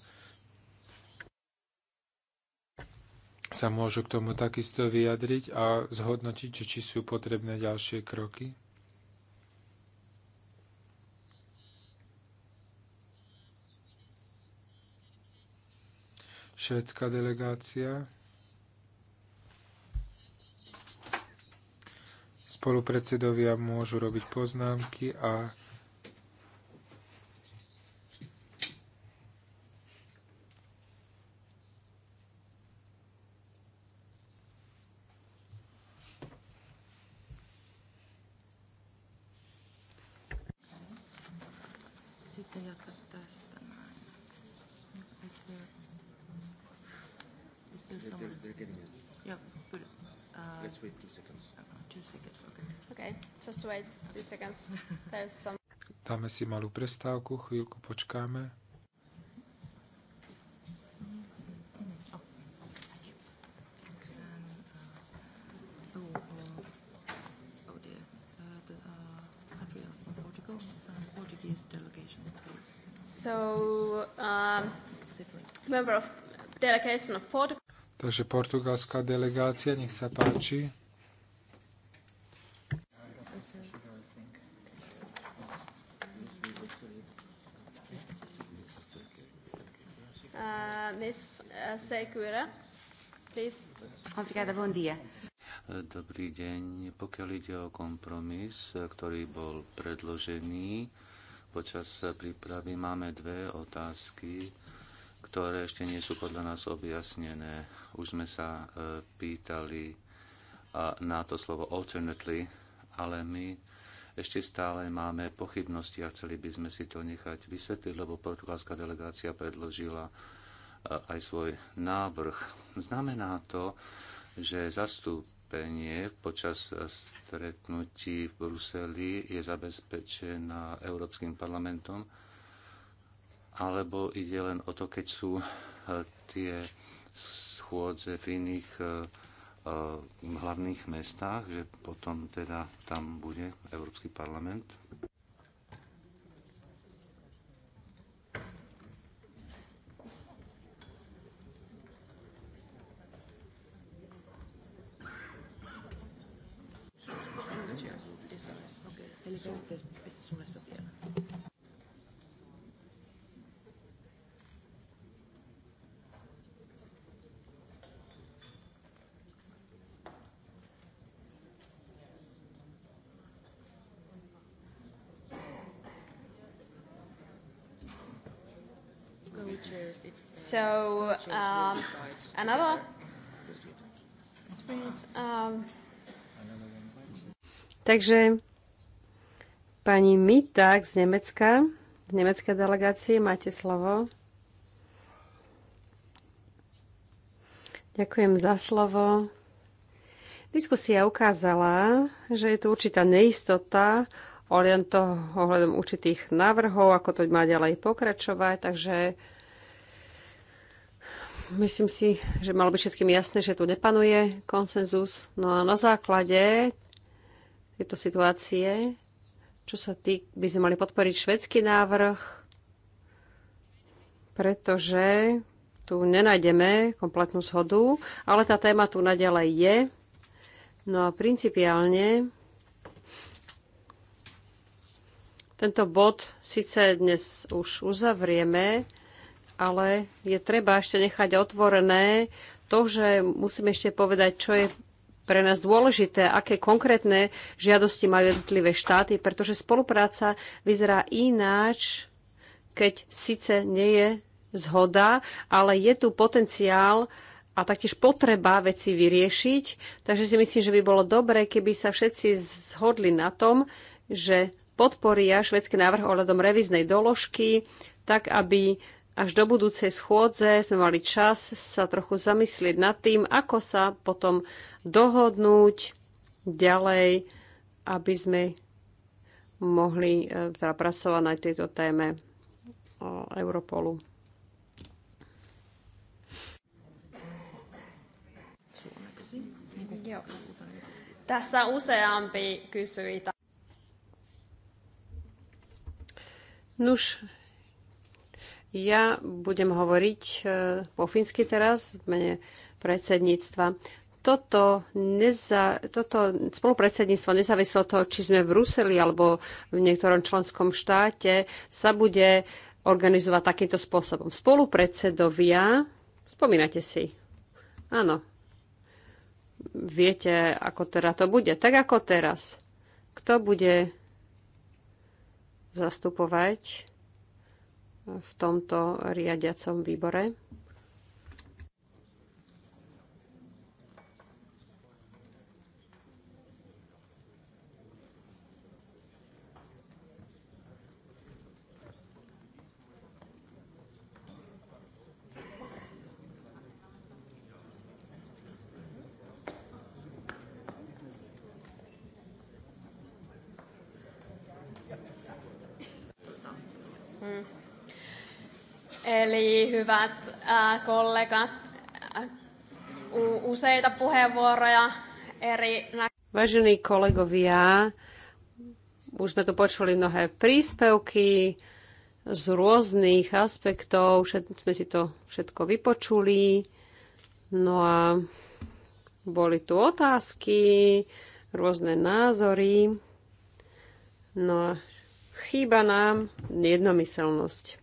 sa môžu k tomu takisto vyjadriť a zhodnotiť, či sú potrebné ďalšie kroky. Švedská delegácia. spolupredsedovia môžu robiť poznámky a Just wait two seconds. There's some... Dáme si malú prestávku, chvíľku počkáme. So, um, member of delegation of Portugal. Takže portugalská delegácia, nech sa páči. Obrigada, bom dia. Dobrý deň. Pokiaľ ide o kompromis, ktorý bol predložený počas prípravy, máme dve otázky, ktoré ešte nie sú podľa nás objasnené. Už sme sa e, pýtali na to slovo alternately, ale my ešte stále máme pochybnosti a chceli by sme si to nechať vysvetliť, lebo portugalská delegácia predložila aj svoj návrh. Znamená to, že zastúpenie počas stretnutí v Bruseli je zabezpečené Európskym parlamentom, alebo ide len o to, keď sú eh, tie schôdze v iných eh, eh, hlavných mestách, že potom teda tam bude Európsky parlament. So um, another experience. Um, Takže Pani Mitak z Nemecka, z nemecké delegácie, máte slovo. Ďakujem za slovo. Diskusia ukázala, že je tu určitá neistota ohľadom určitých návrhov, ako to má ďalej pokračovať, takže myslím si, že malo byť všetkým jasné, že tu nepanuje konsenzus. No a na základe tejto situácie čo sa tý, by sme mali podporiť švedský návrh, pretože tu nenájdeme kompletnú shodu, ale tá téma tu naďalej je. No a principiálne tento bod síce dnes už uzavrieme, ale je treba ešte nechať otvorené to, že musíme ešte povedať, čo je pre nás dôležité, aké konkrétne žiadosti majú jednotlivé štáty, pretože spolupráca vyzerá ináč, keď síce nie je zhoda, ale je tu potenciál a taktiež potreba veci vyriešiť. Takže si myslím, že by bolo dobré, keby sa všetci zhodli na tom, že podporia švedský návrh ohľadom reviznej doložky, tak aby až do budúcej schôdze sme mali čas sa trochu zamyslieť nad tým, ako sa potom dohodnúť ďalej, aby sme mohli e, teda pracovať na tejto téme o e, Europolu. Tässä useampi kysyi. Nuš, ja budem hovoriť e, po fínsky teraz v mene predsedníctva. Toto, neza, toto spolupredsedníctvo, nezávislo od toho, či sme v Bruseli alebo v niektorom členskom štáte, sa bude organizovať takýmto spôsobom. Spolupredsedovia, spomínate si, áno, viete, ako teda to bude. Tak ako teraz. Kto bude zastupovať v tomto riadiacom výbore. Mm. hmm Eli hyvät kollegat, useita puheenvuoroja eri... Vážení kolegovia, už sme tu počuli mnohé príspevky z rôznych aspektov, všetko, sme si to všetko vypočuli. No a boli tu otázky, rôzne názory. No a chýba nám jednomyselnosť.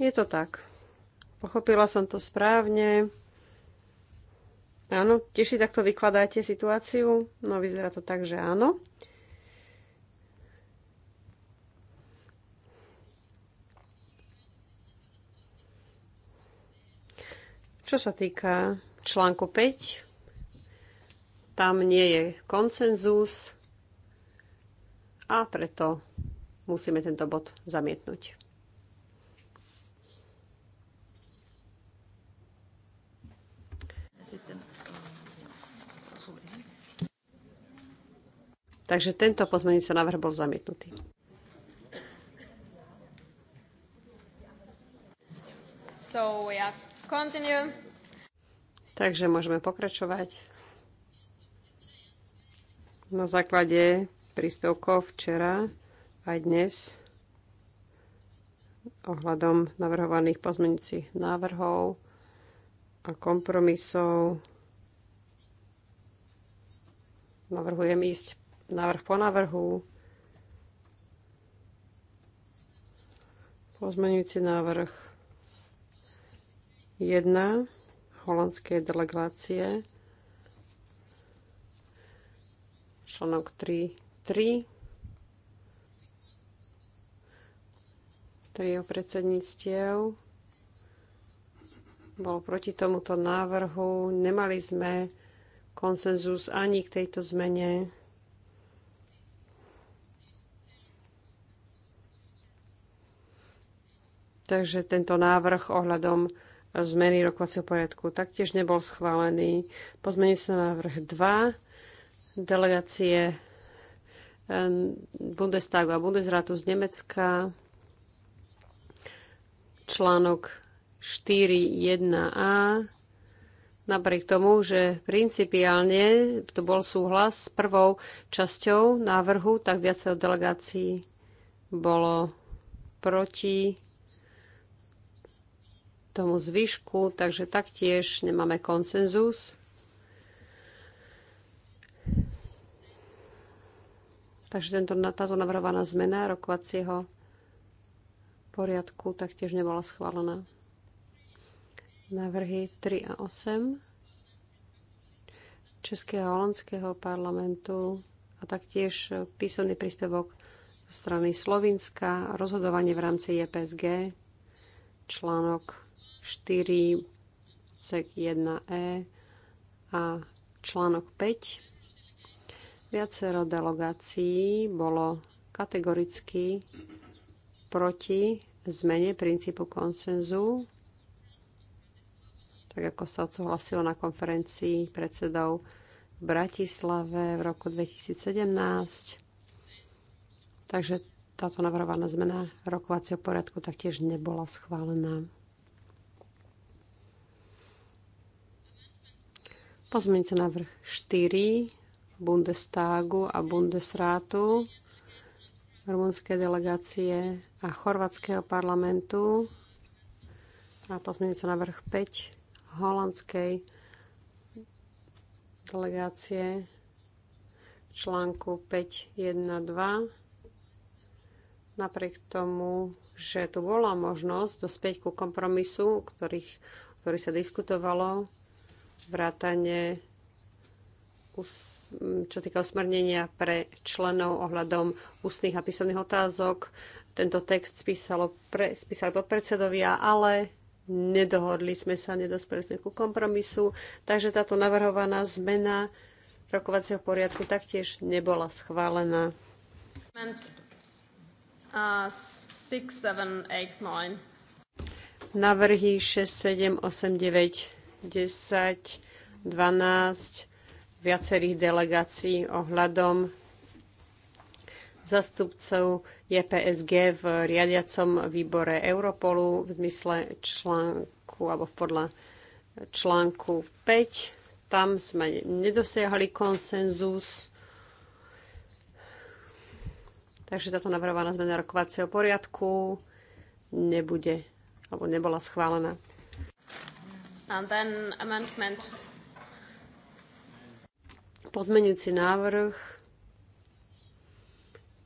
Je to tak. Pochopila som to správne. Áno, tiež si takto vykladáte situáciu? No vyzerá to tak, že áno. Čo sa týka článku 5, tam nie je koncenzus a preto musíme tento bod zamietnúť. Takže tento pozmeňujúci návrh bol zamietnutý. So, yeah. Continue. Takže môžeme pokračovať. Na základe príspevkov včera aj dnes ohľadom navrhovaných pozmeňujúcich návrhov a kompromisov navrhujem ísť návrh po návrhu. Pozmeňujúci návrh 1 holandskej delegácie, článok 3, 3, 3 o predsedníctiev. Bol proti tomuto návrhu. Nemali sme konsenzus ani k tejto zmene. Takže tento návrh ohľadom zmeny rokovacieho poriadku taktiež nebol schválený. Pozmení sa návrh 2 delegácie eh, Bundestagu a Bundesratu z Nemecka článok 4.1a. Napriek tomu, že principiálne to bol súhlas s prvou časťou návrhu, tak viacero delegácií bolo proti tomu zvyšku, takže taktiež nemáme konsenzus. Takže tento, táto navrhovaná zmena rokovacieho poriadku taktiež nebola schválená. Návrhy 3 a 8 Českého a Holandského parlamentu a taktiež písomný príspevok zo strany Slovinska, rozhodovanie v rámci JPSG, e článok 4, sek 1e a článok 5. Viacero delegácií bolo kategoricky proti zmene princípu konsenzu, tak ako sa odsúhlasilo na konferencii predsedov v Bratislave v roku 2017. Takže táto navrhovaná zmena rokovacieho poriadku taktiež nebola schválená. Pozmeňte návrh 4 Bundestagu a Bundesrátu rumunskej delegácie a chorvatského parlamentu a na návrh 5 holandskej delegácie článku 5.1.2. Napriek tomu, že tu bola možnosť dospieť ku kompromisu, ktorých, ktorý sa diskutovalo, vrátane čo týka usmernenia pre členov ohľadom ústnych a písomných otázok. Tento text spísalo pre, spísali podpredsedovia, ale nedohodli sme sa, nedospeli sme ku kompromisu, takže táto navrhovaná zmena rokovacieho poriadku taktiež nebola schválená. Uh, Navrhy 6, 7, 8, 9 10, 12 viacerých delegácií ohľadom zastupcov JPSG v riadiacom výbore Europolu v zmysle článku alebo podľa článku 5. Tam sme nedosiahli konsenzus. Takže táto navrhovaná zmena rokovacieho poriadku nebude alebo nebola schválená. And then amendment. Pozmeňujúci návrh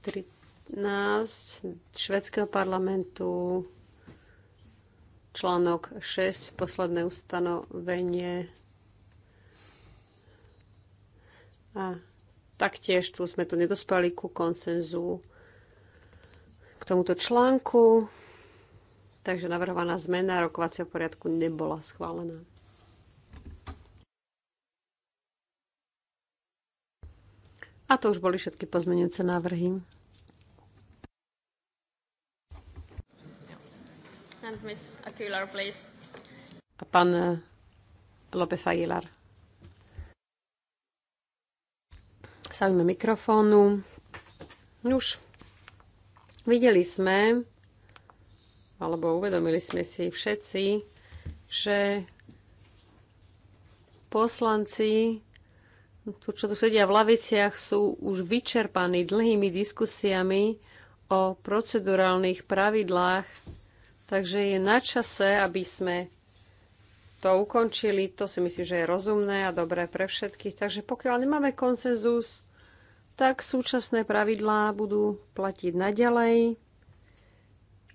13 švedského parlamentu článok 6, posledné ustanovenie. A taktiež tu sme tu nedospeli ku konsenzu k tomuto článku takže navrhovaná zmena rokovacieho poriadku nebola schválená. A to už boli všetky pozmenujúce návrhy. Aguilar, A pán eh, López Aguilar. Sajme mikrofónu. Už videli sme, alebo uvedomili sme si všetci, že poslanci, tu, čo tu sedia v laviciach, sú už vyčerpaní dlhými diskusiami o procedurálnych pravidlách, takže je na čase, aby sme to ukončili. To si myslím, že je rozumné a dobré pre všetkých. Takže pokiaľ nemáme konsenzus, tak súčasné pravidlá budú platiť naďalej.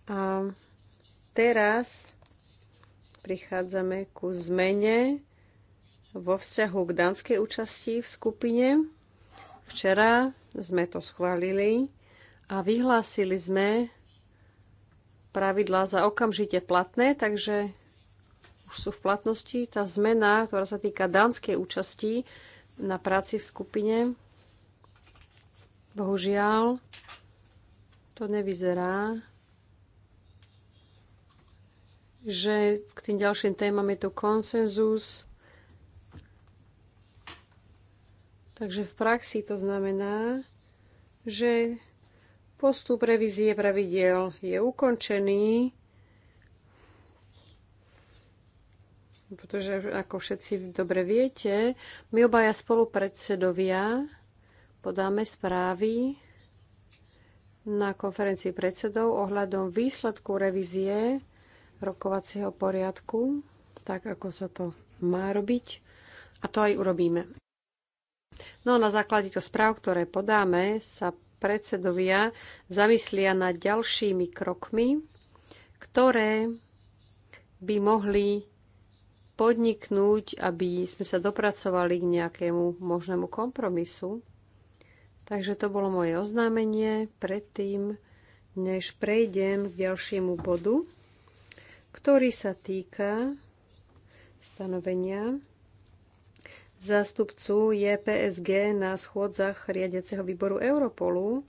A teraz prichádzame ku zmene vo vzťahu k danskej účasti v skupine. Včera sme to schválili a vyhlásili sme pravidlá za okamžite platné, takže už sú v platnosti. Tá zmena, ktorá sa týka dánskej účasti na práci v skupine, bohužiaľ, to nevyzerá že k tým ďalším témam je tu konsenzus. Takže v praxi to znamená, že postup revízie pravidiel je ukončený, pretože ako všetci dobre viete, my obaja spolupredsedovia podáme správy na konferencii predsedov ohľadom výsledku revízie rokovacieho poriadku, tak ako sa to má robiť. A to aj urobíme. No a na základe to správ, ktoré podáme, sa predsedovia zamyslia nad ďalšími krokmi, ktoré by mohli podniknúť, aby sme sa dopracovali k nejakému možnému kompromisu. Takže to bolo moje oznámenie predtým, než prejdem k ďalšiemu bodu ktorý sa týka stanovenia zástupcu JPSG na schôdzach riadiaceho výboru Europolu.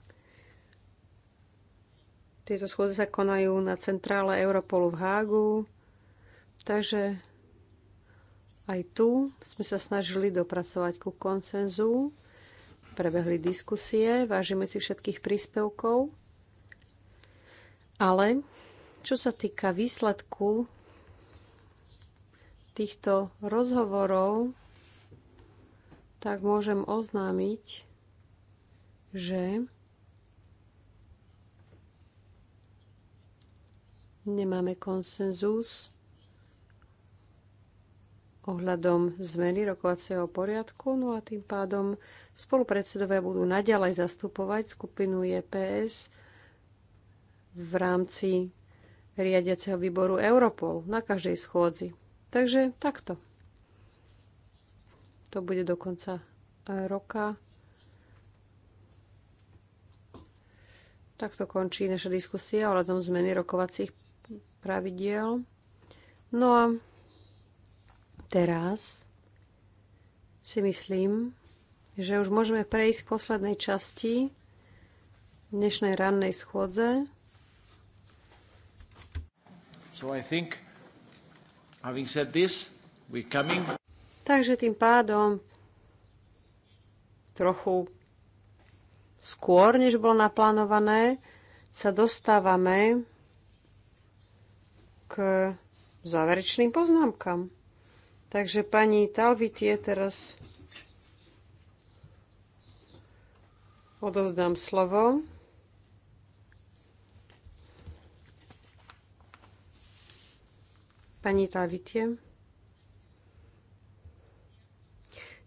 Tieto schôdze sa konajú na centrále Europolu v Hágu, takže aj tu sme sa snažili dopracovať ku koncenzu. Prebehli diskusie, vážime si všetkých príspevkov, ale čo sa týka výsledku týchto rozhovorov, tak môžem oznámiť, že nemáme konsenzus ohľadom zmeny rokovacieho poriadku, no a tým pádom spolupredsedovia budú naďalej zastupovať skupinu EPS v rámci riadiaceho výboru Europol na každej schôdzi. Takže takto. To bude do konca e, roka. Takto končí naša diskusia o hľadom zmeny rokovacích pravidiel. No a teraz si myslím, že už môžeme prejsť k poslednej časti dnešnej rannej schôdze. I think, having said this, coming... Takže tým pádom trochu skôr, než bolo naplánované, sa dostávame k záverečným poznámkam. Takže pani Talvitie teraz odovzdám slovo. Pani Tavitie.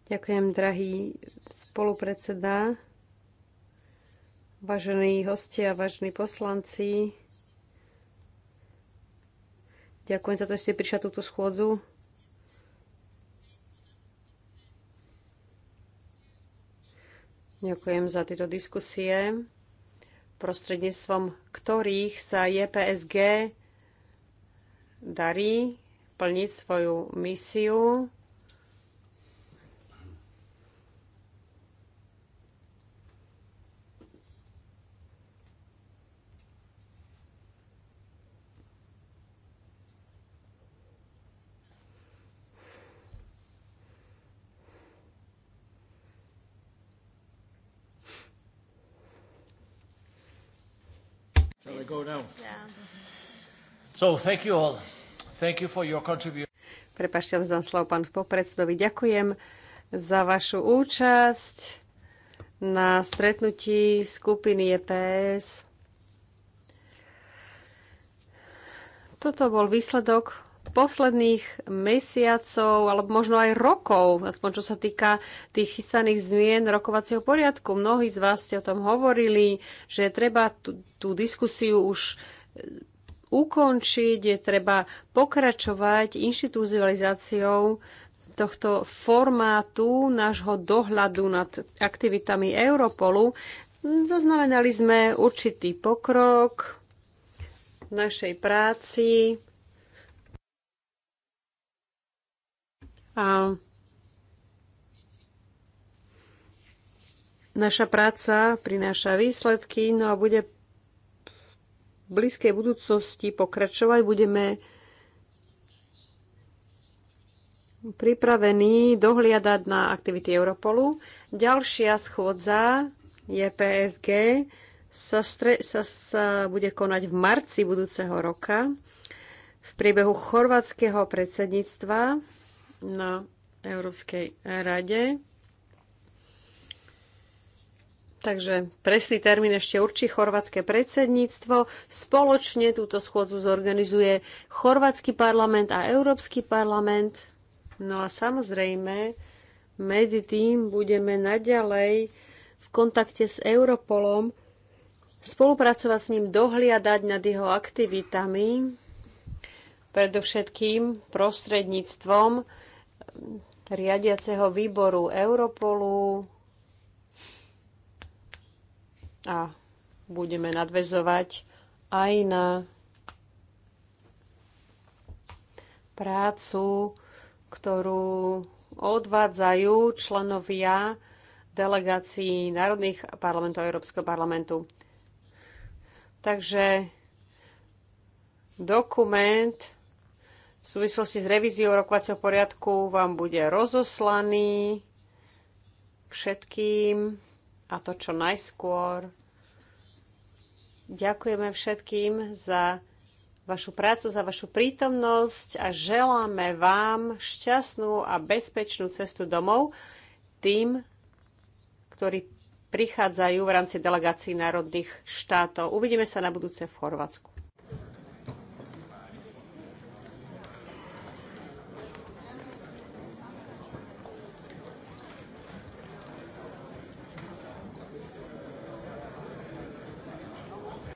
Ďakujem, drahý spolupredseda, vážení hostia, vážení poslanci. Ďakujem za to, že ste prišli túto schôdzu. Ďakujem za tieto diskusie, prostredníctvom ktorých sa JPSG darí plniť svoju misiu. Shall we go now? Yeah. So, thank you all. Thank you for your Prepašte, vzdám slovo pánu popredsedovi. Ďakujem za vašu účasť na stretnutí skupiny EPS. Toto bol výsledok posledných mesiacov, alebo možno aj rokov, aspoň čo sa týka tých chystaných zmien rokovacieho poriadku. Mnohí z vás ste o tom hovorili, že treba tú, tú diskusiu už ukončiť, je treba pokračovať inštitucionalizáciou tohto formátu nášho dohľadu nad aktivitami Europolu. Zaznamenali sme určitý pokrok v našej práci a naša práca prináša výsledky, no a bude blízkej budúcnosti pokračovať. Budeme pripravení dohliadať na aktivity Europolu. Ďalšia schôdza PSG. sa, stre- sa, sa bude konať v marci budúceho roka v priebehu chorvátskeho predsedníctva na Európskej rade. Takže presný termín ešte určí chorvátske predsedníctvo. Spoločne túto schôdzu zorganizuje chorvátsky parlament a Európsky parlament. No a samozrejme, medzi tým budeme naďalej v kontakte s Europolom, spolupracovať s ním, dohliadať nad jeho aktivitami, predovšetkým prostredníctvom riadiaceho výboru Europolu, a budeme nadvezovať aj na prácu, ktorú odvádzajú členovia delegácií národných parlamentov a Európskeho parlamentu. Takže dokument v súvislosti s revíziou rokovacieho poriadku vám bude rozoslaný všetkým a to čo najskôr. Ďakujeme všetkým za vašu prácu, za vašu prítomnosť a želáme vám šťastnú a bezpečnú cestu domov tým, ktorí prichádzajú v rámci delegácií národných štátov. Uvidíme sa na budúce v Chorvátsku.